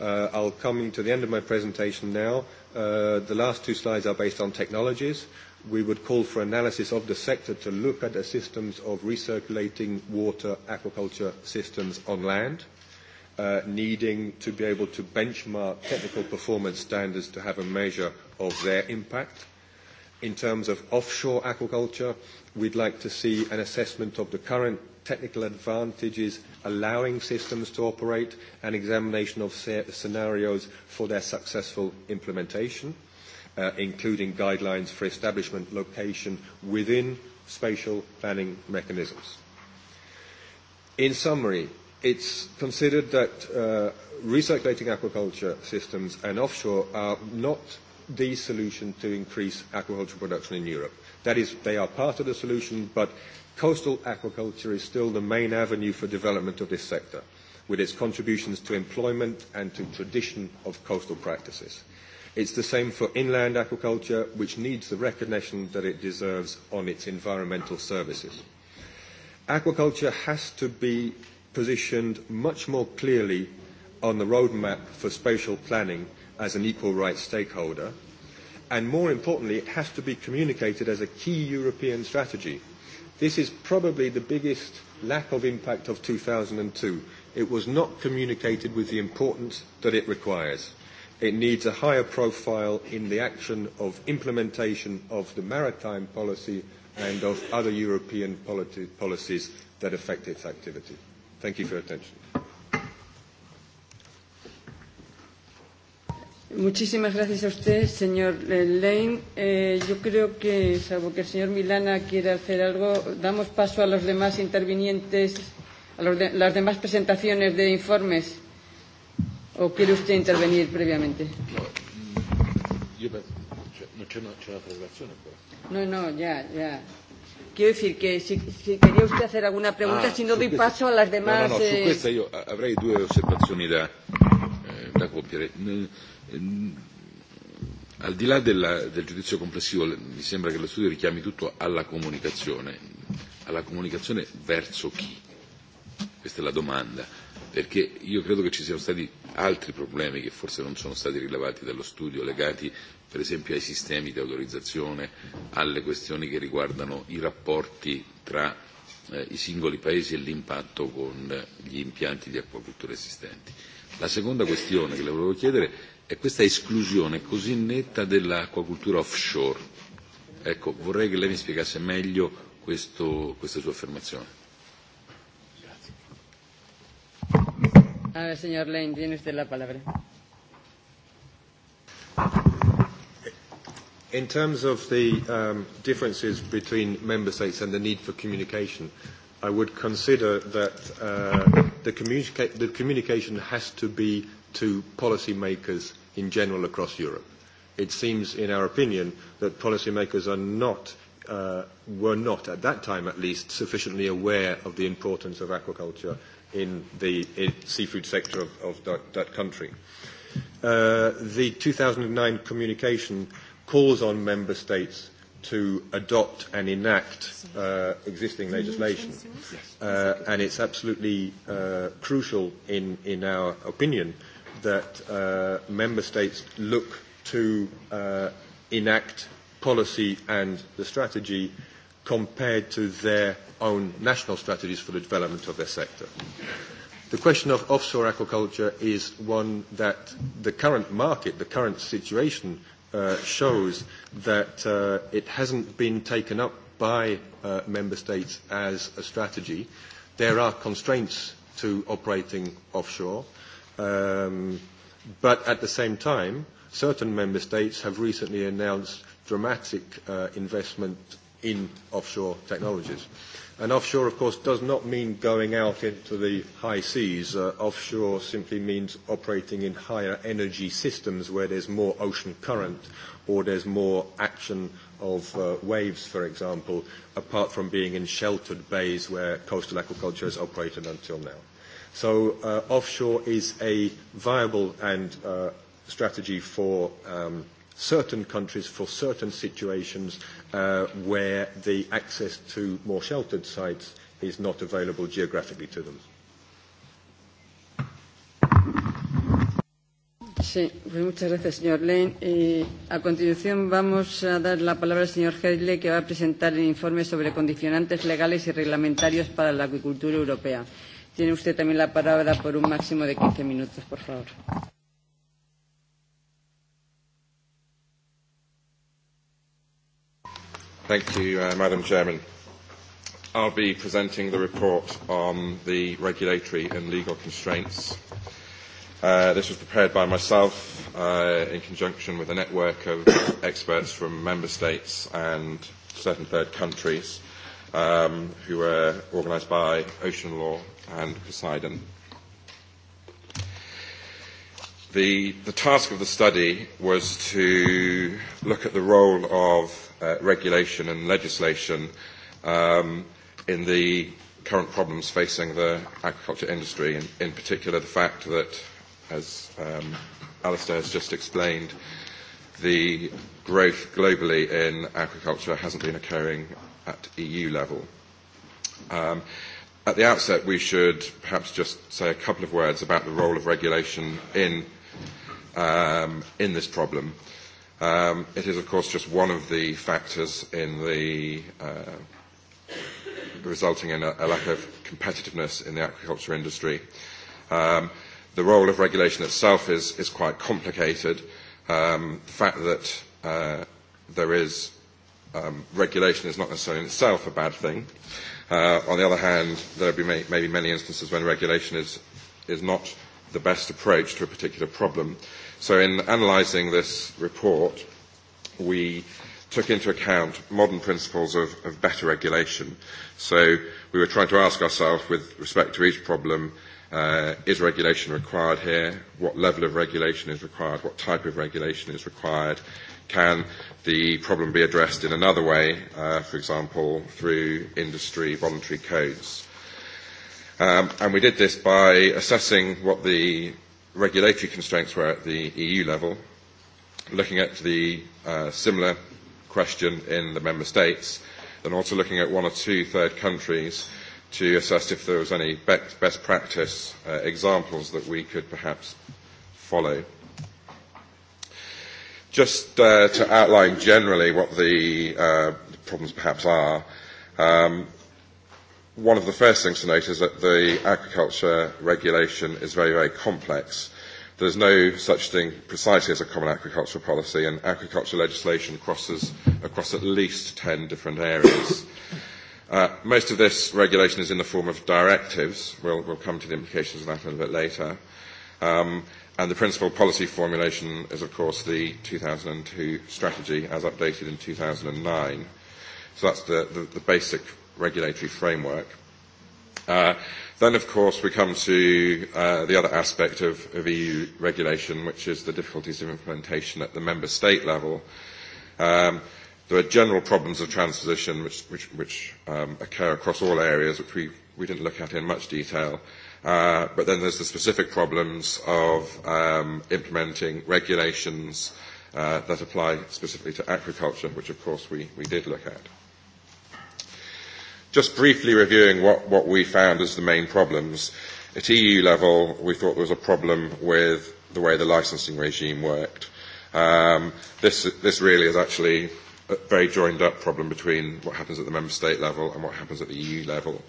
Uh, I'll come to the end of my presentation now. Uh, the last two slides are based on technologies. We would call for analysis of the sector to look at the systems of recirculating water aquaculture systems on land, uh, needing to be able to benchmark technical performance standards to have a measure of their impact. In terms of offshore aquaculture, we'd like to see an assessment of the current technical advantages, allowing systems to operate, and examination of scenarios for their successful implementation, uh, including guidelines for establishment location within spatial planning mechanisms. In summary, it's considered that uh, recirculating aquaculture systems and offshore are not the solution to increase aquaculture production in Europe. That is, they are part of the solution, but Coastal aquaculture is still the main avenue for development of this sector, with its contributions to employment and to tradition of coastal practices. It's the same for inland aquaculture, which needs the recognition that it deserves on its environmental services. Aquaculture has to be positioned much more clearly on the roadmap for spatial planning as an equal rights stakeholder, and more importantly, it has to be communicated as a key European strategy This is probably the biggest lack of impact of 2002. It was not communicated with the importance that it requires. It needs a higher profile in the action of implementation of the maritime policy and of other European policies that affect its activity. Thank you for your attention. Muchísimas gracias a usted, señor Lane. Eh, yo creo que, salvo que el señor Milana quiera hacer algo, damos paso a los demás intervinientes, a los de, las demás presentaciones de informes. ¿O quiere usted intervenir previamente? No, no, ya, ya. Quiero decir que si si quería usted hacer alguna pregunta, ah, si no doy paso a las demás. No, no, no, su questa io avrei due da, eh, da compiere al di là della, del giudizio complessivo, mi sembra che lo studio richiami tutto alla comunicazione. Alla comunicazione verso chi? Questa è la domanda, perché io credo che ci siano stati altri problemi che forse non sono stati rilevati dallo studio, legati per esempio ai sistemi di autorizzazione, alle questioni che riguardano i rapporti tra eh, i singoli paesi e l'impatto con gli impianti di acquacultura esistenti. La seconda questione che le volevo chiedere è questa esclusione così netta dell'acquacultura offshore. Ecco, vorrei che lei mi spiegasse meglio questo, questa sua affermazione. Lane, tiene usted la In terms of the um, differences between member states and the need for communication, I would consider that uh, the, communica- the communication has to be to policymakers in general across Europe. It seems, in our opinion, that policymakers are not, uh, were not, at that time at least, sufficiently aware of the importance of aquaculture in the in seafood sector of, of that, that country. Uh, the 2009 communication calls on member states to adopt and enact uh, existing legislation. Uh, and it's absolutely uh, crucial, in, in our opinion, that uh, member states look to uh, enact policy and the strategy compared to their own national strategies for the development of their sector. The question of offshore aquaculture is one that the current market, the current situation uh, shows that uh, it hasn't been taken up by uh, member states as a strategy. There are constraints to operating offshore. Um, but at the same time, certain member states have recently announced dramatic uh, investment in offshore technologies. And offshore, of course, does not mean going out into the high seas. Uh, offshore simply means operating in higher energy systems where there's more ocean current or there's more action of uh, waves, for example, apart from being in sheltered bays where coastal aquaculture has operated until now. So uh, offshore is a viable and uh, strategy for um, certain countries, for certain situations uh, where the access to more sheltered sites is not available geographically to them. Sí, pues muchas gracias, señor Lane. a continuación vamos a dar la palabra al señor Hedley, que va a presentar el informe sobre condicionantes legales y reglamentarios para la acuicultura europea. Tiene usted también la palabra por un máximo de 15 minutos, por favor. Thank you, uh, Madam Chairman. I'll be presenting the report on the regulatory and legal constraints. Uh, this was prepared by myself uh, in conjunction with a network of experts from member states and certain third countries um, who were organised by Ocean Law and Poseidon. The, the task of the study was to look at the role of uh, regulation and legislation um, in the current problems facing the agriculture industry, in, in particular the fact that, as um, Alistair has just explained, the growth globally in agriculture hasn't been occurring at EU level. Um, At the outset, we should perhaps just say a couple of words about the role of regulation in, um, in this problem. Um, it is, of course, just one of the factors in the uh, resulting in a, a lack of competitiveness in the aquaculture industry. Um, the role of regulation itself is, is quite complicated. Um, the fact that uh, there is um, regulation is not necessarily in itself a bad thing. Uh, on the other hand, there will be may, maybe many instances when regulation is, is not the best approach to a particular problem. So in analysing this report, we took into account modern principles of, of better regulation. So we were trying to ask ourselves, with respect to each problem, uh, is regulation required here? What level of regulation is required? What type of regulation is required? Can the problem be addressed in another way, uh, for example, through industry voluntary codes? Um, and we did this by assessing what the regulatory constraints were at the EU level, looking at the uh, similar question in the member states, and also looking at one or two third countries to assess if there was any best, best practice uh, examples that we could perhaps follow. Just uh, to outline generally what the uh, problems perhaps are, um, one of the first things to note is that the agriculture regulation is very, very complex. There's no such thing precisely as a common agricultural policy, and agriculture legislation crosses across at least 10 different areas. Uh, most of this regulation is in the form of directives. We'll, we'll come to the implications of that a little bit later. Um, And the principal policy formulation is, of course, the 2002 strategy as updated in 2009. So that's the, the, the basic regulatory framework. Uh, then, of course, we come to uh, the other aspect of, of EU regulation, which is the difficulties of implementation at the member state level. Um, there are general problems of transposition which, which, which um, occur across all areas, which we, we didn't look at in much detail but then there's the specific problems of um, implementing regulations uh, that apply specifically to agriculture, which of course we, we did look at. Just briefly reviewing what, what we found as the main problems. At EU level, we thought there was a problem with the way the licensing regime worked. Um, this, this really is actually a very joined up problem between what happens at the member state level and what happens at the EU level.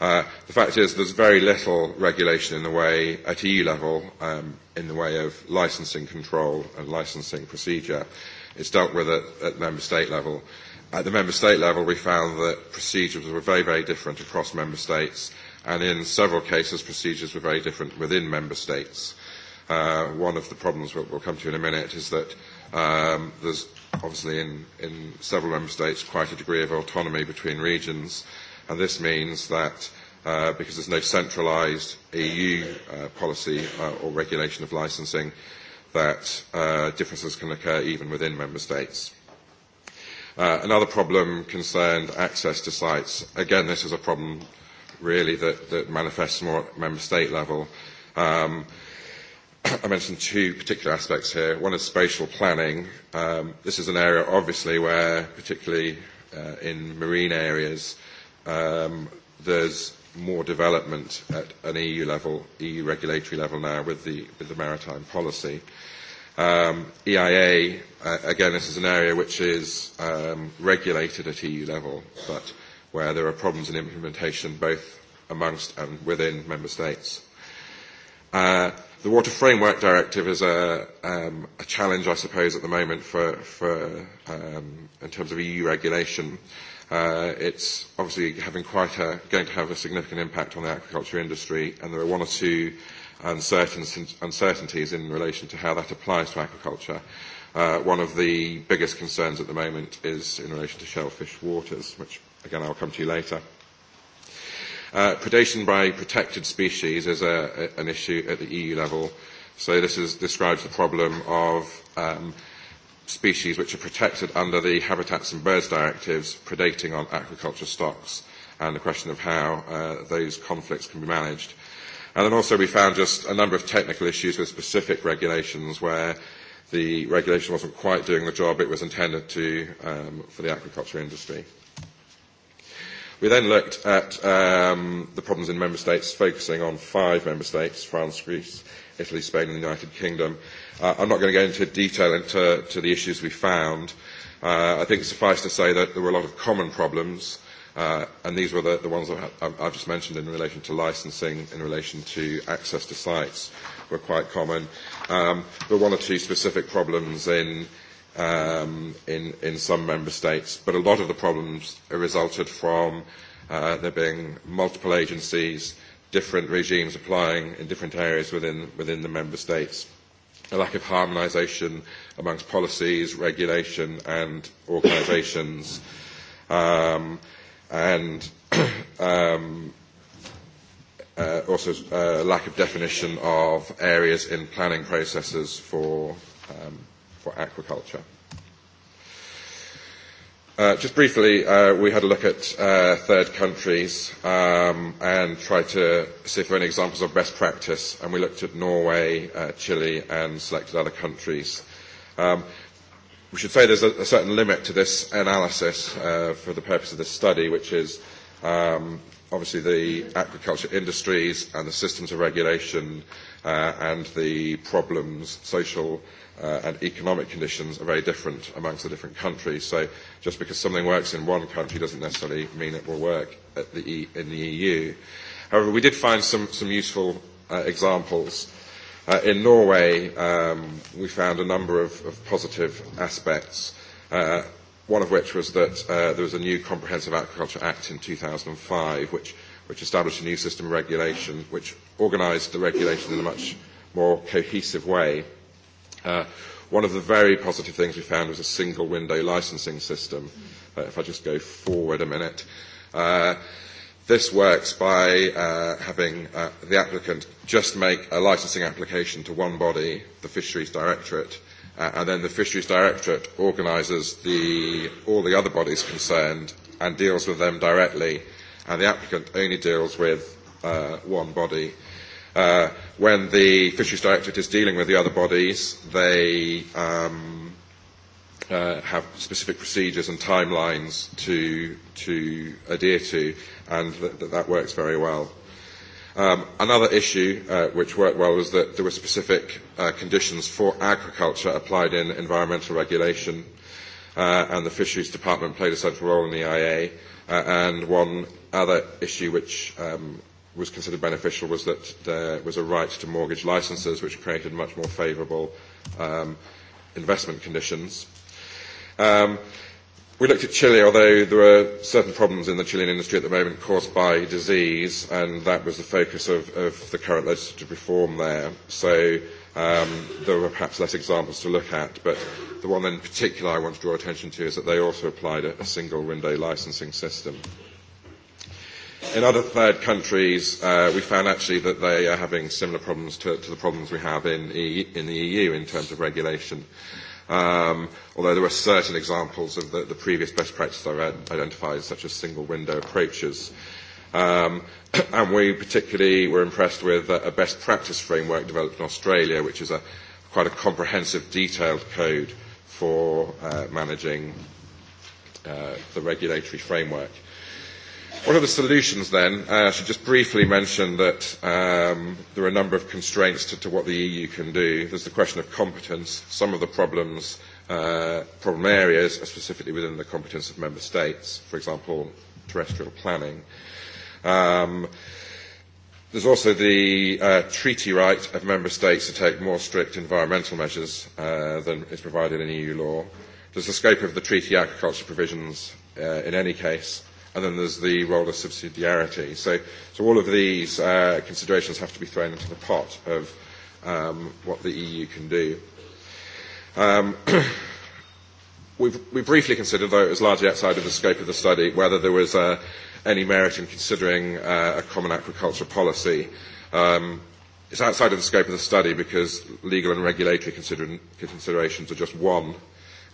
Uh, the fact is there's very little regulation in the way at EU level um, in the way of licensing control and licensing procedure. It's dealt with at, at member state level. At the member state level, we found that procedures were very, very different across member states, and in several cases, procedures were very different within member states. Uh, one of the problems we'll, we'll come to in a minute is that um, there's obviously in, in several member states quite a degree of autonomy between regions And this means that uh, because there's no centralised EU uh, policy uh, or regulation of licensing, that uh, differences can occur even within member states. Uh, another problem concerned access to sites. Again, this is a problem really that, that manifests more at member state level. Um, I mentioned two particular aspects here. One is spatial planning. Um, this is an area, obviously, where particularly uh, in marine areas, Um, there's more development at an EU level, EU regulatory level now with the, with the maritime policy. Um, EIA, uh, again, this is an area which is um, regulated at EU level, but where there are problems in implementation both amongst and within member states. Uh, the Water Framework Directive is a, um, a challenge, I suppose, at the moment for, for um, in terms of EU regulation. Uh, Uh, it's obviously having quite a, going to have a significant impact on the agriculture industry, and there are one or two uncertain, uncertainties in relation to how that applies to agriculture. Uh, one of the biggest concerns at the moment is in relation to shellfish waters, which again I'll come to you later. Uh, predation by protected species is a, a, an issue at the EU level. So this is, describes the problem of um, species which are protected under the Habitats and Birds Directives, predating on aquaculture stocks, and the question of how uh, those conflicts can be managed. And then also we found just a number of technical issues with specific regulations where the regulation wasn't quite doing the job it was intended to um, for the aquaculture industry. We then looked at um, the problems in member states, focusing on five member states, France, Greece, Italy, Spain and the United Kingdom, Uh, I'm not going to go into detail into to the issues we found. Uh, I think suffice to say that there were a lot of common problems, uh, and these were the, the ones that I've just mentioned in relation to licensing, in relation to access to sites, were quite common. Um, there were one or two specific problems in um, in, in some member states, but a lot of the problems resulted from uh, there being multiple agencies, different regimes applying in different areas within, within the member states a lack of harmonisation amongst policies, regulation and organisations, um, and um, uh, also a uh, lack of definition of areas in planning processes for, um, for aquaculture. Just briefly, we had a look at third countries and tried to see if there were any examples of best practice, and we looked at Norway, Chile, and selected other countries. We should say there's a certain limit to this analysis for the purpose of this study, which is obviously the agriculture industries and the systems of regulation and the problems, social uh, and economic conditions are very different amongst the different countries. So just because something works in one country doesn't necessarily mean it will work at the e- in the EU. However, we did find some, some useful uh, examples. Uh, in Norway, um, we found a number of, of positive aspects, uh, one of which was that uh, there was a new Comprehensive Agriculture Act in 2005, which, which established a new system of regulation, which organised the regulation in a much more cohesive way Uh, one of the very positive things we found was a single window licensing system. Uh, if I just go forward a minute. Uh, this works by uh, having uh, the applicant just make a licensing application to one body, the Fisheries Directorate, uh, and then the Fisheries Directorate organises the, all the other bodies concerned and deals with them directly, and the applicant only deals with uh, one body Uh, when the Fisheries Directorate is dealing with the other bodies, they um, uh, have specific procedures and timelines to, to adhere to, and th- that works very well. Um, another issue uh, which worked well was that there were specific uh, conditions for agriculture applied in environmental regulation, uh, and the Fisheries Department played a central role in the IA. Uh, and one other issue which um, was considered beneficial was that there was a right to mortgage licenses, which created much more favourable um, investment conditions. Um, we looked at Chile, although there were certain problems in the Chilean industry at the moment caused by disease, and that was the focus of, of the current legislative reform there. So um, there were perhaps less examples to look at, but the one in particular I want to draw attention to is that they also applied a, a single window licensing system. In other third countries, uh, we found actually that they are having similar problems to, to the problems we have in, e, in the EU in terms of regulation. Um, although there were certain examples of the, the previous best practice I identified, such as single window approaches. Um, and we particularly were impressed with a best practice framework developed in Australia, which is a quite a comprehensive, detailed code for uh, managing uh, the regulatory framework. What are the solutions then? Uh, I should just briefly mention that um, there are a number of constraints to, to what the EU can do. There's the question of competence. Some of the problems, uh, problem areas are specifically within the competence of member states, for example, terrestrial planning. Um, There's also the uh, treaty right of member states to take more strict environmental measures uh, than is provided in EU law. There's the scope of the treaty agriculture provisions uh, in any case, and then there's the role of subsidiarity. So, so all of these uh, considerations have to be thrown into the pot of um, what the EU can do. Um, we've, we briefly considered, though it was largely outside of the scope of the study, whether there was uh, any merit in considering uh, a common agriculture policy. Um, it's outside of the scope of the study because legal and regulatory consider- considerations are just one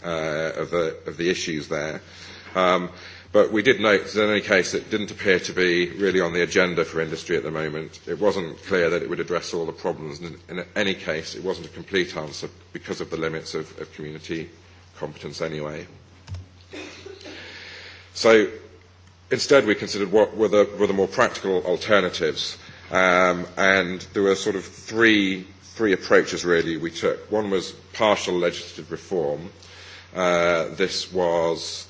uh, of, the, of the issues there. Um, But we did note that in any case it didn't appear to be really on the agenda for industry at the moment. It wasn't clear that it would address all the problems. and In any case, it wasn't a complete answer because of the limits of, of community competence anyway. So instead we considered what were the, were the more practical alternatives. Um, and there were sort of three, three approaches really we took. One was partial legislative reform. Uh, this was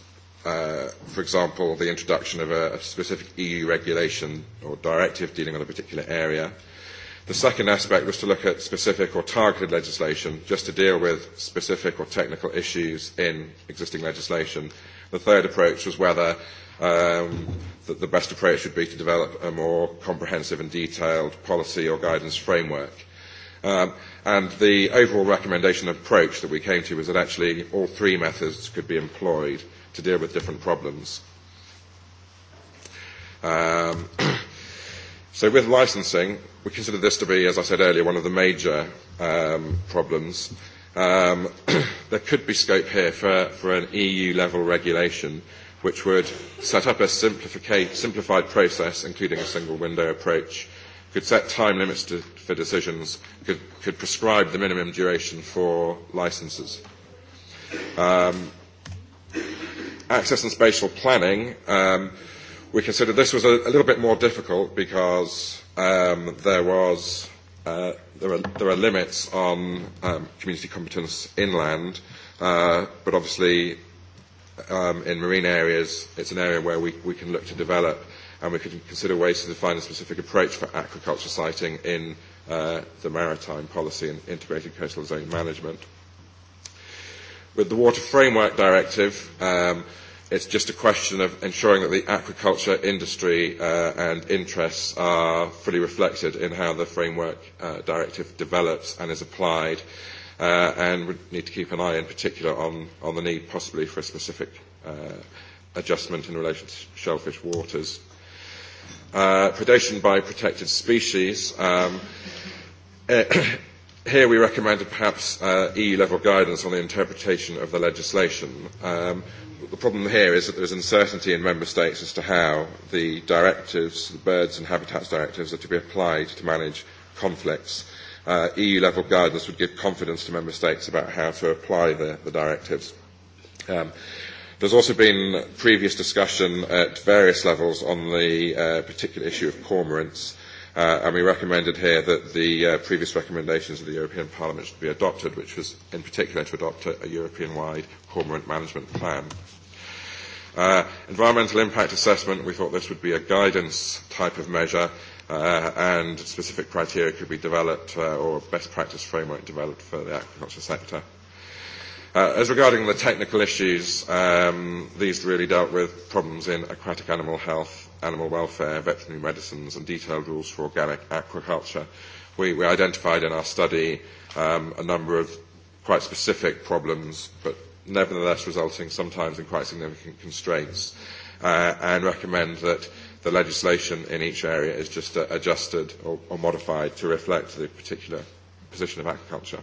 uh, for example, the introduction of a, a specific EU regulation or directive dealing with a particular area. The second aspect was to look at specific or targeted legislation, just to deal with specific or technical issues in existing legislation. The third approach was whether um, the best approach would be to develop a more comprehensive and detailed policy or guidance framework. Um, and the overall recommendation approach that we came to was that actually all three methods could be employed – to deal with different problems. Um, so with licensing, we consider this to be, as I said earlier, one of the major um, problems. Um, there could be scope here for, for an EU-level regulation which would set up a simplified process, including a single window approach, could set time limits to, for decisions, could, could prescribe the minimum duration for licenses. Um, access and spatial planning, um, we considered this was a, a little bit more difficult because um, there was uh, there are there are limits on um, community competence inland, uh, but obviously um, in marine areas it's an area where we, we can look to develop and we can consider ways to define a specific approach for aquaculture siting in uh, the maritime policy and integrated coastal zone management. With the Water Framework Directive, um, it's just a question of ensuring that the aquaculture industry uh, and interests are fully reflected in how the Framework uh, Directive develops and is applied. Uh, and we need to keep an eye in particular on, on the need possibly for a specific uh, adjustment in relation to shellfish waters. Uh, predation by protected species. Um, Here we recommended perhaps uh, EU-level guidance on the interpretation of the legislation. Um, the problem here is that there is uncertainty in member states as to how the directives, the birds and habitats directives, are to be applied to manage conflicts. Uh, EU-level guidance would give confidence to member states about how to apply the, the directives. Um, There's also been previous discussion at various levels on the uh, particular issue of cormorants Uh, and we recommended here that the uh, previous recommendations of the European Parliament should be adopted, which was in particular to adopt a, a European-wide cormorant management plan. Uh, environmental impact assessment, we thought this would be a guidance type of measure uh, and specific criteria could be developed uh, or best practice framework developed for the aquaculture sector. Uh, as regarding the technical issues, um, these really dealt with problems in aquatic animal health, animal welfare, veterinary medicines, and detailed rules for organic aquaculture. We, we identified in our study um, a number of quite specific problems, but nevertheless resulting sometimes in quite significant constraints, uh, and recommend that the legislation in each area is just uh, adjusted or, or modified to reflect the particular position of aquaculture.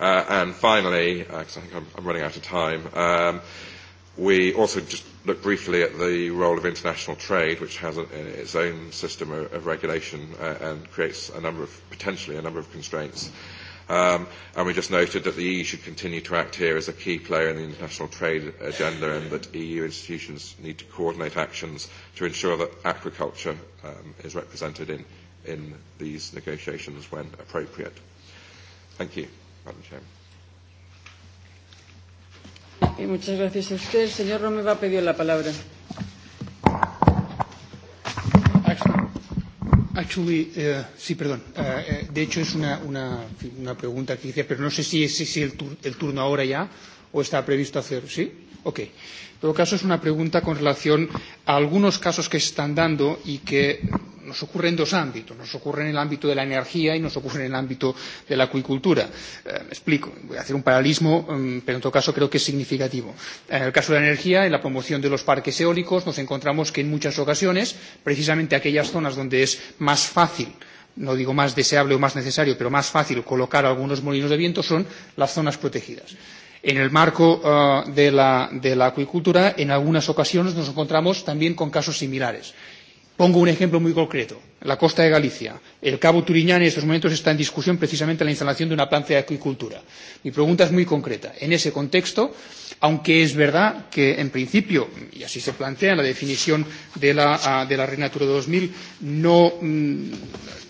Uh, and finally, because I think I'm, I'm running out of time, um, We also just look briefly at the role of international trade, which has a, its own system of, of regulation uh, and creates a number of potentially a number of constraints. Um, and we just noted that the EU should continue to act here as a key player in the international trade agenda, and that EU institutions need to coordinate actions to ensure that aquaculture um, is represented in in these negotiations when appropriate. Thank you, Madam Chairman. Y muchas gracias a usted. El señor Romeva ha pedido la palabra. Actually, eh, sí, perdón. Eh, de hecho, es una, una, una pregunta que hice, pero no sé si es, si el, tur el turno ahora ya o está previsto hacer. ¿Sí? Ok. En todo caso, es una pregunta con relación a algunos casos que se están dando y que nos ocurre en dos ámbitos. Nos ocurre en el ámbito de la energía y nos ocurre en el ámbito de la acuicultura. Eh, explico, voy a hacer un paralismo, pero en todo caso creo que es significativo. En el caso de la energía, en la promoción de los parques eólicos, nos encontramos que en muchas ocasiones, precisamente aquellas zonas donde es más fácil no digo más deseable o más necesario, pero más fácil colocar algunos molinos de viento son las zonas protegidas. En el marco uh, de, la, de la acuicultura, en algunas ocasiones nos encontramos también con casos similares Pongo un ejemplo muy concreto, la costa de Galicia. El Cabo Turiñán en estos momentos está en discusión precisamente la instalación de una planta de acuicultura. Mi pregunta es muy concreta. En ese contexto, aunque es verdad que en principio, y así se plantea en la definición de la, de la Renatura Natura 2000, no,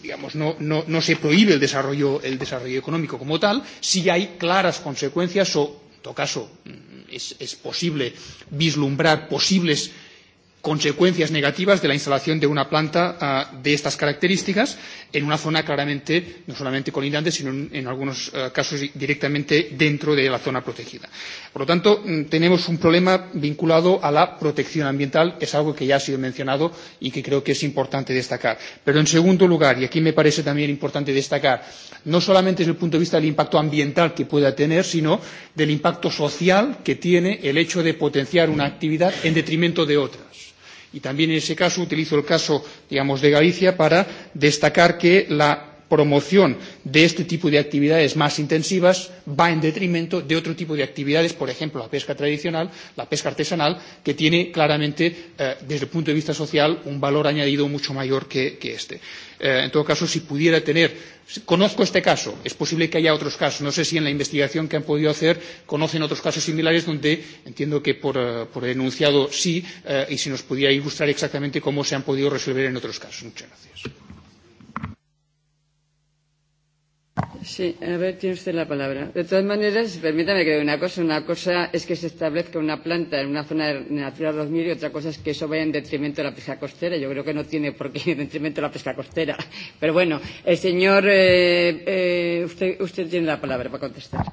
digamos, no, no, no se prohíbe el desarrollo, el desarrollo económico como tal, sí hay claras consecuencias o, en todo caso, es, es posible vislumbrar posibles consecuencias negativas de la instalación de una planta uh, de estas características en una zona claramente, no solamente colindante, sino en, en algunos uh, casos directamente dentro de la zona protegida. Por lo tanto, tenemos un problema vinculado a la protección ambiental, es algo que ya ha sido mencionado y que creo que es importante destacar. Pero en segundo lugar, y aquí me parece también importante destacar, no solamente desde el punto de vista del impacto ambiental que pueda tener, sino del impacto social que tiene el hecho de potenciar una actividad en detrimento de otras Y también en ese caso utilizo el caso, digamos, de Galicia para destacar que la promoción de este tipo de actividades más intensivas va en detrimento de otro tipo de actividades, por ejemplo, la pesca tradicional, la pesca artesanal, que tiene claramente, eh, desde el punto de vista social, un valor añadido mucho mayor que, que este. Eh, en todo caso, si pudiera tener. Conozco este caso, es posible que haya otros casos. No sé si en la investigación que han podido hacer conocen otros casos similares donde entiendo que por, por enunciado sí, y si nos pudiera ilustrar exactamente cómo se han podido resolver en otros casos. Muchas gracias. Sí, a ver, tiene usted la palabra. De todas maneras, permítame que una cosa. Una cosa es que se establezca una planta en una zona de Natura 2000 y otra cosa es que eso vaya en detrimento de la pesca costera. Yo creo que no tiene por qué ir en detrimento de la pesca costera. Pero bueno, el señor, eh, eh, usted, usted tiene la palabra para contestar.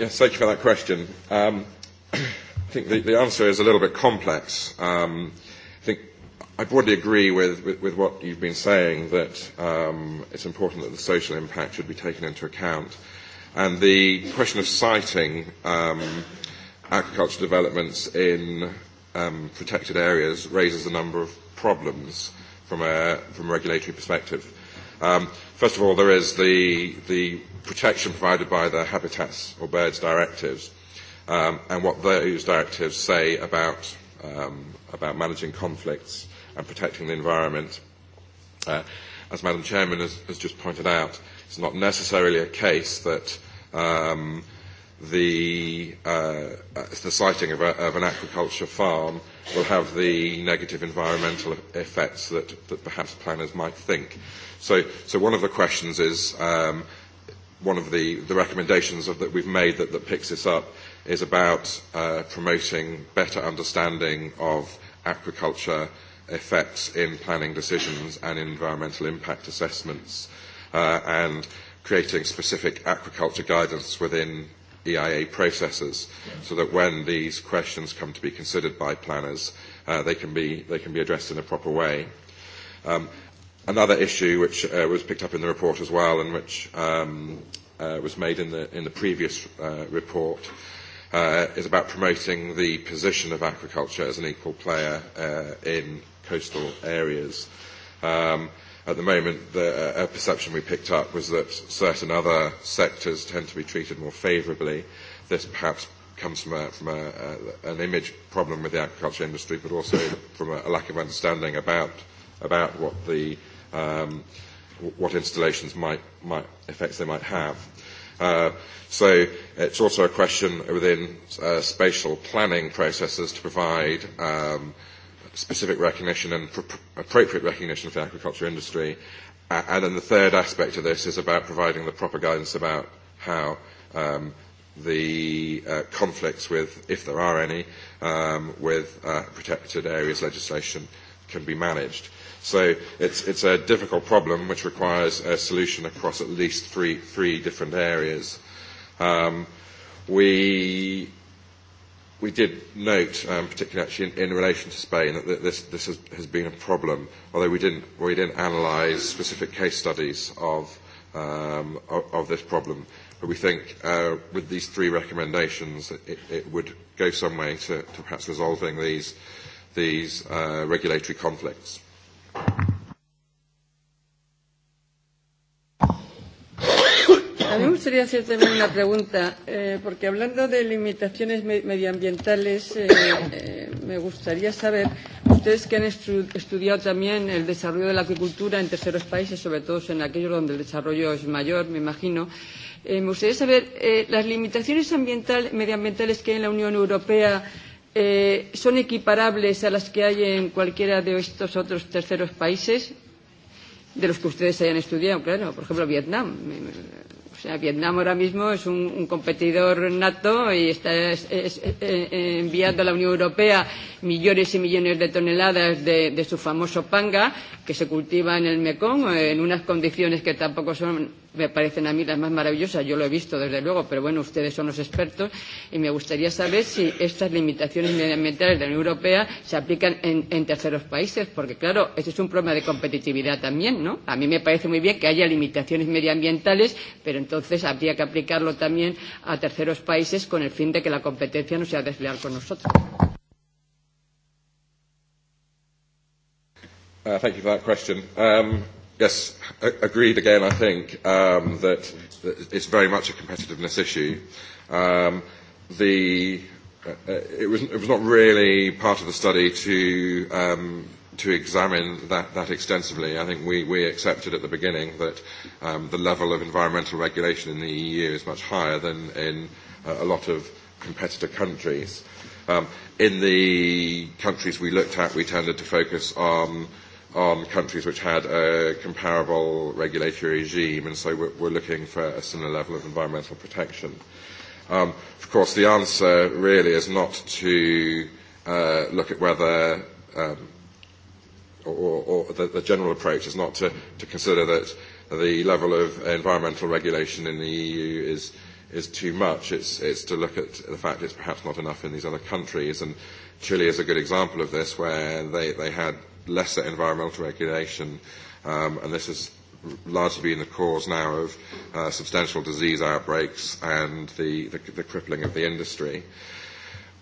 yes, thank you for that question. Um, I think the, the answer is a little bit complex. Um, I think I broadly agree with, with, with what you've been saying that um, it's important that the social impact should be taken into account. And the question of citing um, agriculture developments in um, protected areas raises a number of problems from a, from a regulatory perspective. Um, first of all, there is the, the protection provided by the Habitats or Birds directives um, and what those directives say about, um, about managing conflicts and protecting the environment. Uh, as Madam Chairman has, has just pointed out, it's not necessarily a case that um, the, uh, the sighting of, a, of an aquaculture farm will have the negative environmental effects that, that perhaps planners might think. So, so one of the questions is, um, one of the, the recommendations of, that we've made that, that picks this up is about uh, promoting better understanding of aquaculture effects in planning decisions and in environmental impact assessments, uh, and creating specific aquaculture guidance within EIA processes, so that when these questions come to be considered by planners, uh, they can be they can be addressed in a proper way. Um, another issue which uh, was picked up in the report as well, and which um, uh, was made in the in the previous uh, report, uh, is about promoting the position of aquaculture as an equal player uh, in coastal areas. Um, at the moment, the, uh a perception we picked up was that certain other sectors tend to be treated more favorably. This perhaps comes from, a, from a, a, an image problem with the agriculture industry, but also from a, a lack of understanding about, about what, the, um, what installations might, might effects they might have. Uh, so it's also a question within uh, spatial planning processes to provide um, – specific recognition and pr- appropriate recognition for the agriculture industry. Uh, and then the third aspect of this is about providing the proper guidance about how um, the uh, conflicts with, if there are any, um, with uh, protected areas legislation can be managed. So it's, it's a difficult problem which requires a solution across at least three, three different areas. Um, we we did note, um, particularly actually in, in relation to Spain, that this, this has, has been a problem, although we didn't, we didn't analyse specific case studies of, um, of, of this problem. But we think uh, with these three recommendations, it, it would go some way to, to perhaps resolving these, these uh, regulatory conflicts. Thank you. A mí me gustaría hacer también una pregunta, eh, porque hablando de limitaciones me medioambientales, eh, eh, me gustaría saber, ustedes que han estu estudiado también el desarrollo de la agricultura en terceros países, sobre todo en aquellos donde el desarrollo es mayor, me imagino, eh, me gustaría saber eh, las limitaciones ambiental medioambientales que hay en la Unión Europea eh, son equiparables a las que hay en cualquiera de estos otros terceros países de los que ustedes hayan estudiado, claro, por ejemplo Vietnam sea, Vietnam ahora mismo es un, un competidor nato y está es, es, eh, enviando a la Unión Europea millones y millones de toneladas de, de su famoso panga que se cultiva en el Mekong en unas condiciones que tampoco son, me parecen a mí las más maravillosas. Yo lo he visto, desde luego, pero bueno, ustedes son los expertos y me gustaría saber si estas limitaciones medioambientales de la Unión Europea se aplican en, en terceros países, porque claro, este es un problema de competitividad también, ¿no? A mí me parece muy bien que haya limitaciones medioambientales, pero entonces entonces habría que aplicarlo también a terceros países con el fin de que la competencia no sea desleal con nosotros. Uh, thank you for that question. Um, yes, agreed again, I think, um, that, that it's very much a competitiveness issue. Um, the, uh, it, was, it was not really part of the study to um, to examine that, that extensively. I think we, we accepted at the beginning that um, the level of environmental regulation in the EU is much higher than in uh, a lot of competitor countries. Um, in the countries we looked at, we tended to focus on on countries which had a comparable regulatory regime, and so we're, we're looking for a similar level of environmental protection. Um, of course, the answer really is not to uh, look at whether um, or, or the, the general approach is not to, to consider that the level of environmental regulation in the EU is is too much. It's it's to look at the fact it's perhaps not enough in these other countries. And Chile is a good example of this, where they they had lesser environmental regulation, um, and this has largely been the cause now of uh, substantial disease outbreaks and the, the, the crippling of the industry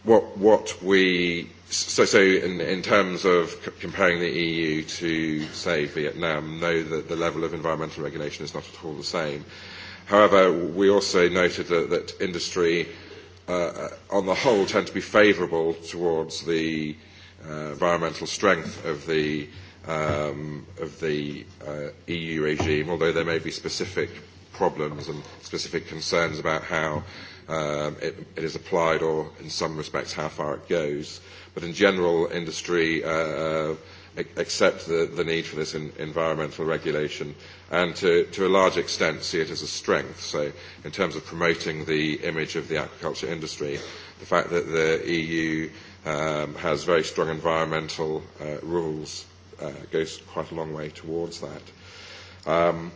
what what we so so in, in terms of c- comparing the EU to say Vietnam, know that the level of environmental regulation is not at all the same. However, we also noted that, that industry, uh, on the whole, tend to be favourable towards the uh, environmental strength of the um, of the uh, EU regime, although there may be specific problems and specific concerns about how um, it, it is applied or in some respects how far it goes. But in general, industry uh, accept the, the need for this in, environmental regulation and to, to a large extent see it as a strength. So in terms of promoting the image of the aquaculture industry, the fact that the EU um, has very strong environmental uh, rules uh, goes quite a long way towards that. Um,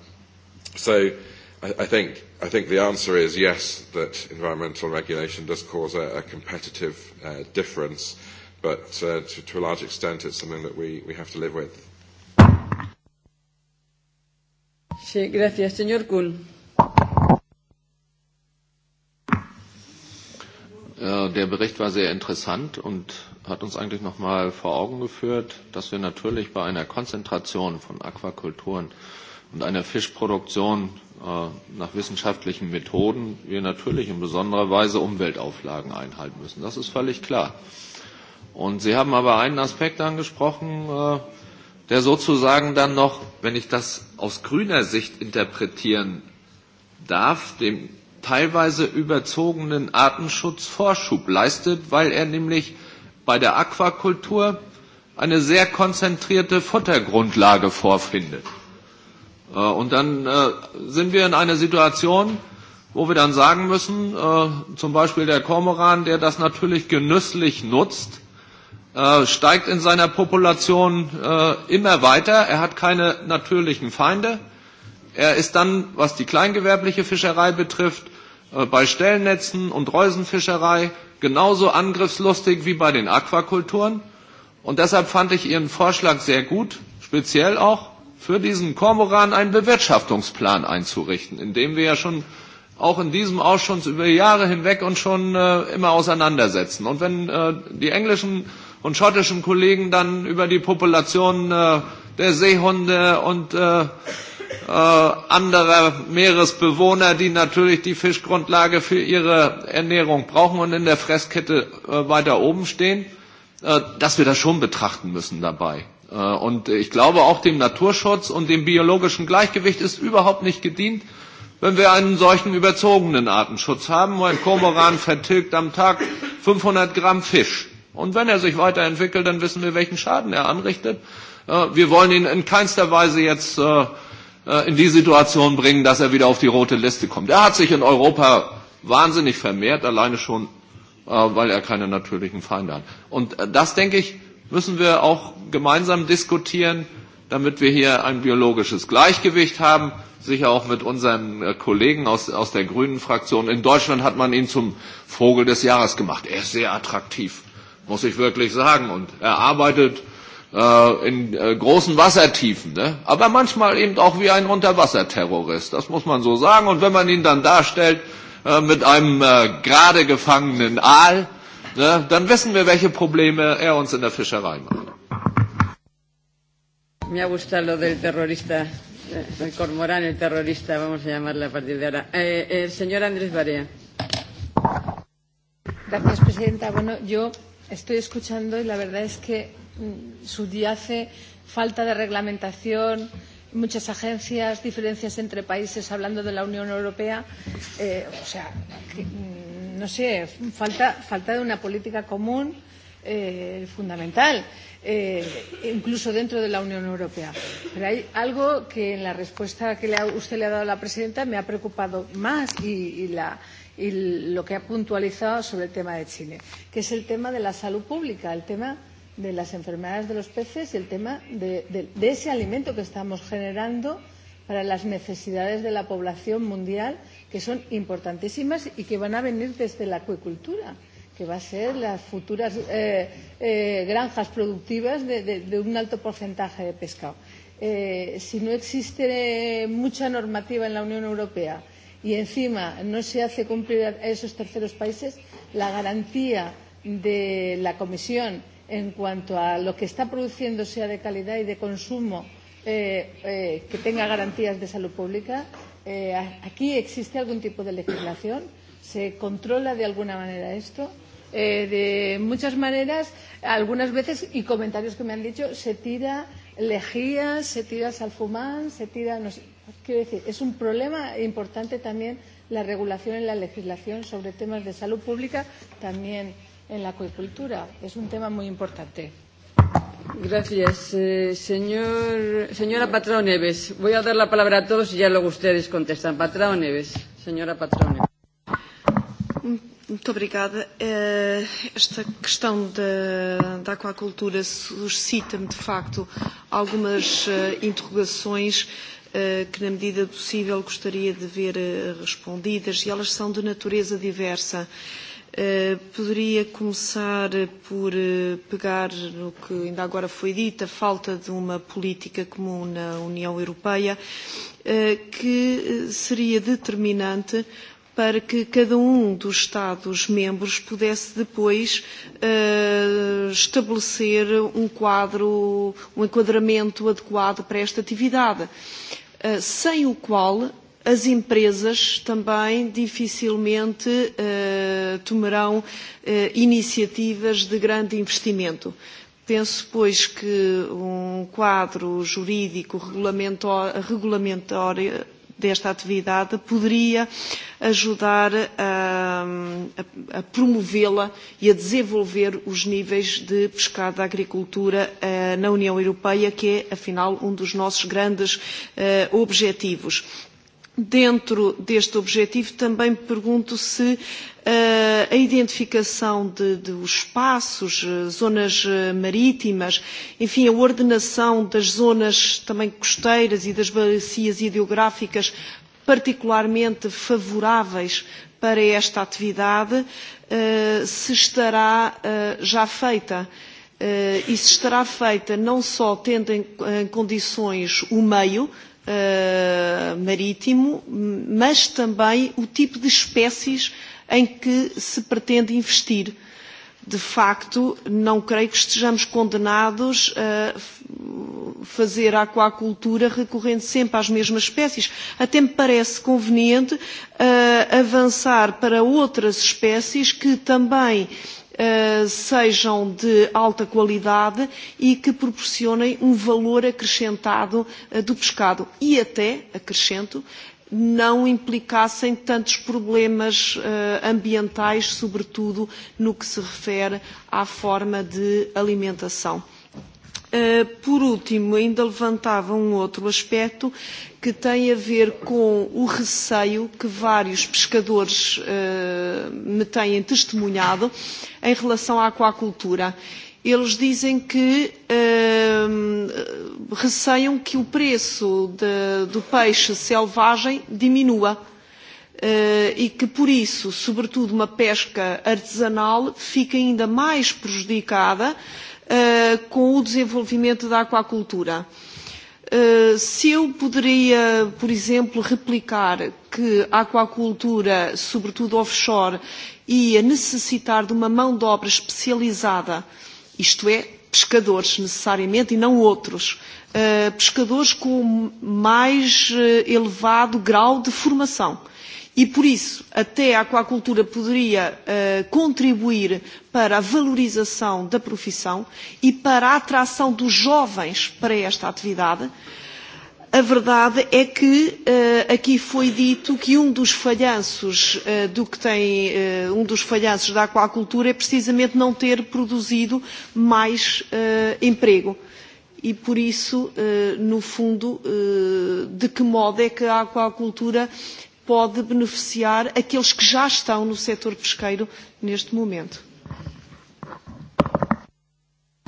so I, think, I think the answer is yes, that environmental regulation does cause a, a competitive uh, difference, but uh, to, to a large extent it's something that we, we have to live with. Sí, gracias, señor Kuhn. Der Bericht war sehr interessant und hat uns eigentlich nochmal vor Augen geführt, dass wir natürlich bei einer Konzentration von Aquakulturen äh, und einer Fischproduktion nach wissenschaftlichen Methoden wir natürlich in besonderer Weise Umweltauflagen einhalten müssen. Das ist völlig klar. Und Sie haben aber einen Aspekt angesprochen, der sozusagen dann noch, wenn ich das aus grüner Sicht interpretieren darf, dem teilweise überzogenen Artenschutz Vorschub leistet, weil er nämlich bei der Aquakultur eine sehr konzentrierte Futtergrundlage vorfindet und dann sind wir in einer Situation, wo wir dann sagen müssen, zum Beispiel der Kormoran, der das natürlich genüsslich nutzt, steigt in seiner Population immer weiter. Er hat keine natürlichen Feinde. Er ist dann, was die kleingewerbliche Fischerei betrifft, bei Stellnetzen und Reusenfischerei genauso angriffslustig wie bei den Aquakulturen. Und deshalb fand ich Ihren Vorschlag sehr gut, speziell auch, für diesen Kormoran einen Bewirtschaftungsplan einzurichten, in dem wir ja schon auch in diesem Ausschuss über Jahre hinweg uns schon äh, immer auseinandersetzen. Und wenn äh, die englischen und schottischen Kollegen dann über die Population äh, der Seehunde und äh, äh, anderer Meeresbewohner, die natürlich die Fischgrundlage für ihre Ernährung brauchen und in der Fresskette äh, weiter oben stehen, äh, dass wir das schon betrachten müssen dabei. Und ich glaube, auch dem Naturschutz und dem biologischen Gleichgewicht ist überhaupt nicht gedient, wenn wir einen solchen überzogenen Artenschutz haben. Ein Kormoran vertilgt am Tag 500 Gramm Fisch. Und wenn er sich weiterentwickelt, dann wissen wir, welchen Schaden er anrichtet. Wir wollen ihn in keinster Weise jetzt in die Situation bringen, dass er wieder auf die rote Liste kommt. Er hat sich in Europa wahnsinnig vermehrt, alleine schon, weil er keine natürlichen Feinde hat. Und das, denke ich, müssen wir auch gemeinsam diskutieren, damit wir hier ein biologisches Gleichgewicht haben, sicher auch mit unseren Kollegen aus, aus der Grünen Fraktion. In Deutschland hat man ihn zum Vogel des Jahres gemacht. Er ist sehr attraktiv, muss ich wirklich sagen. Und er arbeitet äh, in äh, großen Wassertiefen, ne? aber manchmal eben auch wie ein Unterwasserterrorist. Das muss man so sagen. Und wenn man ihn dann darstellt äh, mit einem äh, gerade gefangenen Aal, Ne? Dann wissen wir, welche Probleme er uns in der Fischerei macht. Me ha gustado lo del terrorista, el cormorán, el terrorista, vamos a llamarle a partir de ahora. Eh, el señor Andrés Barea. Gracias, presidenta. Bueno, yo estoy escuchando y la verdad es que subyace falta de reglamentación, muchas agencias, diferencias entre países hablando de la Unión Europea. Eh, o sea, que, no sé, falta, falta de una política común eh, fundamental, eh, incluso dentro de la Unión Europea. Pero hay algo que en la respuesta que le ha, usted le ha dado a la presidenta me ha preocupado más y, y, la, y lo que ha puntualizado sobre el tema de Chile, que es el tema de la salud pública, el tema de las enfermedades de los peces y el tema de, de, de ese alimento que estamos generando para las necesidades de la población mundial que son importantísimas y que van a venir desde la acuicultura, que va a ser las futuras eh, eh, granjas productivas de, de, de un alto porcentaje de pescado. Eh, si no existe mucha normativa en la Unión Europea y encima no se hace cumplir a esos terceros países, la garantía de la Comisión en cuanto a lo que está produciendo sea de calidad y de consumo eh, eh, que tenga garantías de salud pública eh, ¿aquí existe algún tipo de legislación? ¿Se controla de alguna manera esto? Eh, de muchas maneras, algunas veces, y comentarios que me han dicho, se tira lejía, se tira salfumán, se tira... No sé, quiero decir, es un problema importante también la regulación en la legislación sobre temas de salud pública, también en la acuicultura. Es un tema muy importante. Gracias, eh, señor, señora Patrao Neves. Voy a dar la palabra a todos y ya luego ustedes contestan. Patrao Neves, señora Patrao Neves. Muito obrigada. Esta questão da, da aquacultura suscita-me, de facto, algumas interrogações que, na medida possível, gostaria de ver respondidas, e elas são de natureza diversa. Poderia começar por pegar no que ainda agora foi dito, a falta de uma política comum na União Europeia, que seria determinante para que cada um dos Estados-membros pudesse depois estabelecer um quadro, um enquadramento adequado para esta atividade, sem o qual as empresas também dificilmente tomarão iniciativas de grande investimento. Penso, pois, que um quadro jurídico regulamentório desta atividade poderia ajudar a, a, a promovê-la e a desenvolver os níveis de pescado da agricultura uh, na União Europeia, que é, afinal, um dos nossos grandes uh, objetivos dentro deste objetivo, também pergunto se a identificação de, de espaços, zonas marítimas, enfim, a ordenação das zonas também costeiras e das bacias hidrográficas particularmente favoráveis para esta atividade, se estará já feita e se estará feita não só tendo em, condições o meio, marítimo, mas também o tipo de espécies em que se pretende investir. De facto, não creio que estejamos condenados a fazer aquacultura recorrendo sempre às mesmas espécies. Até me parece conveniente avançar para outras espécies que também sejam de alta qualidade e que proporcionem um valor acrescentado do pescado e até, acrescento, não implicassem tantos problemas ambientais, sobretudo no que se refere à forma de alimentação Por último, ainda levantava um outro aspecto que tem a ver com o receio que vários pescadores me têm testemunhado em relação à aquacultura. Eles dizem que receiam que o preço do peixe selvagem diminua e que por isso, sobretudo uma pesca artesanal, fica ainda mais prejudicada uh, com o desenvolvimento da aquacultura. Se eu poderia, por exemplo, replicar que a aquacultura, sobretudo offshore, ia necessitar de uma mão de obra especializada, isto é, pescadores necessariamente e não outros, pescadores com mais elevado grau de formação E, por isso, até a aquacultura poderia contribuir para a valorização da profissão e para a atração dos jovens para esta atividade. A verdade é que aqui foi dito que um dos falhanços do que tem um dos falhanços da aquacultura é precisamente não ter produzido mais emprego. E por isso, no fundo, de que modo é que a aquacultura pode beneficiar aqueles que já estão no setor pesqueiro neste momento.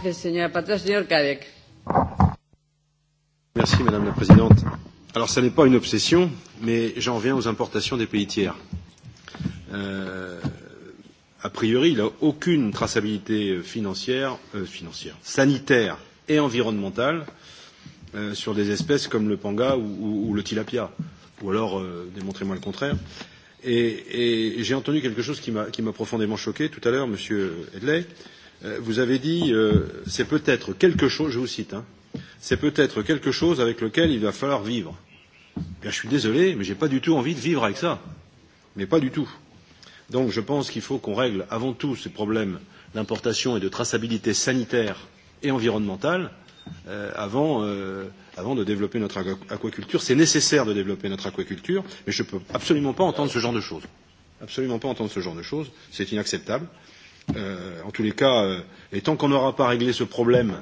Merci Madame la Présidente. Alors ce n'est pas une obsession, mais j'en viens aux importations des pays tiers. Euh, a priori, il n'y a aucune traçabilité financière, euh, financière, sanitaire et environnementale euh, sur des espèces comme le panga ou, ou, ou le tilapia. Euh, ou alors euh, démontrez-moi le contraire. Et, et j'ai entendu quelque chose qui m'a profondément choqué tout à l'heure, Monsieur Hedley. Euh, vous avez dit euh, c'est peut-être quelque chose, je vous cite, hein, c'est peut-être quelque chose avec lequel il va falloir vivre. Bien, je suis désolé, mais je n'ai pas du tout envie de vivre avec ça. Mais pas du tout. Donc je pense qu'il faut qu'on règle avant tout ce problème d'importation et de traçabilité sanitaire et environnementale, euh, euh, avant, euh, avant de développer notre aquaculture. C'est nécessaire de développer notre aquaculture, mais je ne peux absolument pas entendre ce genre de choses. Absolument pas entendre ce genre de choses. C'est inacceptable. Euh, en tous les cas, euh, et tant qu'on n'aura pas réglé ce problème,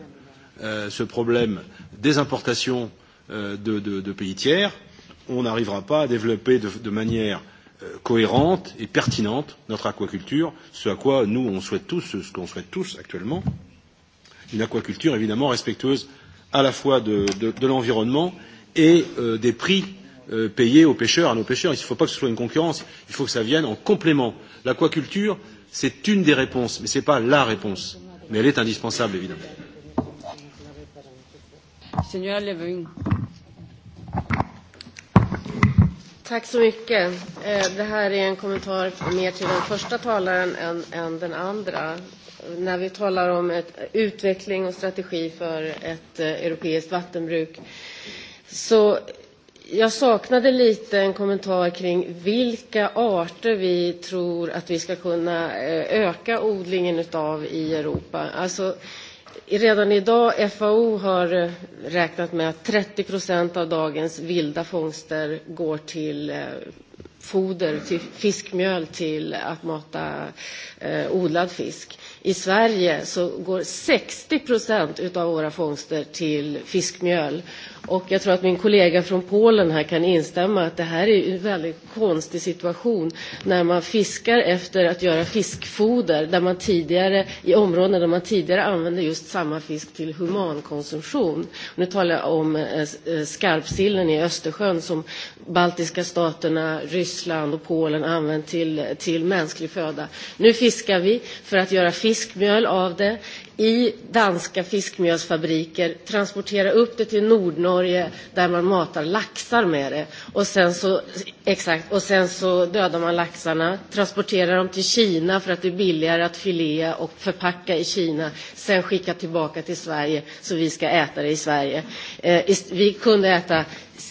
euh, ce problème des importations euh, de, de, de pays tiers, on n'arrivera pas à développer de, de manière cohérente et pertinente notre aquaculture, ce à quoi nous on souhaite tous, ce qu'on souhaite tous actuellement, une aquaculture évidemment respectueuse à la fois de, de, de l'environnement et euh, des prix euh, payés aux pêcheurs, à nos pêcheurs. Il ne faut pas que ce soit une concurrence, il faut que ça vienne en complément. L'aquaculture, c'est une des réponses, mais ce n'est pas la réponse. Mais elle est indispensable, évidemment. Señora Levin. Tack så mycket. Det här är en kommentar mer till den första talaren än, än den andra. När vi talar om ett, utveckling och strategi för ett europeiskt vattenbruk så jag saknade lite en kommentar kring vilka arter vi tror att vi ska kunna öka odlingen av i Europa. Alltså, Redan idag FAO har räknat med att 30 procent av dagens vilda fångster går till foder, till fiskmjöl, till att mata odlad fisk. I Sverige går 60 procent av våra fångster till fiskmjöl. Och jag tror att min kollega från Polen här kan instämma att det här är en väldigt konstig situation när man fiskar efter att göra fiskfoder där man tidigare, i områden där man tidigare använde just samma fisk till humankonsumtion. Nu talar jag om skarpsillen i Östersjön som baltiska staterna, Ryssland och Polen använt till, till mänsklig föda. Nu fiskar vi för att göra fiskmjöl av det i danska fiskmjölsfabriker transportera upp det till Nordnorge där man matar laxar med det. Och sen så, exakt, och sen så dödar man laxarna, transporterar dem till Kina för att det är billigare att filea och förpacka i Kina. Sen skicka tillbaka till Sverige så vi ska äta det i Sverige. Eh, vi kunde äta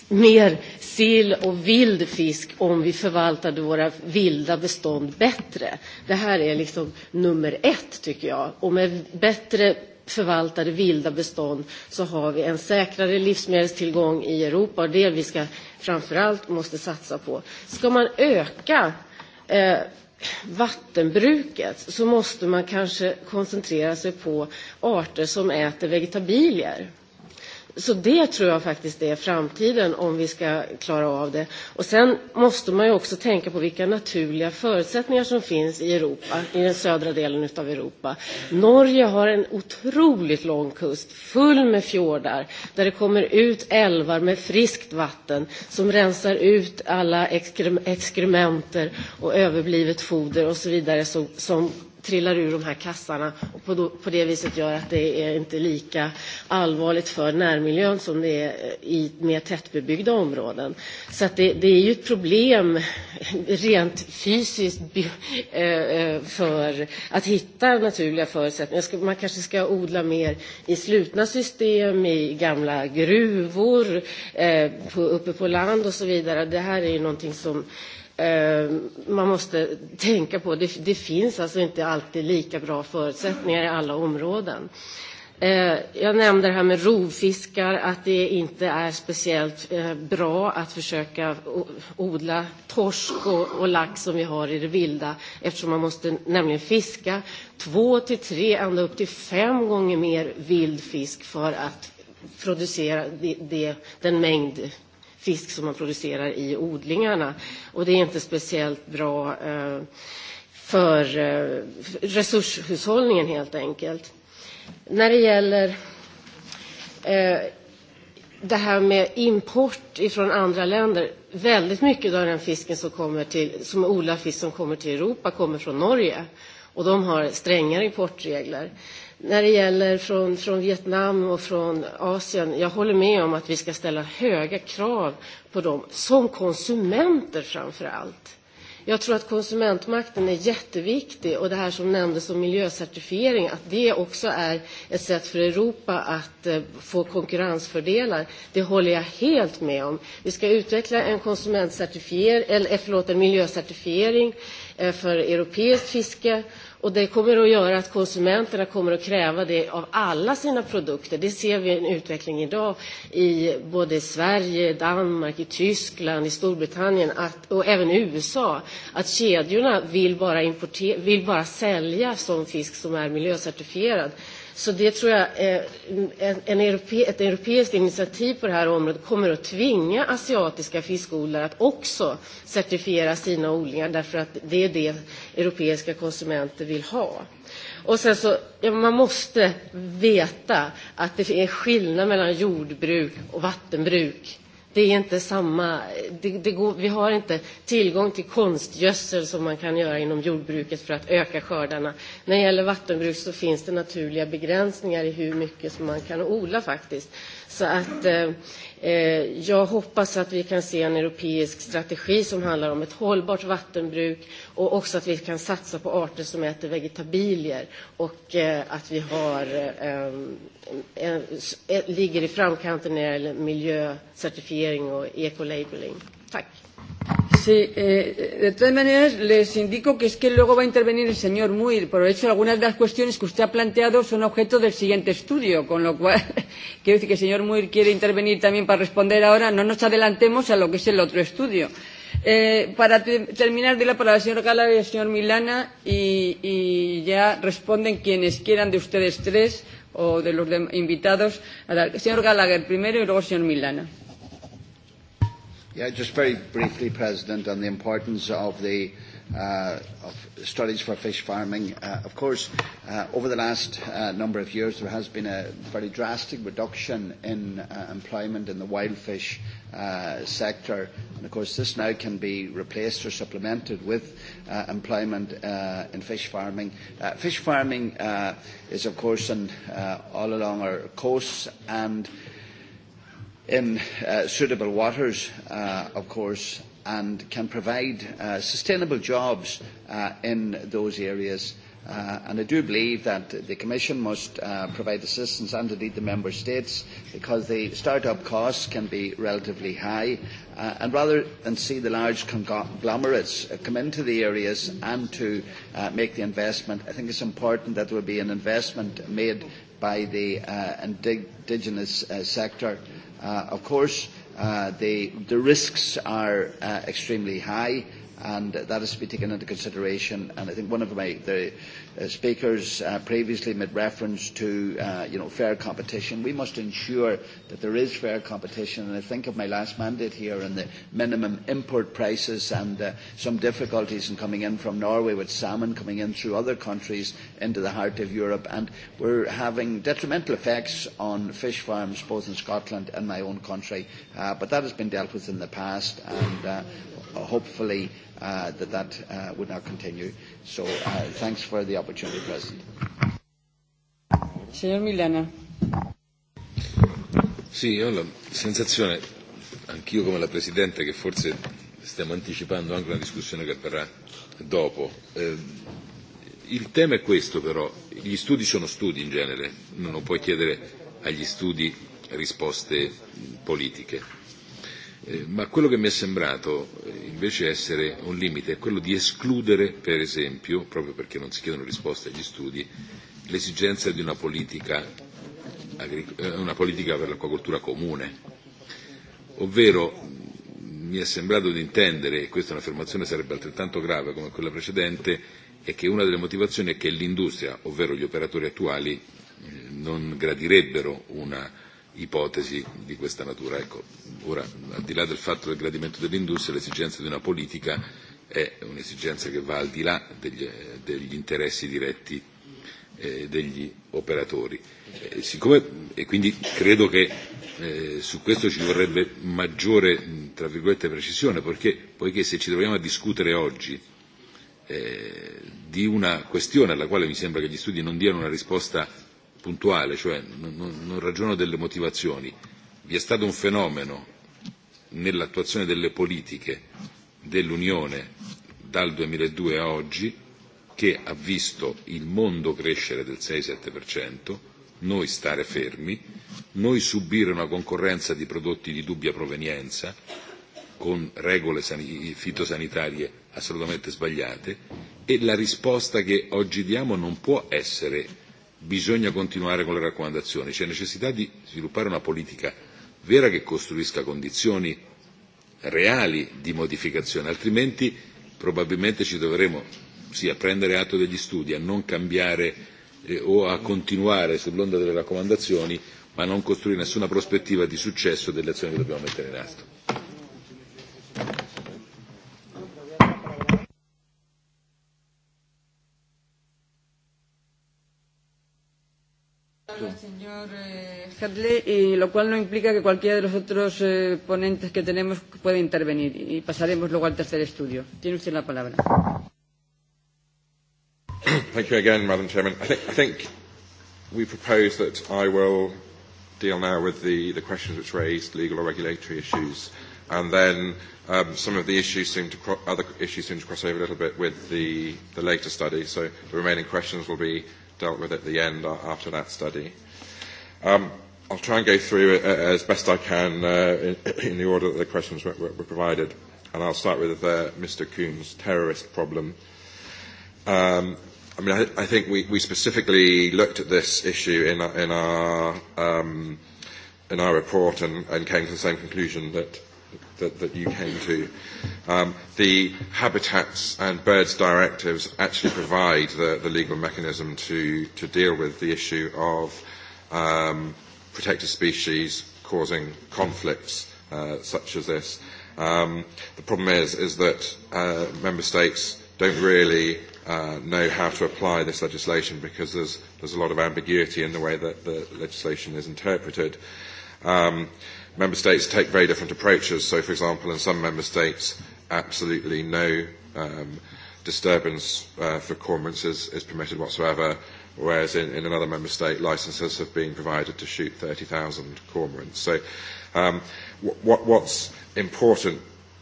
mer sill och vild fisk om vi förvaltade våra vilda bestånd bättre. Det här är liksom nummer ett, tycker jag. Och med bättre förvaltade vilda bestånd så har vi en säkrare livsmedelstillgång i Europa. Och det vi ska framförallt måste satsa på. Ska man öka eh, vattenbruket så måste man kanske koncentrera sig på arter som äter vegetabilier Så det tror jag faktiskt är framtiden om vi ska klara av det. Och sen måste man ju också tänka på vilka naturliga förutsättningar som finns i Europa, i den södra delen av Europa. Norge har en otroligt lång kust, full med fjordar, där det kommer ut älvar med friskt vatten som rensar ut alla exkrementer och överblivet foder och så vidare som trillar ur de här kassarna och på, på det viset gör att det är inte lika allvarligt för närmiljön som det är i mer tättbebyggda områden. Så att det, det är ju ett problem rent fysiskt för att hitta naturliga förutsättningar. Man kanske ska odla mer i slutna system, i gamla gruvor, uppe på land och så vidare. Det här är ju någonting som man måste tänka på. Det, det finns alltså inte alltid lika bra förutsättningar i alla områden. Jag nämnde det här med rovfiskar, att det inte är speciellt bra att försöka odla torsk och, och lax som vi har i det vilda eftersom man måste nämligen fiska två till tre, ända upp till fem gånger mer vild fisk för att producera den mängd fisk som man producerar i odlingarna. Och det är inte speciellt bra för resurshushållningen helt enkelt. När det gäller det här med import från andra länder. Väldigt mycket av den fisken som, kommer till, som odlar fisk som kommer till Europa kommer från Norge. Och de har strängare importregler. När det gäller från, från Vietnam och från Asien, jag håller med om att vi ska ställa höga krav på dem, som konsumenter framför allt. Jag tror att konsumentmakten är jätteviktig och det här som nämndes om miljöcertifiering, att det också är ett sätt för Europa att få konkurrensfördelar, det håller jag helt med om. Vi ska utveckla en, konsumentcertifiering, eller, förlåt, en miljöcertifiering för europeiskt fiske Och det kommer att göra att konsumenterna kommer att kräva det av alla sina produkter. Det ser vi en utveckling idag i både Sverige, Danmark, i Tyskland, i Storbritannien att, och även i USA. Att kedjorna vill bara, importera, vill bara sälja sån fisk som är miljöcertifierad Så det tror jag, en europe, ett europeiskt initiativ på det här området kommer att tvinga asiatiska fiskodlare att också certifiera sina odlingar därför att det är det europeiska konsumenter vill ha. Och sen så, ja, man måste veta att det är skillnad mellan jordbruk och vattenbruk det är inte samma, det, det går, vi har inte tillgång till konstgödsel som man kan göra inom jordbruket för att öka skördarna. När det gäller vattenbruk så finns det naturliga begränsningar i hur mycket som man kan odla faktiskt. Så att, eh, Jag hoppas att vi kan se en europeisk strategi som handlar om ett hållbart vattenbruk och också att vi kan satsa på arter som äter vegetabilier och att vi har, ligger i framkanten när det gäller miljöcertifiering och ecolabelling. Tack! Sí, eh, de todas maneras les indico que es que luego va a intervenir el señor Muir. Por hecho, algunas de las cuestiones que usted ha planteado son objeto del siguiente estudio, con lo cual quiero decir que el señor Muir quiere intervenir también para responder ahora. No nos adelantemos a lo que es el otro estudio. Eh, para te terminar, de la palabra al señor Gallagher y al señor Milana y, y ya responden quienes quieran de ustedes tres o de los de invitados. Señor Gallagher primero y luego el señor Milana. Yeah, just very briefly, President, on the importance of the uh, of studies for fish farming. Uh, of course, uh, over the last uh, number of years, there has been a very drastic reduction in uh, employment in the wild fish uh, sector. And of course, this now can be replaced or supplemented with uh, employment uh, in fish farming. Uh, fish farming uh, is, of course, in, uh, all along our coasts and uh, in uh, suitable waters, uh, of course, and can provide uh, sustainable jobs uh, in those areas. Uh, and I do believe that the Commission must uh, provide assistance and indeed the Member States because the start-up costs can be relatively high uh, and rather than see the large conglomerates come into the areas and to uh, make the investment, I think it's important that there will be an investment made by the uh, indigenous uh, sector Uh, of course, uh, the, the risks are uh, extremely high and that is to be taken into consideration. And I think one of my, the uh, speakers uh, previously made reference to uh, you know, fair competition. We must ensure that there is fair competition. And I think of my last mandate here and the minimum import prices and uh, some difficulties in coming in from Norway with salmon coming in through other countries into the heart of Europe. And we're having detrimental effects on fish farms both in Scotland and my own country. Uh, but that has been dealt with in the past and uh, hopefully uh, that that uh, would not continue. So uh, thanks for the opportunity, President. Signor Milena. Sì, io ho la sensazione, anch'io come la Presidente, che forse stiamo anticipando anche una discussione che avverrà dopo. Eh, il tema è questo però, gli studi sono studi in genere, non puoi chiedere agli studi risposte politiche ma quello che mi è sembrato invece essere un limite è quello di escludere, per esempio, proprio perché non si chiedono risposte agli studi, l'esigenza di una politica, una politica per l'acquacoltura comune. Ovvero mi è sembrato di intendere, e questa è un'affermazione sarebbe altrettanto grave come quella precedente, è che una delle motivazioni è che l'industria, ovvero gli operatori attuali, non gradirebbero una ipotesi di questa natura. Ecco, ora, al di là del fatto del gradimento dell'industria, l'esigenza di una politica è un'esigenza che va al di là degli, degli interessi diretti eh, degli operatori. Eh, siccome, e quindi credo che eh, su questo ci vorrebbe maggiore tra virgolette, precisione, perché, poiché se ci troviamo a discutere oggi eh, di una questione alla quale mi sembra che gli studi non diano una risposta puntuale, cioè non, non ragiono delle motivazioni. Vi è stato un fenomeno nell'attuazione delle politiche dell'Unione dal duemiladue a oggi che ha visto il mondo crescere del sei sette noi stare fermi, noi subire una concorrenza di prodotti di dubbia provenienza con regole fitosanitarie assolutamente sbagliate e la risposta che oggi diamo non può essere bisogna continuare con le raccomandazioni, c'è necessità di sviluppare una politica vera che costruisca condizioni reali di modificazione, altrimenti probabilmente ci troveremo sì, a prendere atto degli studi, a non cambiare o a continuare sull'onda delle raccomandazioni, ma non costruire nessuna prospettiva di successo delle azioni che dobbiamo mettere in atto. al señor eh, Hadley, y lo cual no implica que cualquiera de los otros eh, ponentes que tenemos pueda intervenir. Y pasaremos luego al tercer estudio. Tiene usted la palabra. Thank you again, Madam Chairman. I think, I think we propose that I will deal now with the, the questions which raised legal or regulatory issues, and then um, some of the issues seem to cro- other issues seem to cross over a little bit with the, the later study. So the remaining questions will be dealt with at the end after that study. Um, I'll try and go through it as best I can uh, in the order that the questions were, were provided. And I'll start with uh, Mr. Coombs' terrorist problem. Um, I mean, I, I think we, we specifically looked at this issue in, in, our, um, in our report and, and came to the same conclusion that that, that you came to. Um, the Habitats and Birds directives actually provide the, the legal mechanism to, to deal with the issue of um, protected species causing conflicts uh, such as this. Um, the problem is, is that uh, member states don't really uh, know how to apply this legislation because there's, there's a lot of ambiguity in the way that the legislation is interpreted. Um, member states take very different approaches. So, for example, in some member states, absolutely no um, disturbance uh, for cormorants is, is permitted whatsoever, whereas in, in another member state, licenses have been provided to shoot 30,000 cormorants. So, um, what, what's important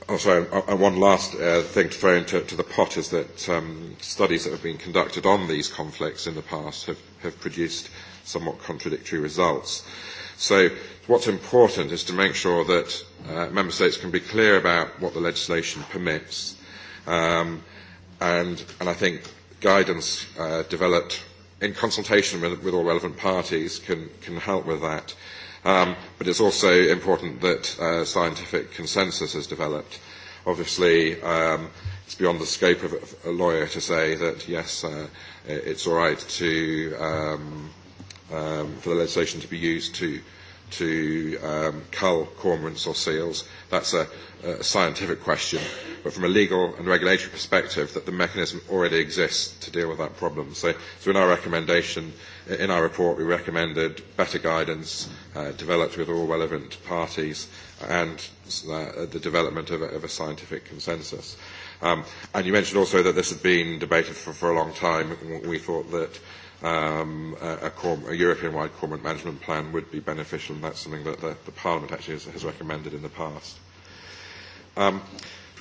Oh, sorry, and one last uh, thing to throw into to the pot is that um, studies that have been conducted on these conflicts in the past have, have produced somewhat contradictory results. So what's important is to make sure that uh, member states can be clear about what the legislation permits. Um, and, and I think guidance uh, developed in consultation with, with all relevant parties can, can help with that. Um, but it's also important that uh, scientific consensus is developed. Obviously, um, it's beyond the scope of a lawyer to say that, yes, uh, it's all right to um, um, for the legislation to be used to to um, cull cormorants or seals. That's a, a scientific question, but from a legal and regulatory perspective, that the mechanism already exists to deal with that problem. So, so in our recommendation, in our report, we recommended better guidance uh, developed with all relevant parties and uh, the development of a, of a scientific consensus. Um, and you mentioned also that this had been debated for, for a long time. We thought that um, a, a, corp- a European-wide corporate management plan would be beneficial, and that's something that the, the Parliament actually has, has recommended in the past. Um,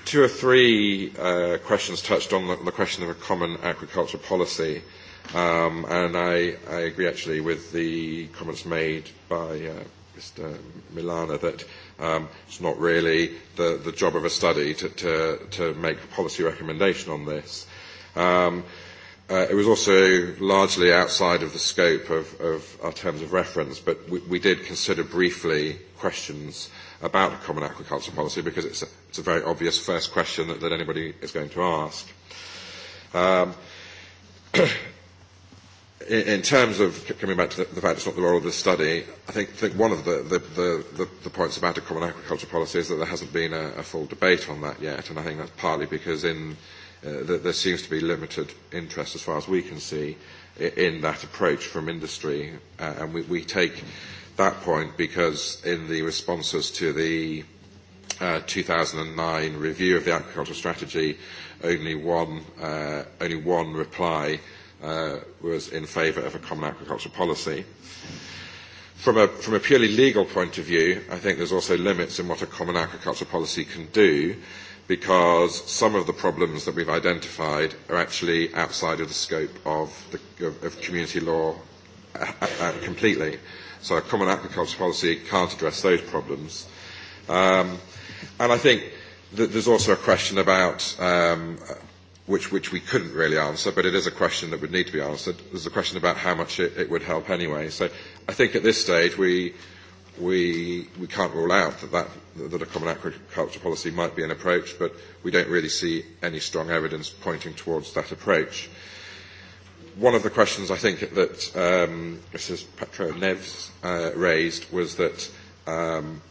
two or three uh, questions touched on the, the question of a common agriculture policy, um, and I, I agree actually with the comments made by uh, Mr. Milana that um, it's not really the, the job of a study to, to, to make a policy recommendation on this. Um, it was also largely outside of the scope of, of our terms of reference, but we, we did consider briefly questions about the common Agricultural policy because it's a, it's a very obvious first question that, that anybody is going to ask. Um, in, in terms of coming back to the, the fact it's not the role of the study, I think, think one of the, the, the, the, the points about a common Agricultural policy is that there hasn't been a, a full debate on that yet, and I think that's partly because in that there seems to be limited interest, as far as we can see, in that approach from industry. Uh, and we, we take that point because in the responses to the uh, 2009 review of the agricultural strategy, only one, uh, only one reply uh, was in favour of a common agricultural policy. From a, from a purely legal point of view, I think there's also limits in what a common agricultural policy can do because some of the problems that we've identified are actually outside of the scope of, the, of, of community law uh, uh, completely. So a common agriculture policy can't address those problems. Um, and I think that there's also a question about um, which, which we couldn't really answer, but it is a question that would need to be answered. There's a question about how much it, it would help anyway. So I think at this stage we, we, we can't rule out that that that a common aquaculture policy might be an approach, but we don't really see any strong evidence pointing towards that approach. One of the questions I think that um, Mrs. Petro Neves uh, raised was that, um,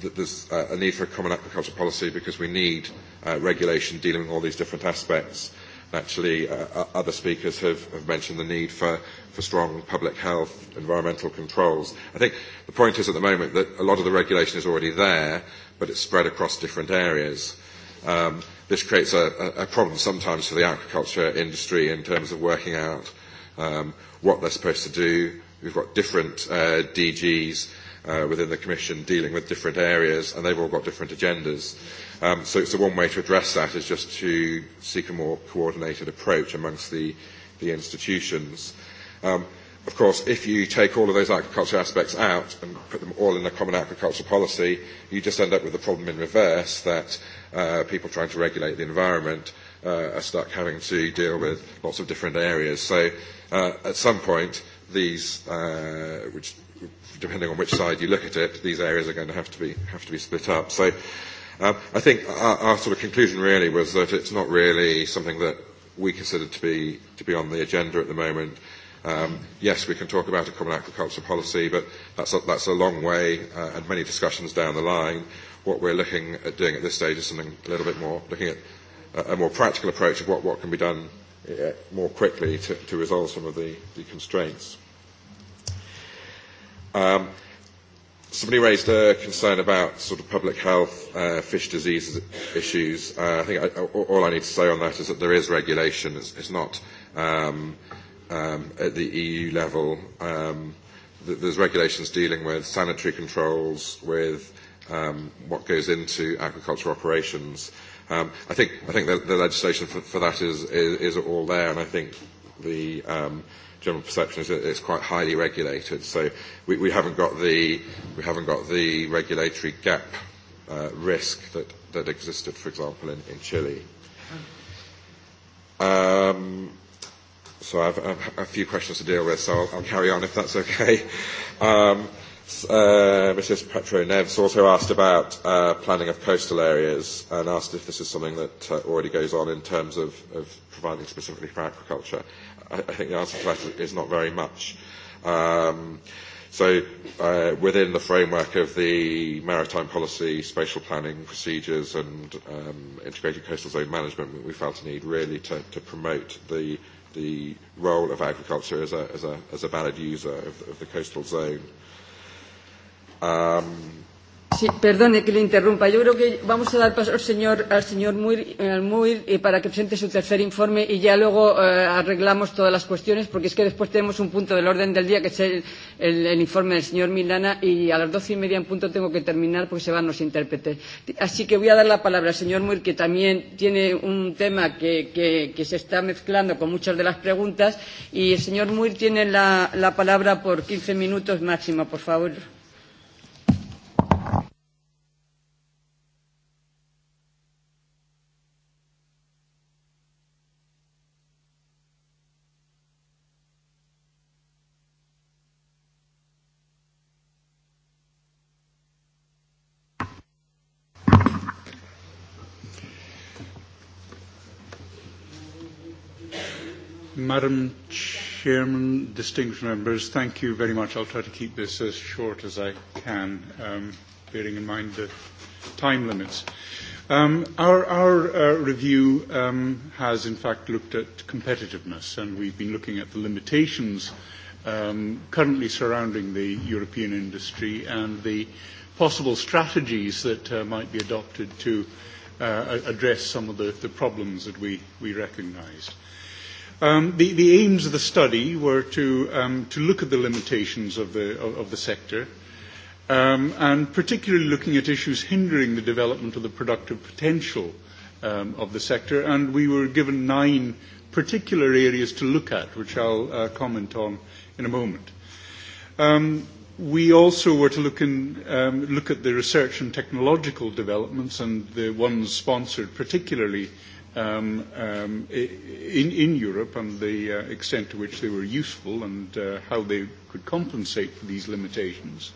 that there's uh, a need for a common aquaculture policy because we need uh, regulation dealing with all these different aspects actually, uh, other speakers have, have mentioned the need for, for strong public health, environmental controls. I think the point is at the moment that a lot of the regulation is already there, but it's spread across different areas. Um, this creates a, a problem sometimes for the agriculture industry in terms of working out um, what they're supposed to do. We've got different uh, DGs uh, within the Commission dealing with different areas, and they've all got different agendas. Um, so, so one way to address that is just to seek a more coordinated approach amongst the, the institutions. Um, of course, if you take all of those agriculture aspects out and put them all in a common agriculture policy, you just end up with the problem in reverse that uh, people trying to regulate the environment uh, are stuck having to deal with lots of different areas. So uh, at some point, these, uh, which, depending on which side you look at it, these areas are going to have to be, have to be split up. So Um, I think our, our sort of conclusion really was that it's not really something that we consider to be, to be on the agenda at the moment. Um, yes, we can talk about a common agricultural policy, but that's a, that's a long way uh, and many discussions down the line. What we're looking at doing at this stage is something a little bit more, looking at a, a more practical approach of what, what can be done uh, more quickly to, to resolve some of the, the constraints. Um, Somebody raised a concern about sort of public health, uh, fish disease issues. Uh, I think I, all I need to say on that is that there is regulation. It's, it's not um, um, at the EU level. Um, th- there's regulations dealing with sanitary controls, with um, what goes into agriculture operations. Um, I think I think the, the legislation for, for that is, is is all there, and I think the um, uh, general perception is that it's quite highly regulated. So we, we haven't got the we haven't got the regulatory gap uh, risk that, that existed, for example, in, in Chile. Um, so I have, I have a few questions to deal with, so I'll, I'll carry on if that's okay. Um, uh, Mrs. Petro Neves also asked about uh, planning of coastal areas and asked if this is something that uh, already goes on in terms of, of providing specifically for agriculture. Uh, I, I think the answer to that is not very much. Um, so uh, within the framework of the maritime policy, spatial planning procedures and um, integrated coastal zone management, we felt a need really to, to promote the, the role of agriculture as a, as a, as a valid user of, of the coastal zone. Um, Sí, perdone que le interrumpa. Yo creo que vamos a dar paso al señor, al señor Muir, al Muir y para que presente su tercer informe y ya luego eh, arreglamos todas las cuestiones, porque es que después tenemos un punto del orden del día que es el, el, el informe del señor Milana y a las doce y media en punto tengo que terminar porque se van los intérpretes. Así que voy a dar la palabra al señor Muir, que también tiene un tema que, que, que se está mezclando con muchas de las preguntas y el señor Muir tiene la, la palabra por quince minutos máximo, por favor. Madam Chairman, distinguished members, thank you very much. I'll try to keep this as short as I can, um, bearing in mind the time limits. Um, our our uh, review um, has, in fact, looked at competitiveness, and we've been looking at the limitations um, currently surrounding the European industry and the possible strategies that uh, might be adopted to uh, address some of the, the problems that we, we recognised. Uh, Um, the, the aims of the study were to, um, to look at the limitations of the, of, of the sector, um, and particularly looking at issues hindering the development of the productive potential um, of the sector. And we were given nine particular areas to look at, which I'll uh, comment on in a moment. Um, we also were to look, in, um, look at the research and technological developments, and the ones sponsored particularly um, um, in, in Europe and the uh, extent to which they were useful and uh, how they could compensate for these limitations,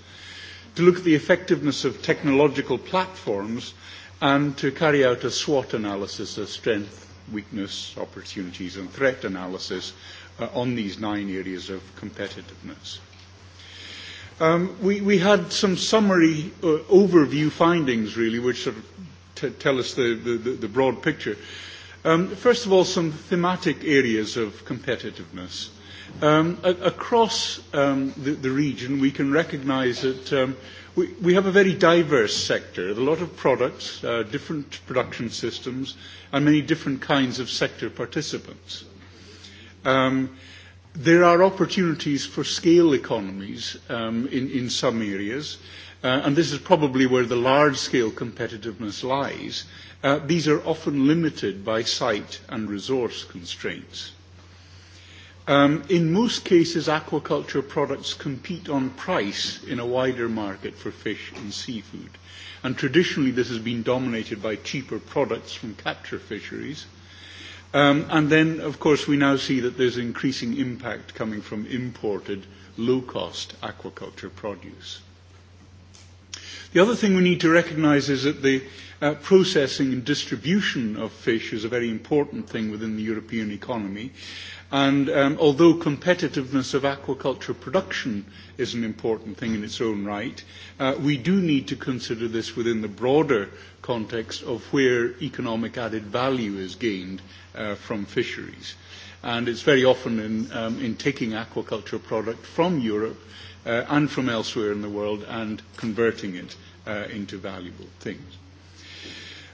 to look at the effectiveness of technological platforms and to carry out a SWOT analysis, a strength, weakness, opportunities and threat analysis uh, on these nine areas of competitiveness. Um, we, we had some summary uh, overview findings, really, which sort of t- tell us the, the, the broad picture. Um, first of all, some thematic areas of competitiveness. Um, a- across um, the, the region, we can recognize that um, we, we have a very diverse sector, a lot of products, uh, different production systems, and many different kinds of sector participants. Um, there are opportunities for scale economies um, in, in some areas, uh, and this is probably where the large-scale competitiveness lies Uh, these are often limited by site and resource constraints. Um, in most cases, aquaculture products compete on price in a wider market for fish and seafood. And traditionally, this has been dominated by cheaper products from capture fisheries. Um, and then, of course, we now see that there's increasing impact coming from imported low-cost aquaculture produce. The other thing we need to recognize is that the Uh, processing and distribution of fish is a very important thing within the European economy. And um, although competitiveness of aquaculture production is an important thing in its own right, uh, we do need to consider this within the broader context of where economic added value is gained uh, from fisheries. And it's very often in, um, in taking aquaculture product from Europe uh, and from elsewhere in the world and converting it uh, into valuable things.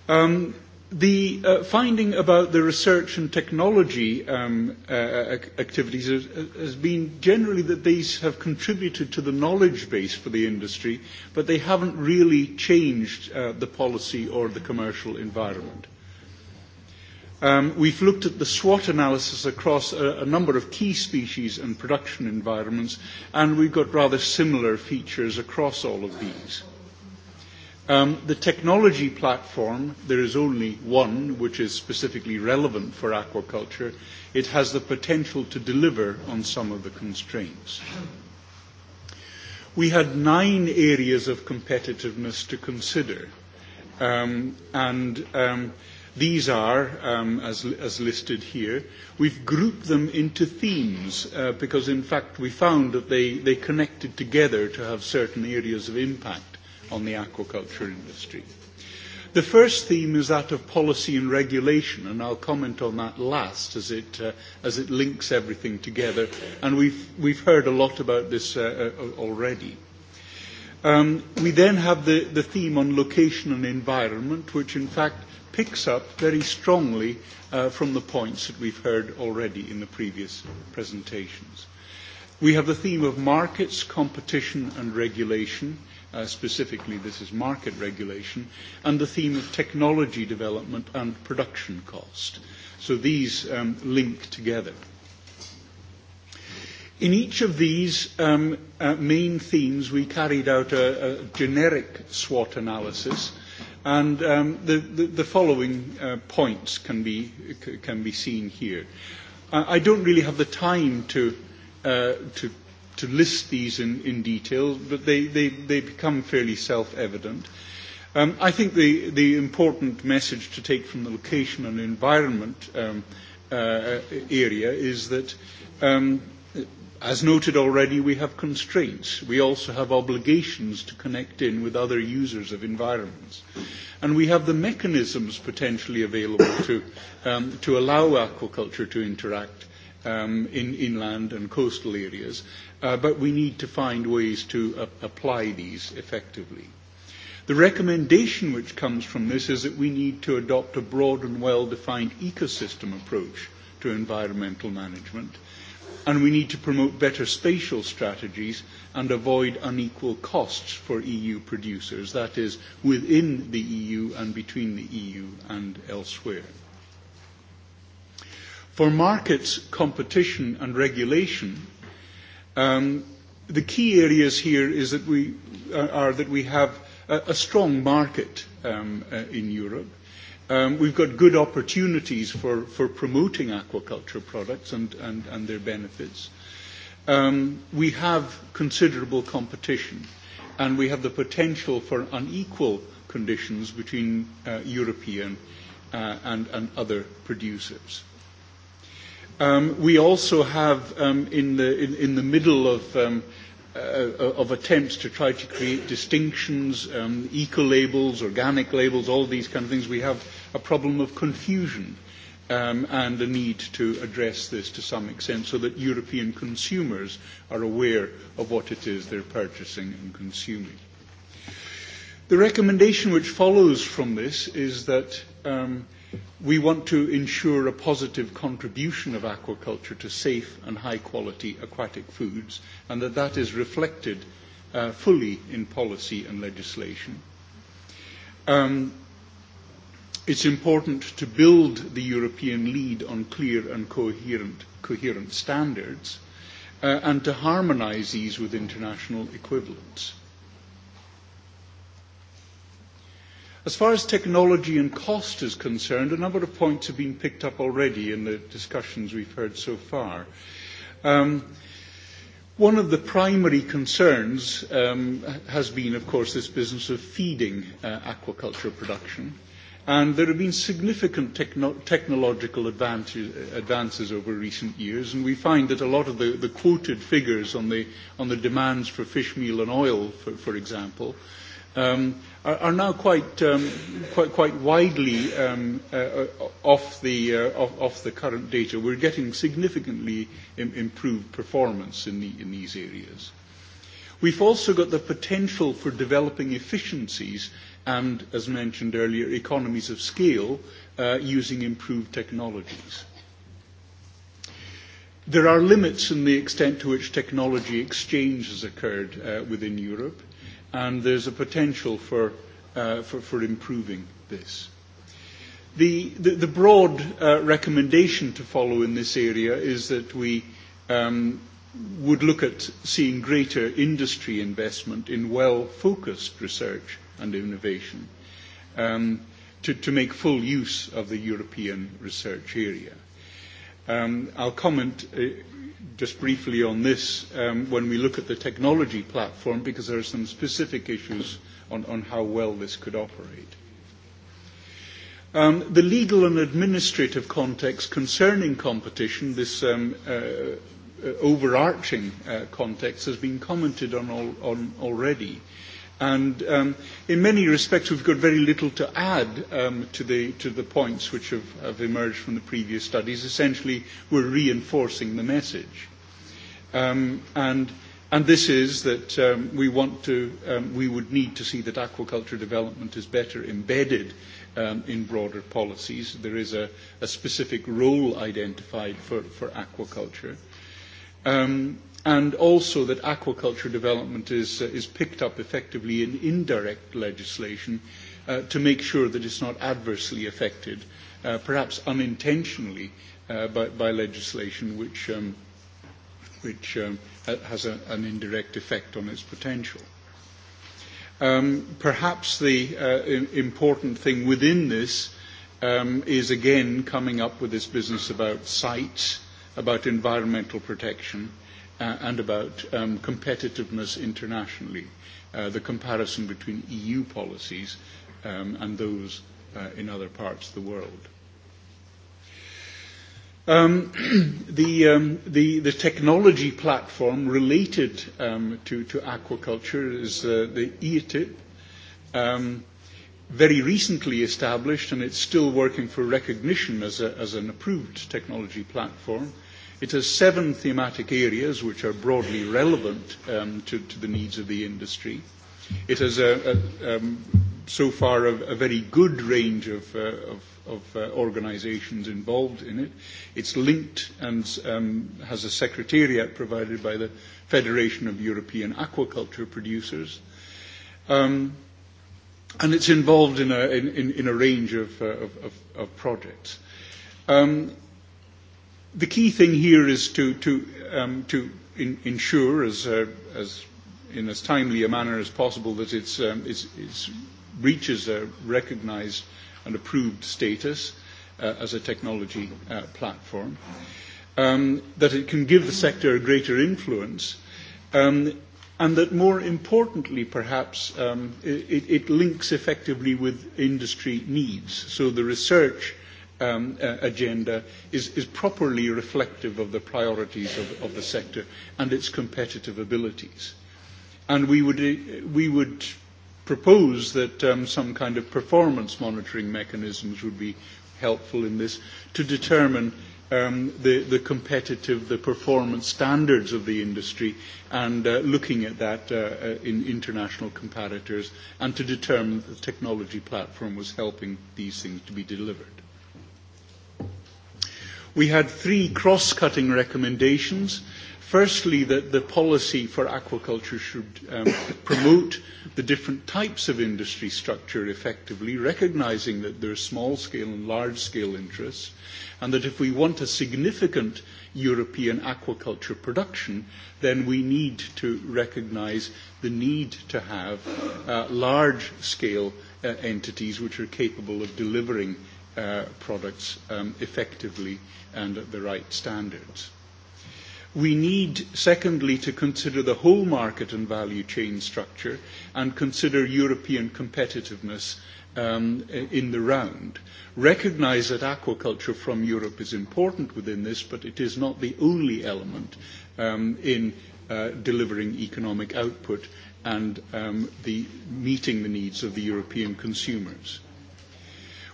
Um, the uh, finding about the research and technology um, uh, activities has, has been generally that these have contributed to the knowledge base for the industry, but they haven't really changed uh, the policy or the commercial environment. Um, we've looked at the SWOT analysis across a, a number of key species and production environments, and we've got rather similar features across all of these the technology platform, there is only one which is specifically relevant for aquaculture. It has the potential to deliver on some of the constraints. We had nine areas of competitiveness to consider, um, and um, These are, um, as, as listed here, we've grouped them into themes uh, because, in fact, we found that they, they connected together to have certain areas of impact on the aquaculture industry. The first theme is that of policy and regulation, and I'll comment on that last as it, uh, as it links everything together. And we've, we've heard a lot about this uh, already. Um, we then have the, the theme on location and environment, which in fact picks up very strongly uh, from the points that we've heard already in the previous presentations. We have the theme of markets, competition and regulation, specifically this is market regulation, and the theme of technology development and production cost. So these um, link together. In each of these um, uh, main themes, we carried out a, a generic SWOT analysis, and um, the, the, the following uh, points can be, can be seen here. I don't really have the time to, uh, to to list these in, in detail, but they, they, they become fairly self-evident. Um, I think the, the important message to take from the location and environment um, uh, area is that, um, as noted already, we have constraints. We also have obligations to connect in with other users of environments. And we have the mechanisms potentially available to, um, to allow aquaculture to interact um, in inland and coastal areas uh, but we need to find ways to uh, apply these effectively. The recommendation which comes from this is that we need to adopt a broad and well-defined ecosystem approach to environmental management, and we need to promote better spatial strategies and avoid unequal costs for EU producers, that is, within the EU and between the EU and elsewhere. For markets, competition and regulation, the key areas here is that we are that we have a, a strong market um, uh, in Europe. Um, we've got good opportunities for, for promoting aquaculture products and, and, and their benefits. Um, we have considerable competition and we have the potential for unequal conditions between uh, European uh, and, and other producers. Um, we also have, um, in, the, in, in the middle of, um, uh, of attempts to try to create distinctions, um, eco labels, organic labels, all these kind of things, we have a problem of confusion um, and a need to address this to some extent so that European consumers are aware of what it is they're purchasing and consuming. The recommendation which follows from this is that. Um, We want to ensure a positive contribution of aquaculture to safe and high quality aquatic foods and that that is reflected uh, fully in policy and legislation. Um, it's important to build the European lead on clear and coherent, coherent standards uh, and to harmonise these with international equivalents As far as technology and cost is concerned, a number of points have been picked up already in the discussions we've heard so far. one of the primary concerns has been, of course, this business of feeding aquaculture production. And there have been significant technological advances over recent years, and we find that a lot of the, the quoted figures on the, on the demands for fish meal and oil, for, for example, um, are, are now quite, um, quite, quite widely um, uh, off, the, uh, off, off the current data. We're getting significantly Im- improved performance in, the, in these areas. We've also got the potential for developing efficiencies and, as mentioned earlier, economies of scale uh, using improved technologies. There are limits in the extent to which technology exchange has occurred uh, within Europe and there's a potential for, uh, for, for improving this. The, the, the broad uh, recommendation to follow in this area is that we um, would look at seeing greater industry investment in well-focused research and innovation um, to, to make full use of the European research area. Um, I'll comment just briefly on this, when we look at the technology platform, because there are some specific issues on, on how well this could operate. Um, the legal and administrative context concerning competition, this um, uh, overarching uh, context, has been commented on, on already. And um, in many respects, we've got very little to add um, to, the, to the points which have, have emerged from the previous studies. Essentially, we're reinforcing the message. Um, and, and this is that um, we, want to, um, we would need to see that aquaculture development is better embedded um, in broader policies. There is a, a specific role identified for, for aquaculture. Um, and also that aquaculture development is, is picked up effectively in indirect legislation uh, to make sure that it's not adversely affected, uh, perhaps unintentionally, uh, by, by legislation which, um, which um, has a, an indirect effect on its potential. Um, perhaps the uh, important thing within this um, is again coming up with this business about sites, about environmental protection, uh, and about competitiveness internationally, the comparison between EU policies and those in other parts of the world. The technology platform related to aquaculture is the um, very recently established, and it's still working for recognition as a as an approved technology platform It has seven thematic areas which are broadly relevant um, to, to the needs of the industry. It has a, a, um, so far a, a very good range of, uh, of, of uh, organisations involved in it. It's linked and um, has a secretariat provided by the Federation of European Aquaculture Producers. Um, and it's involved in a, in, in, in a range of, uh, of, of, of projects. Um, the key thing here is to, to, um, to in, ensure, as, uh, as in as timely a manner as possible, that it's, um, it's, it's reaches a recognised and approved status uh, as a technology uh, platform, um, that it can give the sector a greater influence, um, and that more importantly, perhaps, um, it, it links effectively with industry needs. So the research agenda is, properly reflective of the priorities of, the sector and its competitive abilities. And we would, we would propose that some kind of performance monitoring mechanisms would be helpful in this to determine the, the competitive, the performance standards of the industry and uh, looking at that uh, in international comparators and to determine that the technology platform was helping these things to be delivered. We had three cross-cutting recommendations. Firstly, that the policy for aquaculture should um, promote the different types of industry structure effectively, recognizing that there are small-scale and large-scale interests, and that if we want a significant European aquaculture production, then we need to recognise the need to have large scale entities which are capable of delivering products um, effectively and at the right standards. We need, secondly, to consider the whole market and value chain structure and consider European competitiveness um, in the round. Recognise that aquaculture from Europe is important within this, but it is not the only element um, in uh, delivering economic output and um, the, meeting the needs of the European consumers.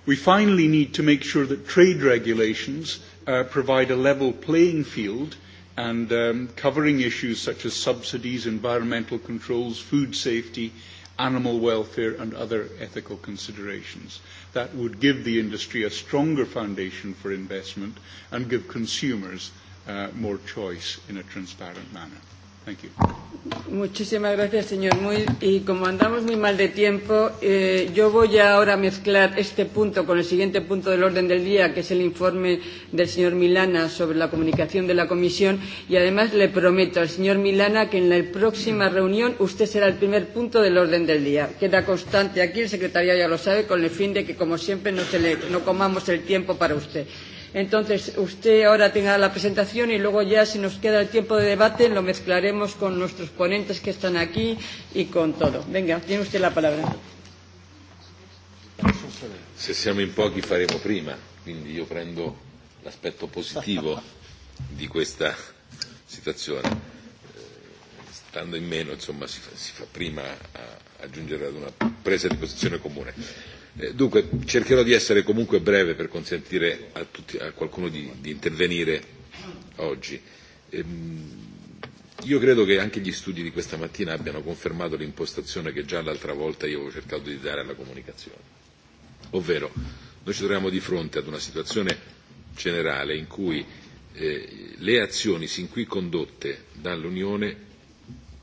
We finally need to make sure that trade regulations uh, provide a level playing field and um, covering issues such as subsidies, environmental controls, food safety, animal welfare and other ethical considerations. That would give the industry a stronger foundation for investment and give consumers uh, more choice in a transparent manner. Thank you. Muchísimas gracias, señor Muy. Y como andamos muy mal de tiempo, eh, yo voy ahora a mezclar este punto con el siguiente punto del orden del día, que es el informe del señor Milana sobre la comunicación de la Comisión. Y además le prometo al señor Milana que en la próxima reunión usted será el primer punto del orden del día. Queda constante aquí, el secretario ya lo sabe, con el fin de que, como siempre, no, se le, no comamos el tiempo para usted. Entonces, usted ahora tenga la presentación y luego ya, si nos queda el tiempo de debate, lo mezclaremos con nuestros ponentes que están aquí y con todo. Venga, tiene usted la palabra. Se siamo in pochi faremo prima, quindi io prendo l'aspetto positivo di questa situazione. Stando in meno, insomma, si fa, si fa prima a aggiungere ad una presa di posizione comune Dunque cercherò di essere comunque breve per consentire a, tutti, a qualcuno di, di intervenire oggi. Ehm, io credo che anche gli studi di questa mattina abbiano confermato l'impostazione che già l'altra volta io avevo cercato di dare alla comunicazione. Ovvero, noi ci troviamo di fronte ad una situazione generale in cui eh, le azioni sin qui condotte dall'Unione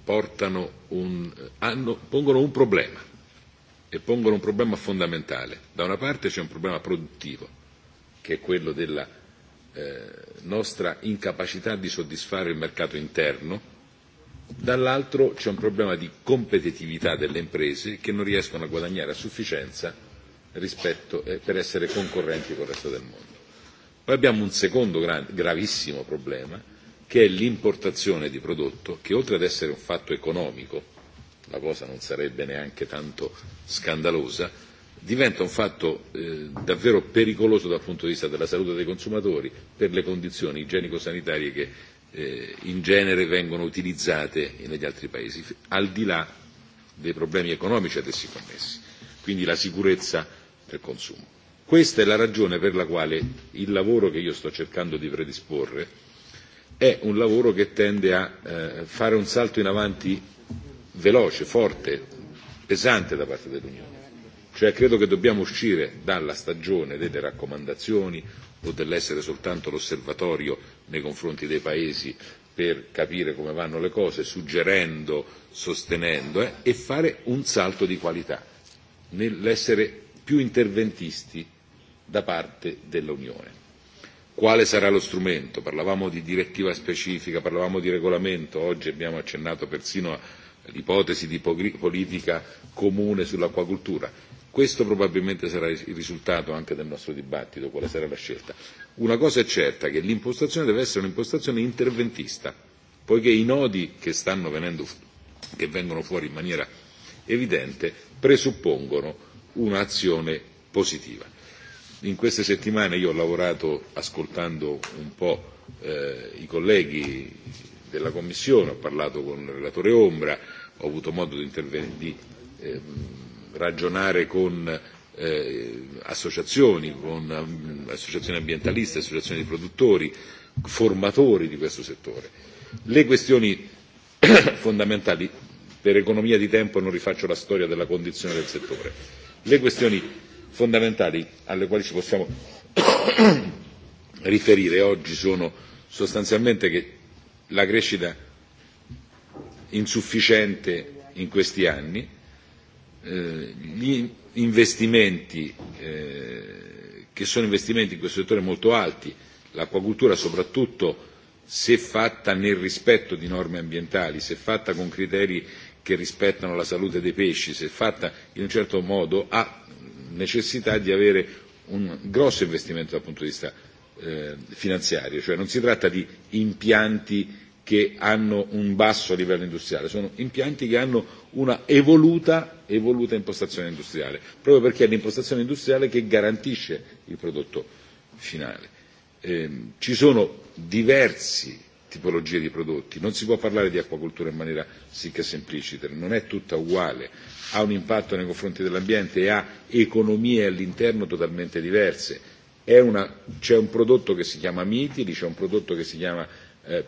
portano un, hanno, pongono un problema e pongono un problema fondamentale. Da una parte c'è un problema produttivo, che è quello della eh, nostra incapacità di soddisfare il mercato interno, dall'altro c'è un problema di competitività delle imprese che non riescono a guadagnare a sufficienza rispetto, eh, per essere concorrenti con il resto del mondo. Poi abbiamo un secondo gran, gravissimo problema che è l'importazione di prodotto che oltre ad essere un fatto economico la cosa non sarebbe neanche tanto scandalosa, diventa un fatto eh, davvero pericoloso dal punto di vista della salute dei consumatori per le condizioni igienico-sanitarie che eh, in genere vengono utilizzate negli altri paesi, al di là dei problemi economici ad essi connessi, quindi la sicurezza del consumo. Questa è la ragione per la quale il lavoro che io sto cercando di predisporre è un lavoro che tende a eh, fare un salto in avanti veloce, forte, pesante da parte dell'Unione. Cioè credo che dobbiamo uscire dalla stagione delle raccomandazioni o dell'essere soltanto l'osservatorio nei confronti dei paesi per capire come vanno le cose, suggerendo, sostenendo, eh, e fare un salto di qualità nell'essere più interventisti da parte dell'Unione. Quale sarà lo strumento? Parlavamo di direttiva specifica, parlavamo di regolamento, oggi abbiamo accennato persino a l'ipotesi di politica comune sull'acquacultura. Questo probabilmente sarà il risultato anche del nostro dibattito, quale sarà la scelta. Una cosa è certa, che l'impostazione deve essere un'impostazione interventista, poiché i nodi che, stanno venendo, che vengono fuori in maniera evidente presuppongono un'azione positiva. In queste settimane io ho lavorato ascoltando un po' eh, i colleghi della Commissione, ho parlato con il relatore Ombra, ho avuto modo di, di ragionare con associazioni, con associazioni ambientaliste, associazioni di produttori, formatori di questo settore. Le questioni fondamentali, per economia di tempo non rifaccio la storia della condizione del settore, le questioni fondamentali alle quali ci possiamo riferire oggi sono sostanzialmente che la crescita insufficiente in questi anni, gli investimenti che sono investimenti in questo settore molto alti, l'acquacultura soprattutto se fatta nel rispetto di norme ambientali, se fatta con criteri che rispettano la salute dei pesci, se fatta in un certo modo, ha necessità di avere un grosso investimento dal punto di vista finanziario, cioè non si tratta di impianti che hanno un basso livello industriale, sono impianti che hanno una evoluta, evoluta impostazione industriale, proprio perché è l'impostazione industriale che garantisce il prodotto finale. Eh, ci sono diversi tipologie di prodotti, non si può parlare di acquacoltura in maniera sicca semplicita, non è tutta uguale, ha un impatto nei confronti dell'ambiente e ha economie all'interno totalmente diverse. È una, c'è un prodotto che si chiama mitili, c'è un prodotto che si chiama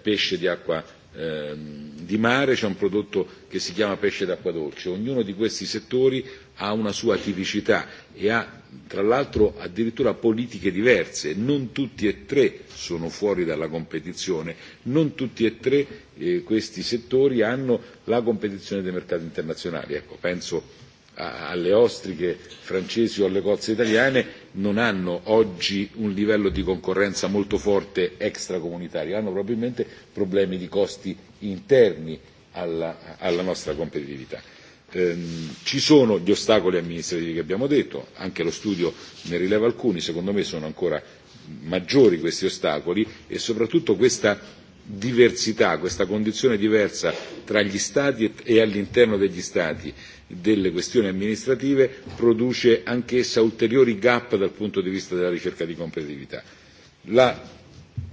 pesce di acqua di mare, c'è un prodotto che si chiama pesce d'acqua dolce. Ognuno di questi settori ha una sua tipicità e ha tra l'altro addirittura politiche diverse, non tutti e tre sono fuori dalla competizione, non tutti e tre questi settori hanno la competizione dei mercati internazionali. Ecco, penso alle ostriche francesi o alle cozze italiane non hanno oggi un livello di concorrenza molto forte extracomunitario, hanno probabilmente problemi di costi interni alla, nostra competitività. ci sono gli ostacoli amministrativi che abbiamo detto, anche lo studio ne rileva alcuni, secondo me sono ancora maggiori questi ostacoli e soprattutto questa diversità, questa condizione diversa tra gli Stati e all'interno degli Stati delle questioni amministrative produce anch'essa ulteriori gap dal punto di vista della ricerca di competitività. Là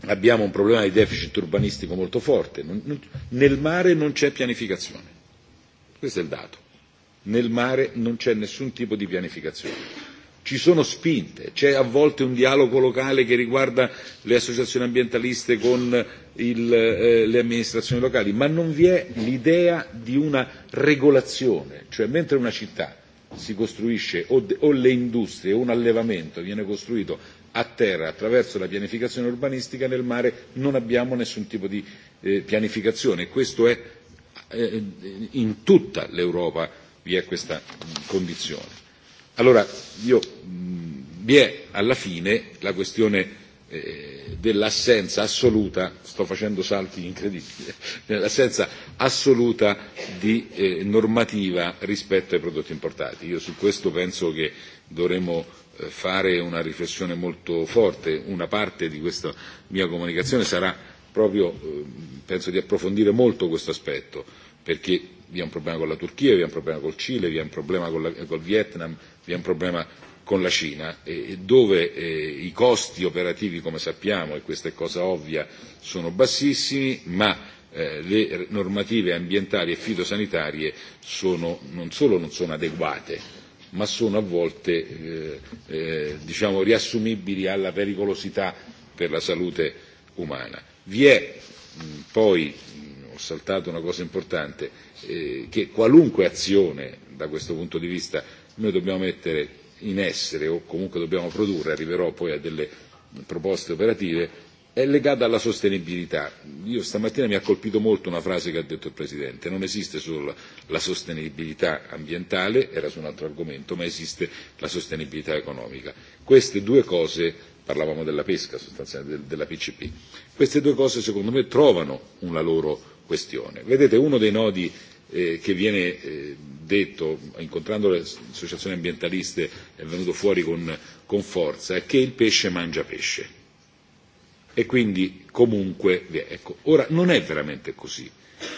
abbiamo un problema di deficit urbanistico molto forte. nel mare non c'è pianificazione. Questo è il dato. Nel mare non c'è nessun tipo di pianificazione ci sono spinte, c'è a volte un dialogo locale che riguarda le associazioni ambientaliste con il, eh, le amministrazioni locali, ma non vi è l'idea di una regolazione, cioè mentre una città si costruisce o, o le industrie o un allevamento viene costruito a terra attraverso la pianificazione urbanistica, nel mare non abbiamo nessun tipo di eh, pianificazione e questo è eh, in tutta l'Europa vi è questa condizione Allora, io, vi è alla fine la questione dell'assenza assoluta, sto facendo salti incredibili, dell'assenza assoluta di normativa rispetto ai prodotti importati. Io su questo penso che dovremmo fare una riflessione molto forte. Una parte di questa mia comunicazione sarà proprio, penso di approfondire molto questo aspetto, perché vi è un problema con la Turchia, vi è un problema col Cile, vi è un problema col Vietnam, vi è un problema con la Cina, dove i costi operativi, come sappiamo, e questa è cosa ovvia, sono bassissimi, ma le normative ambientali e fitosanitarie non solo non sono adeguate, ma sono a volte diciamo, riassumibili alla pericolosità per la salute umana. Vi è poi, ho saltato una cosa importante, che qualunque azione da questo punto di vista noi dobbiamo mettere in essere o comunque dobbiamo produrre, arriverò poi a delle proposte operative, è legata alla sostenibilità. Io stamattina mi ha colpito molto una frase che ha detto il Presidente, non esiste solo la sostenibilità ambientale, era su un altro argomento, ma esiste la sostenibilità economica. Queste due cose, parlavamo della pesca sostanzialmente, della PCP, queste due cose secondo me trovano una loro questione. Vedete, uno dei nodi eh, che viene eh, detto, incontrando le associazioni ambientaliste, è venuto fuori con, con forza, è che il pesce mangia pesce. E quindi comunque, ecco, ora non è veramente così.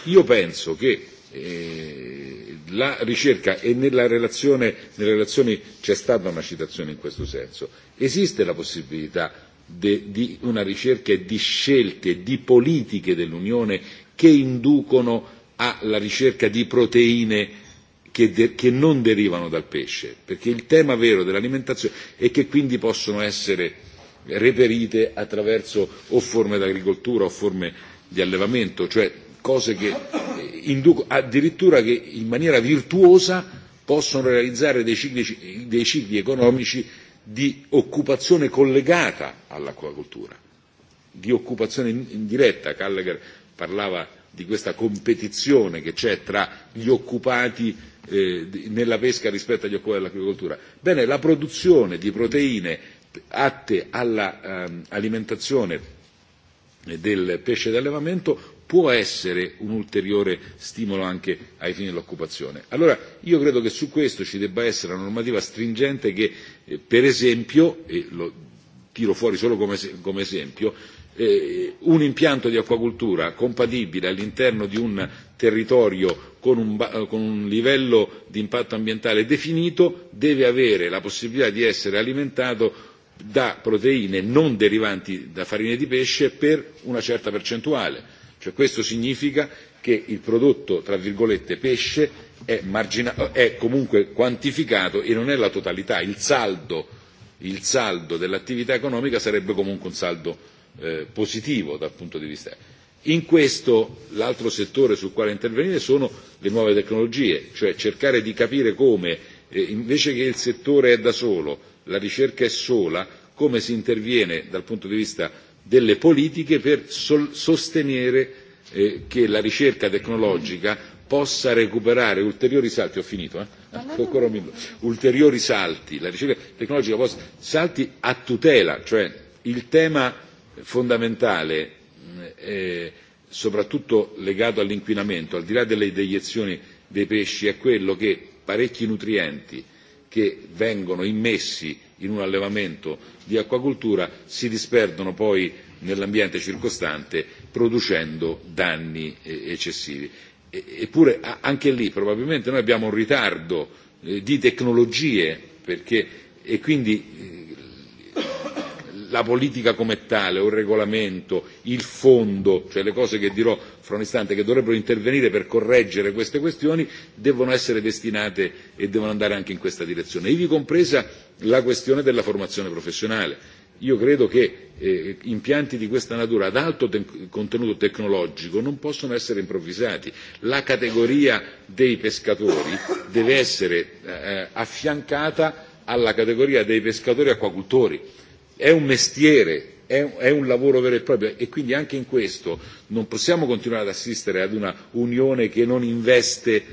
Io penso che eh, la ricerca e nella relazione, nelle relazioni c'è stata una citazione in questo senso, esiste la possibilità de, di una ricerca e di scelte, di politiche dell'Unione che inducono alla ricerca di proteine che, de- che non derivano dal pesce, perché il tema vero dell'alimentazione è che quindi possono essere reperite attraverso o forme d'agricoltura o forme di allevamento, cioè cose che inducono addirittura che in maniera virtuosa possono realizzare dei cicli, dei cicli economici di occupazione collegata all'acquacoltura, di occupazione indiretta. Callagher parlava di questa competizione che c'è tra gli occupati nella pesca rispetto agli occupati dell'acquicoltura. Bene, la produzione di proteine atte all'alimentazione del pesce d'allevamento può essere un ulteriore stimolo anche ai fini dell'occupazione. Allora io credo che su questo ci debba essere una normativa stringente che, per esempio, e lo tiro fuori solo come esempio, un impianto di acquacultura compatibile all'interno di un territorio con un, con un livello di impatto ambientale definito deve avere la possibilità di essere alimentato da proteine non derivanti da farine di pesce per una certa percentuale. Cioè questo significa che il prodotto, tra virgolette, pesce è, è comunque quantificato e non è la totalità. Il saldo, il saldo dell'attività economica sarebbe comunque un saldo positivo dal punto di vista. In questo l'altro settore sul quale intervenire sono le nuove tecnologie, cioè cercare di capire come, invece che il settore è da solo, la ricerca è sola, come si interviene dal punto di vista delle politiche per sostenere che la ricerca tecnologica possa recuperare ulteriori salti, ho finito, eh? ancora un minuto, ulteriori salti, la ricerca tecnologica possa, salti a tutela, cioè il tema fondamentale, soprattutto legato all'inquinamento, al di là delle deiezioni dei pesci, è quello che parecchi nutrienti che vengono immessi in un allevamento di acquacoltura si disperdono poi nell'ambiente circostante producendo danni eccessivi. Eppure anche lì probabilmente noi abbiamo un ritardo di tecnologie perché, e quindi la politica come tale, il regolamento, il fondo, cioè le cose che dirò fra un istante che dovrebbero intervenire per correggere queste questioni, devono essere destinate e devono andare anche in questa direzione, ivi compresa la questione della formazione professionale. Io credo che impianti di questa natura ad alto contenuto tecnologico non possono essere improvvisati. La categoria dei pescatori deve essere affiancata alla categoria dei pescatori acquacultori è un mestiere, è un, lavoro vero e proprio e quindi anche in questo non possiamo continuare ad assistere ad una unione che non investe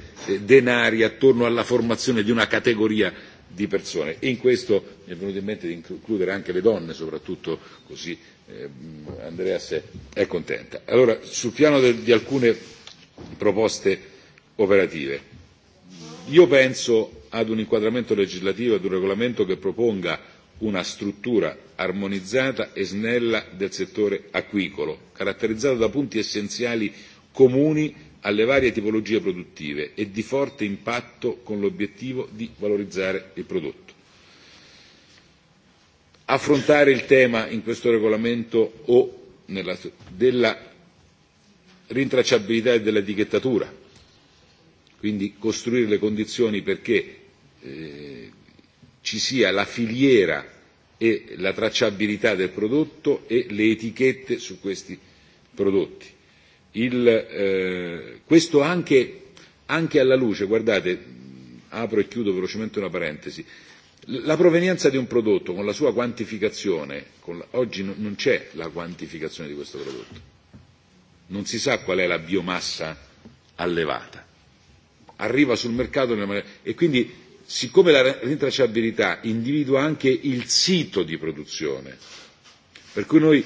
denari attorno alla formazione di una categoria di persone e in questo mi è venuto in mente di includere anche le donne soprattutto così Andreas è contenta. Allora, sul piano di alcune proposte operative, io penso ad un inquadramento legislativo, ad un regolamento che proponga una struttura armonizzata e snella del settore acquicolo, caratterizzata da punti essenziali comuni alle varie tipologie produttive e di forte impatto con l'obiettivo di valorizzare il prodotto. Affrontare il tema in questo regolamento o nella, della rintracciabilità e dell'etichettatura, quindi costruire le condizioni perché eh, ci sia la filiera e la tracciabilità del prodotto e le etichette su questi prodotti. Il, eh, questo anche, anche alla luce, guardate, apro e chiudo velocemente una parentesi, la provenienza di un prodotto con la sua quantificazione, con la, oggi non, non c'è la quantificazione di questo prodotto, non si sa qual è la biomassa allevata, arriva sul mercato nella maniera, e quindi siccome la rintracciabilità individua anche il sito di produzione, per cui noi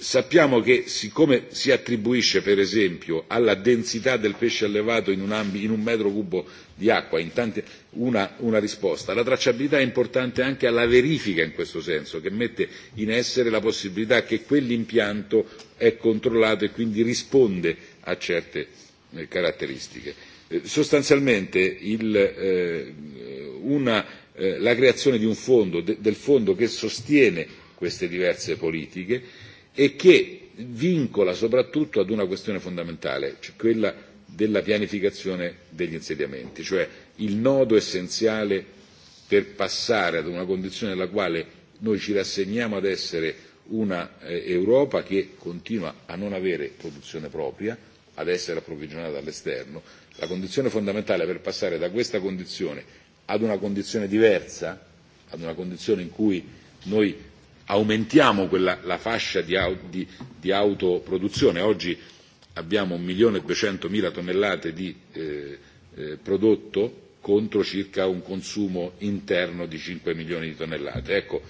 sappiamo che siccome si attribuisce per esempio alla densità del pesce allevato in un, ambi, in un metro cubo di acqua in tante, una, una risposta, la tracciabilità è importante anche alla verifica in questo senso, che mette in essere la possibilità che quell'impianto è controllato e quindi risponde a certe caratteristiche sostanzialmente la creazione di un fondo, del fondo che sostiene queste diverse politiche e che vincola soprattutto ad una questione fondamentale, cioè quella della pianificazione degli insediamenti, cioè il nodo essenziale per passare ad una condizione nella quale noi ci rassegniamo ad essere una Europa che continua a non avere produzione propria, ad essere approvvigionata dall'esterno, La condizione fondamentale per passare da questa condizione ad una condizione diversa, ad una condizione in cui noi aumentiamo quella, la fascia di, di, di autoproduzione. Oggi abbiamo 1.200.000 tonnellate di eh, eh, prodotto contro circa un consumo interno di 5 milioni di tonnellate. Ecco,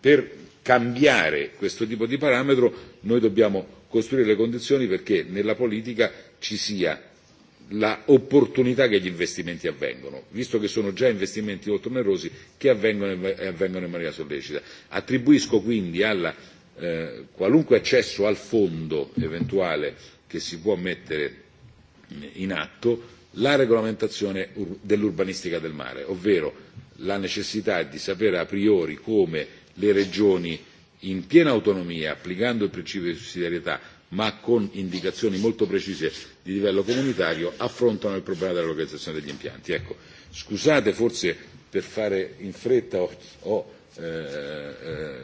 per cambiare questo tipo di parametro noi dobbiamo costruire le condizioni perché nella politica ci sia l'opportunità che gli investimenti avvengano, visto che sono già investimenti molto onerosi che avvengono, avvengono in maniera sollecita. Attribuisco quindi alla eh, qualunque accesso al fondo eventuale che si può mettere in atto la regolamentazione dell'urbanistica del mare, ovvero la necessità di sapere a priori come le regioni in piena autonomia, applicando il principio di sussidiarietà, ma con indicazioni molto precise di livello comunitario, affrontano il problema della localizzazione degli impianti. Ecco, scusate forse per fare in fretta ho, ho eh, eh,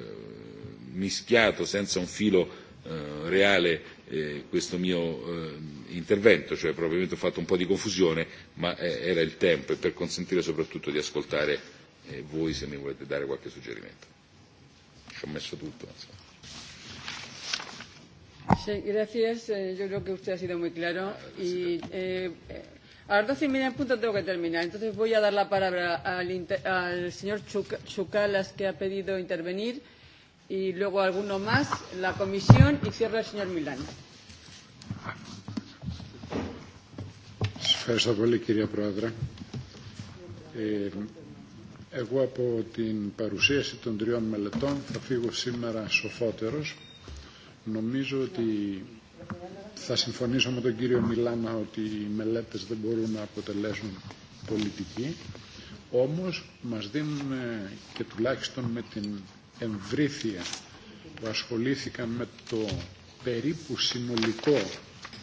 mischiato senza un filo eh, reale eh, questo mio eh, intervento, cioè probabilmente ho fatto un po' di confusione, ma eh, era il tempo e per consentire soprattutto di ascoltare eh, voi se mi volete dare qualche suggerimento. Ci ho messo tutto. Insomma. Sí, gracias. Eh, yo creo que usted ha sido muy claro. Y eh, a las doce y media en punto tengo que terminar. Entonces voy a dar la palabra al, al señor Chucalas, que ha pedido intervenir, y luego alguno más, la comisión, y cierra el señor Milán. Ευχαριστώ πολύ κυρία Πρόεδρε. Ε, εγώ από την παρουσίαση των τριών μελετών θα φύγω σήμερα σοφότερος Νομίζω ότι θα συμφωνήσω με τον κύριο Μιλάνα ότι οι μελέτες δεν μπορούν να αποτελέσουν πολιτική, όμως μας δίνουν και τουλάχιστον με την εμβρήθεια που ασχολήθηκαν με το περίπου συνολικό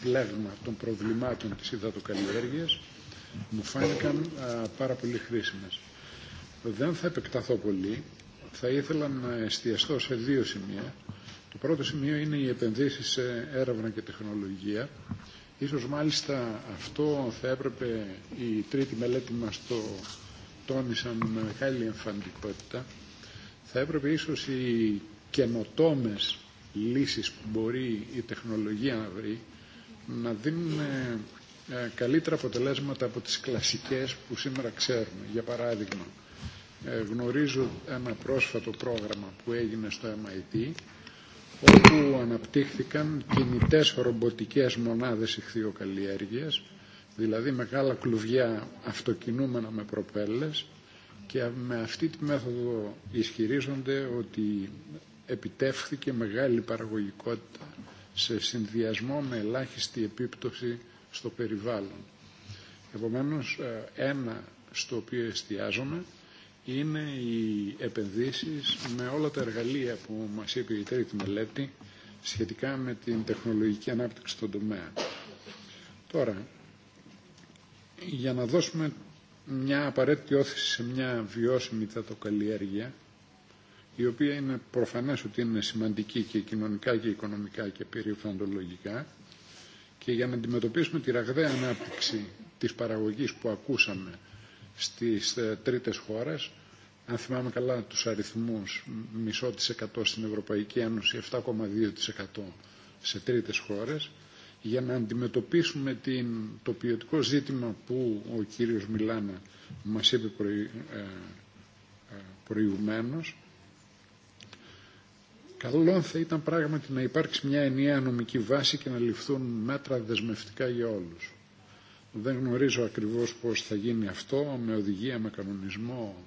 πλέγμα των προβλημάτων της υδατοκαλλιέργειας μου φάνηκαν α, πάρα πολύ χρήσιμες. Δεν θα επεκταθώ πολύ, θα ήθελα να εστιαστώ σε δύο σημεία. Το πρώτο σημείο είναι οι επενδύσει σε έρευνα και τεχνολογία. Ίσως μάλιστα αυτό θα έπρεπε η τρίτη μελέτη μας το τόνισαν με μεγάλη εμφαντικότητα. Θα έπρεπε ίσως οι καινοτόμες λύσεις που μπορεί η τεχνολογία να βρει να δίνουν καλύτερα αποτελέσματα από τις κλασικές που σήμερα ξέρουμε. Για παράδειγμα, γνωρίζω ένα πρόσφατο πρόγραμμα που έγινε στο MIT όπου αναπτύχθηκαν κινητές ρομποτικές μονάδες ηχθειοκαλλιέργειας, δηλαδή μεγάλα κλουβιά αυτοκινούμενα με προπέλες και με αυτή τη μέθοδο ισχυρίζονται ότι επιτεύχθηκε μεγάλη παραγωγικότητα σε συνδυασμό με ελάχιστη επίπτωση στο περιβάλλον. Επομένως, ένα στο οποίο εστιάζομαι είναι οι επενδύσεις με όλα τα εργαλεία που μας είπε η τρίτη μελέτη σχετικά με την τεχνολογική ανάπτυξη στον τομέα. Τώρα, για να δώσουμε μια απαραίτητη όθηση σε μια βιώσιμη θετοκαλλιέργεια, η οποία είναι προφανές ότι είναι σημαντική και κοινωνικά και οικονομικά και περιφαντολογικά, και για να αντιμετωπίσουμε τη ραγδαία ανάπτυξη της παραγωγής που ακούσαμε στις τρίτες χώρες, αν θυμάμαι καλά τους αριθμούς, μισό της εκατό στην Ευρωπαϊκή Ένωση, 7,2% σε τρίτες χώρες, για να αντιμετωπίσουμε την, το ποιοτικό ζήτημα που ο κύριος Μιλάνα μας είπε προη, ε, προηγουμένως, καλό θα ήταν πράγματι να υπάρξει μια ενιαία νομική βάση και να ληφθούν μέτρα δεσμευτικά για όλους. Δεν γνωρίζω ακριβώς πώς θα γίνει αυτό, με οδηγία, με κανονισμό,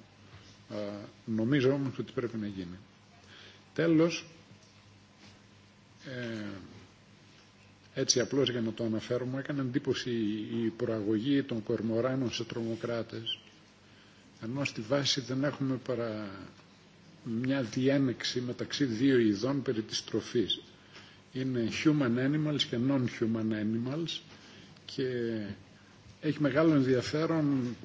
νομίζω όμως ότι πρέπει να γίνει. Τέλος, ε, έτσι απλώς για να το αναφέρω, μου έκανε εντύπωση η προαγωγή των κορμοράνων σε τρομοκράτες, ενώ στη βάση δεν έχουμε παρά μια διένεξη μεταξύ δύο ειδών περί της τροφής. Είναι human animals και non-human animals και έχει μεγάλο ενδιαφέρον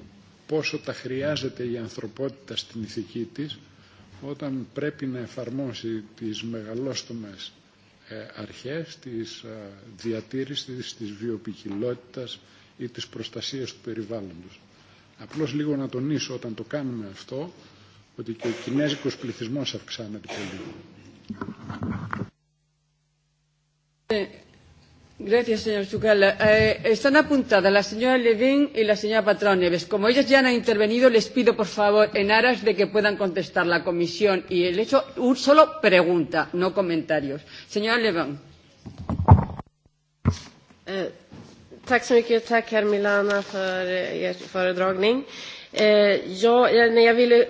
πόσο τα χρειάζεται η ανθρωπότητα στην ηθική της όταν πρέπει να εφαρμόσει τις μεγαλόστομες αρχές της διατήρησης της βιοποικιλότητας ή της προστασίας του περιβάλλοντος. Απλώς λίγο να τονίσω όταν το κάνουμε αυτό ότι και ο κινέζικος πληθυσμός αυξάνεται πολύ. Gracias, señor Zucala. Eh, están apuntadas la señora Levin y la señora Patrón Neves. Como ellas ya han intervenido, les pido, por favor, en aras de que puedan contestar la comisión y el hecho, un solo pregunta, no comentarios. Señora Levin. tack så mycket. Tack, herr Milana, för er föredragning. Eh, jag, när jag ville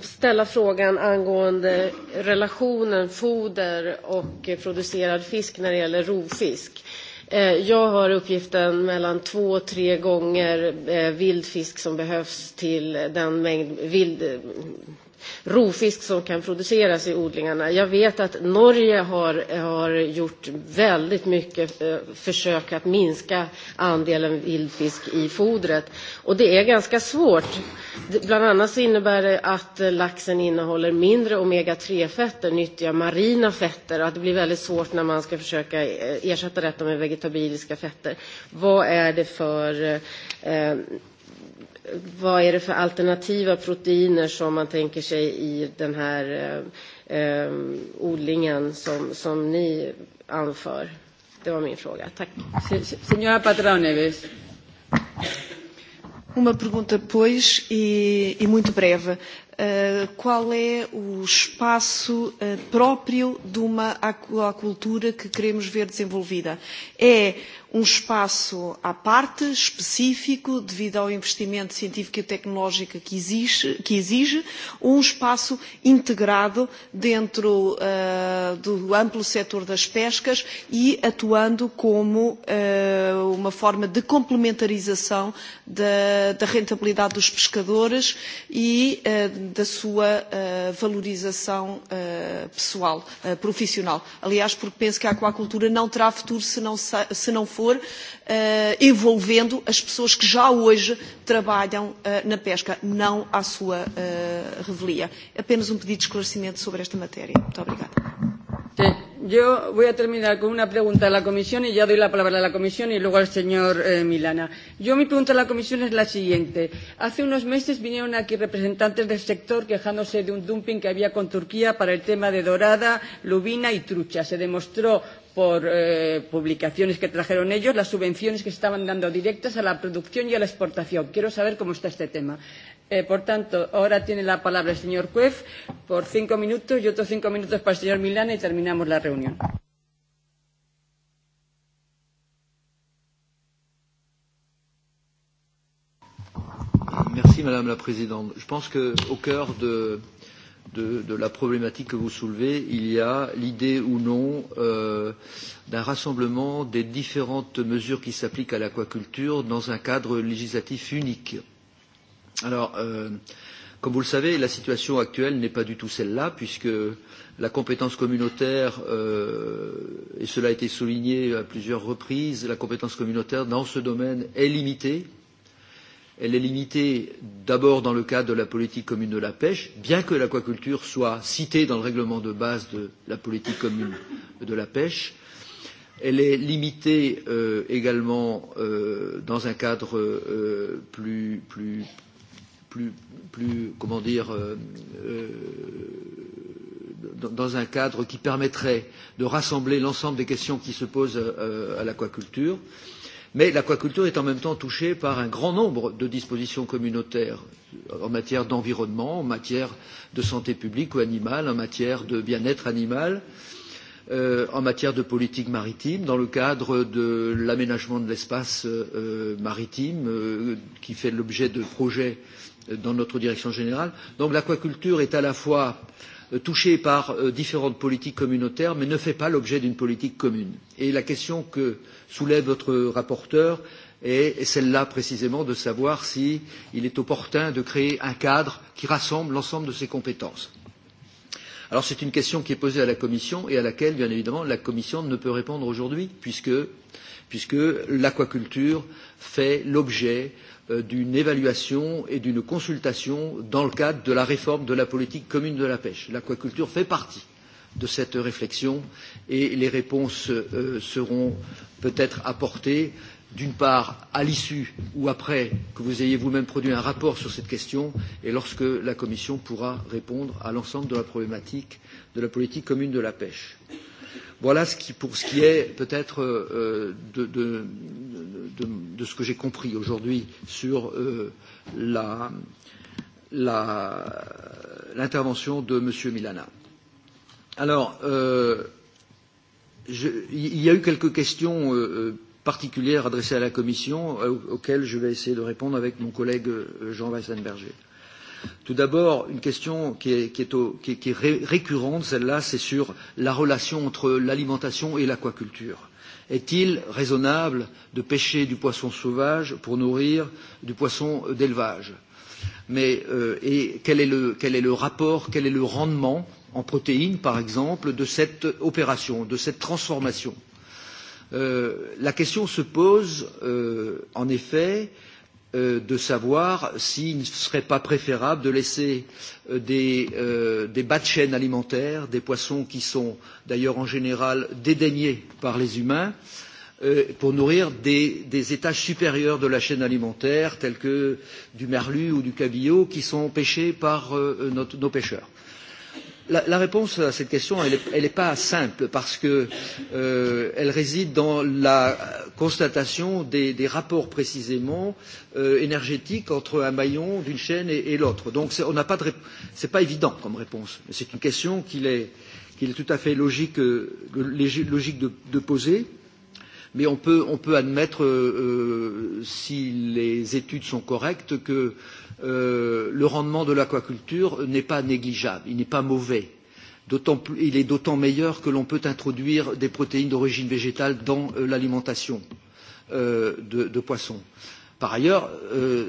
ställa frågan angående relationen foder och producerad fisk när det gäller rovfisk. Jag har uppgiften mellan två och tre gånger vildfisk som behövs till den mängd vild rovfisk som kan produceras i odlingarna. Jag vet att Norge har, har gjort väldigt mycket försök att minska andelen vildfisk i fodret. Och det är ganska svårt. Bland annat innebär det att laxen innehåller mindre omega-3-fetter, nyttiga marina fetter, och att det blir väldigt svårt när man ska försöka ersätta detta med vegetabiliska fetter. Vad är det för vad är det för alternativa proteiner som man tänker sig i den här eh, odlingen som, som ni anför? Det var min fråga. Tack. Signora Patrão Neves. Uma pergunta, pois, e, e muito breve. Uh, qual é o espaço uh, próprio de uma aquacultura que queremos ver desenvolvida? É um espaço à parte, específico, devido ao investimento científico e tecnológico que exige, que exige um espaço integrado dentro uh, do amplo setor das pescas e atuando como uh, uma forma de complementarização da, da rentabilidade dos pescadores e uh, da sua uh, valorização uh, pessoal, uh, profissional. Aliás, porque penso que a aquacultura não terá futuro se não, se não for for, envolvendo as pessoas que já hoje trabalham na pesca, não à sua revelia. Apenas um pedido de esclarecimento sobre esta matéria. Muito obrigada. Sí. Yo voy a terminar con una pregunta a la comisión y ya doy la palabra a la comisión y luego al señor eh, Milana. Yo mi pregunta a la comisión es la siguiente. Hace unos meses vinieron aquí representantes del sector quejándose de un dumping que había con Turquía para el tema de dorada, lubina y trucha. Se demostró por eh, publicaciones que trajeron ellos, las subvenciones que estaban dando directas a la producción y a la exportación. Quiero saber cómo está este tema por tanto, ahora tiene la palabra el señor Cuef por cinco minutos y otros cinco minutos para el señor Milana y terminamos la reunión. Merci Madame la Présidente. Je pense qu'au cœur de, de, de la problématique que vous soulevez, il y a l'idée ou non euh, d'un rassemblement des différentes mesures qui s'appliquent à l'aquaculture dans un cadre législatif unique. Alors, euh, comme vous le savez, la situation actuelle n'est pas du tout celle-là, puisque la compétence communautaire, euh, et cela a été souligné à plusieurs reprises, la compétence communautaire dans ce domaine est limitée. Elle est limitée d'abord dans le cadre de la politique commune de la pêche, bien que l'aquaculture soit citée dans le règlement de base de la politique commune de la pêche. Elle est limitée euh, également euh, dans un cadre euh, plus, plus, plus, plus comment dire, euh, euh, dans un cadre qui permettrait de rassembler l'ensemble des questions qui se posent euh, à l'aquaculture. Mais l'aquaculture est en même temps touchée par un grand nombre de dispositions communautaires en matière d'environnement, en matière de santé publique ou animale, en matière de bien-être animal, euh, en matière de politique maritime, dans le cadre de l'aménagement de l'espace euh, maritime euh, qui fait l'objet de projets euh, dans notre direction générale. Donc l'aquaculture est à la fois touchée par différentes politiques communautaires, mais ne fait pas l'objet d'une politique commune. Et la question que soulève votre rapporteur est celle-là précisément de savoir s'il est opportun de créer un cadre qui rassemble l'ensemble de ces compétences. Alors c'est une question qui est posée à la Commission et à laquelle, bien évidemment, la Commission ne peut répondre aujourd'hui, puisque, puisque l'aquaculture fait l'objet d'une évaluation et d'une consultation dans le cadre de la réforme de la politique commune de la pêche. L'aquaculture fait partie de cette réflexion et les réponses seront peut-être apportées d'une part à l'issue ou après que vous ayez vous-même produit un rapport sur cette question et lorsque la Commission pourra répondre à l'ensemble de la problématique de la politique commune de la pêche. Voilà ce qui, pour ce qui est peut-être euh, de, de, de, de ce que j'ai compris aujourd'hui sur euh, la, l'intervention de M. Milana. Alors, euh, je, il y a eu quelques questions euh, particulières adressées à la Commission auxquelles je vais essayer de répondre avec mon collègue Jean Weissenberger. Euh, Tout d'abord, une question qui est, qui est, au, qui, qui est ré, récurrente, celle-là, c'est sur la relation entre l'alimentation et l'aquaculture. Est-il raisonnable de pêcher du poisson sauvage pour nourrir du poisson d'élevage Mais euh, et quel est, le, quel est le rapport, quel est le rendement en protéines, par exemple, de cette opération, de cette transformation euh, La question se pose, euh, en effet, euh, de savoir s'il ne serait pas préférable de laisser des, bas de chaîne alimentaires, des poissons qui sont d'ailleurs en général dédaignés par les humains, pour nourrir des, étages supérieurs de la chaîne alimentaire, tels que du merlu ou du cabillaud, qui sont pêchés par nos pêcheurs. La, réponse à cette question, elle n'est pas simple parce qu'elle réside dans la constatation des, rapports précisément énergétiques entre un maillon d'une chaîne et, l'autre. Donc ce n'est pas évident comme réponse. mais C'est une question qu'il est, tout à fait logique, de, poser mais on peut, admettre, si les études sont correctes, que le rendement de l'aquaculture n'est pas négligeable, il n'est pas mauvais. il est d'autant meilleur que l'on peut introduire des protéines d'origine végétale dans l'alimentation de, poissons. Par ailleurs,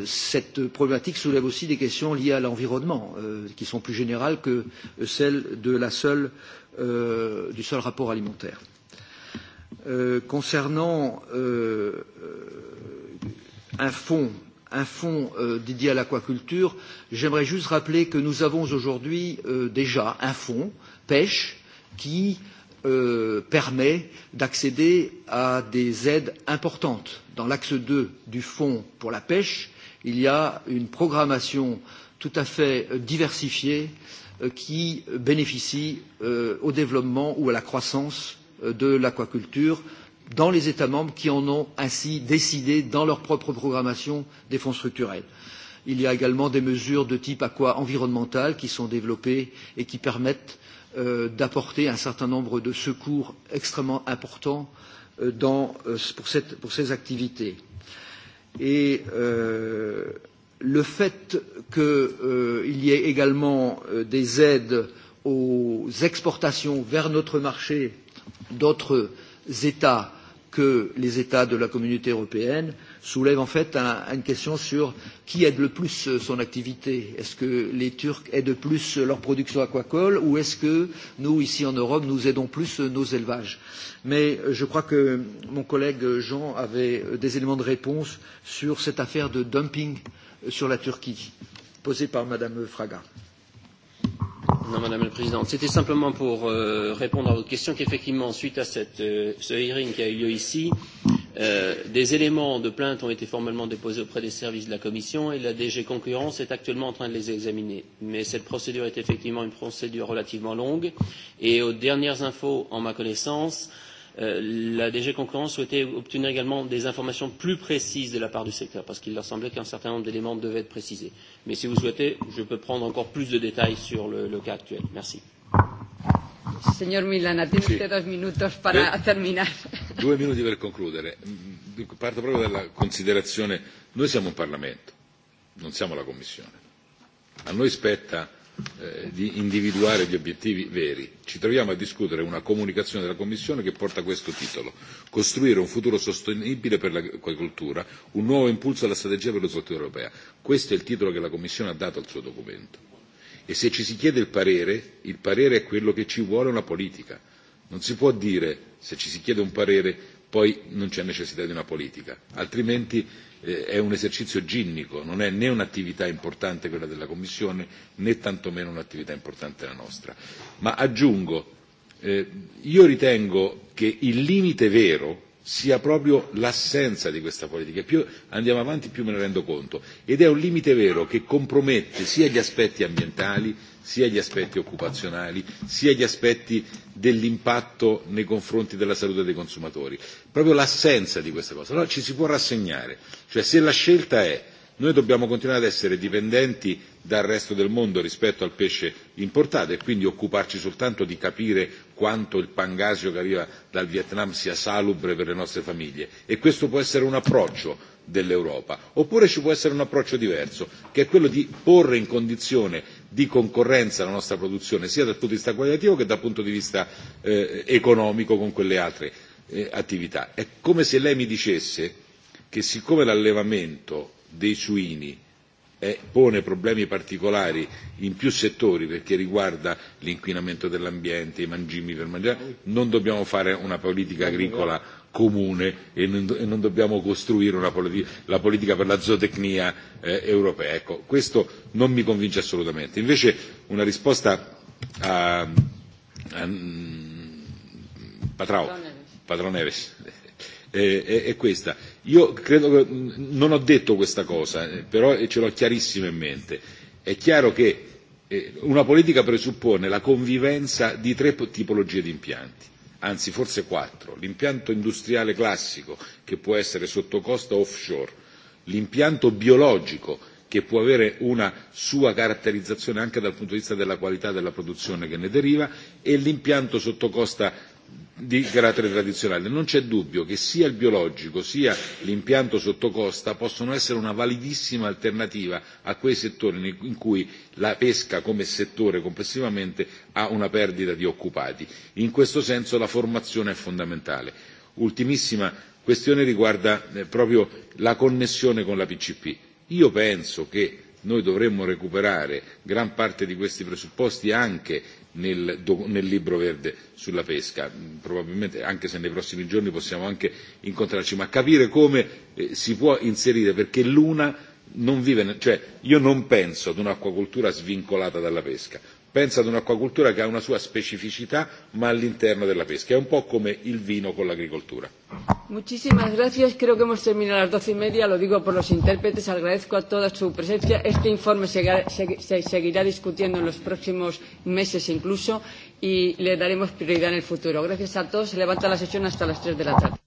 cette problématique soulève aussi des questions liées à l'environnement, qui sont plus générales que celles de la seule, du seul rapport alimentaire. concernant un fonds un fonds dédié à l'aquaculture, j'aimerais juste rappeler que nous avons aujourd'hui déjà un fonds pêche qui permet d'accéder à des aides importantes. Dans l'axe deux du fonds pour la pêche, il y a une programmation tout à fait diversifiée qui bénéficie au développement ou à la croissance de l'aquaculture dans les États membres qui en ont ainsi décidé dans leur propre programmation des fonds structurels. Il y a également des mesures de type aqua environnemental qui sont développées et qui permettent d'apporter un certain nombre de secours extrêmement importants dans, pour, cette, pour ces activités. Et euh, le fait qu'il euh, y ait également euh, des aides aux exportations vers notre marché d'autres États que les États de la communauté européenne soulèvent en fait une question sur qui aide le plus son activité. Est-ce que les Turcs aident plus leur production aquacole ou est-ce que nous, ici en Europe, nous aidons plus nos élevages Mais je crois que mon collègue Jean avait des éléments de réponse sur cette affaire de dumping sur la Turquie posée par Madame Fraga. Non, Madame la Présidente. C'était simplement pour euh, répondre à votre question qu'effectivement, suite à cette, euh, ce hearing qui a eu lieu ici, euh, des éléments de plainte ont été formellement déposés auprès des services de la Commission et la DG Concurrence est actuellement en train de les examiner. Mais cette procédure est effectivement une procédure relativement longue et aux dernières infos en ma connaissance, euh, la DG Concurrence souhaitait obtenir également des informations plus précises de la part du secteur, parce qu'il leur semblait qu'un certain nombre d'éléments devaient être précisés. Mais si vous souhaitez, je peux prendre encore plus de détails sur le, le cas actuel. Merci. Signor Milana, tiene usted dos minutos para terminar. Due minuti per concludere. Parto proprio dalla considerazione. Noi siamo un Parlamento, non siamo la Commissione. A noi spetta di individuare gli obiettivi veri. Ci troviamo a discutere una comunicazione della Commissione che porta questo titolo Costruire un futuro sostenibile per l'agricoltura, un nuovo impulso alla strategia per lo sviluppo europea. Questo è il titolo che la Commissione ha dato al suo documento. E se ci si chiede il parere, il parere è quello che ci vuole una politica. Non si può dire, se ci si chiede un parere, poi non c'è necessità di una politica, altrimenti è un esercizio ginnico, non è né un'attività importante quella della Commissione né tantomeno un'attività importante la nostra. Ma aggiungo, io ritengo che il limite vero sia proprio l'assenza di questa politica. Più andiamo avanti più me ne rendo conto. Ed è un limite vero che compromette sia gli aspetti ambientali sia gli aspetti occupazionali, sia gli aspetti dell'impatto nei confronti della salute dei consumatori. Proprio l'assenza di questa cosa. Allora ci si può rassegnare. Cioè se la scelta è noi dobbiamo continuare ad essere dipendenti dal resto del mondo rispetto al pesce importato e quindi occuparci soltanto di capire quanto il pangasio che arriva dal Vietnam sia salubre per le nostre famiglie e questo può essere un approccio dell'Europa oppure ci può essere un approccio diverso che è quello di porre in condizione di concorrenza la nostra produzione sia dal punto di vista qualitativo che dal punto di vista economico con quelle altre attività. È come se lei mi dicesse che siccome l'allevamento dei suini pone problemi particolari in più settori perché riguarda l'inquinamento dell'ambiente, i mangimi per mangiare, non dobbiamo fare una politica agricola comune e non, e non dobbiamo costruire una politi- la politica per la zootecnia eh, europea. Ecco, questo non mi convince assolutamente. Invece una risposta a, a Patrao, Patroneves è, è questa. Io credo che non ho detto questa cosa, però ce l'ho chiarissima in mente. È chiaro che una politica presuppone la convivenza di tre tipologie di impianti anzi forse quattro l'impianto industriale classico che può essere sotto costa offshore, l'impianto biologico che può avere una sua caratterizzazione anche dal punto di vista della qualità della produzione che ne deriva e l'impianto sotto costa di carattere tradizionale. Non c'è dubbio che sia il biologico sia l'impianto sottocosta possono essere una validissima alternativa a quei settori in cui la pesca come settore complessivamente ha una perdita di occupati. In questo senso la formazione è fondamentale. Ultimissima questione riguarda proprio la connessione con la PCP. Io penso che noi dovremmo recuperare gran parte di questi presupposti anche nel, nel libro verde sulla pesca, probabilmente anche se nei prossimi giorni possiamo anche incontrarci, ma capire come eh, si può inserire, perché l'una non vive, cioè io non penso ad un'acquacoltura svincolata dalla pesca, pensa ad un'acquacoltura che ha una sua specificità ma all'interno della pesca. È un po' come il vino con l'agricoltura. Muchísimas gracias. Creo que hemos terminado a las doce y media. Lo digo por los intérpretes. Agradezco a toda su presencia. Este informe se seguirá discutiendo en los próximos meses incluso y le daremos prioridad en el futuro. Gracias a todos. Se levanta la sesión hasta las tres de la tarde.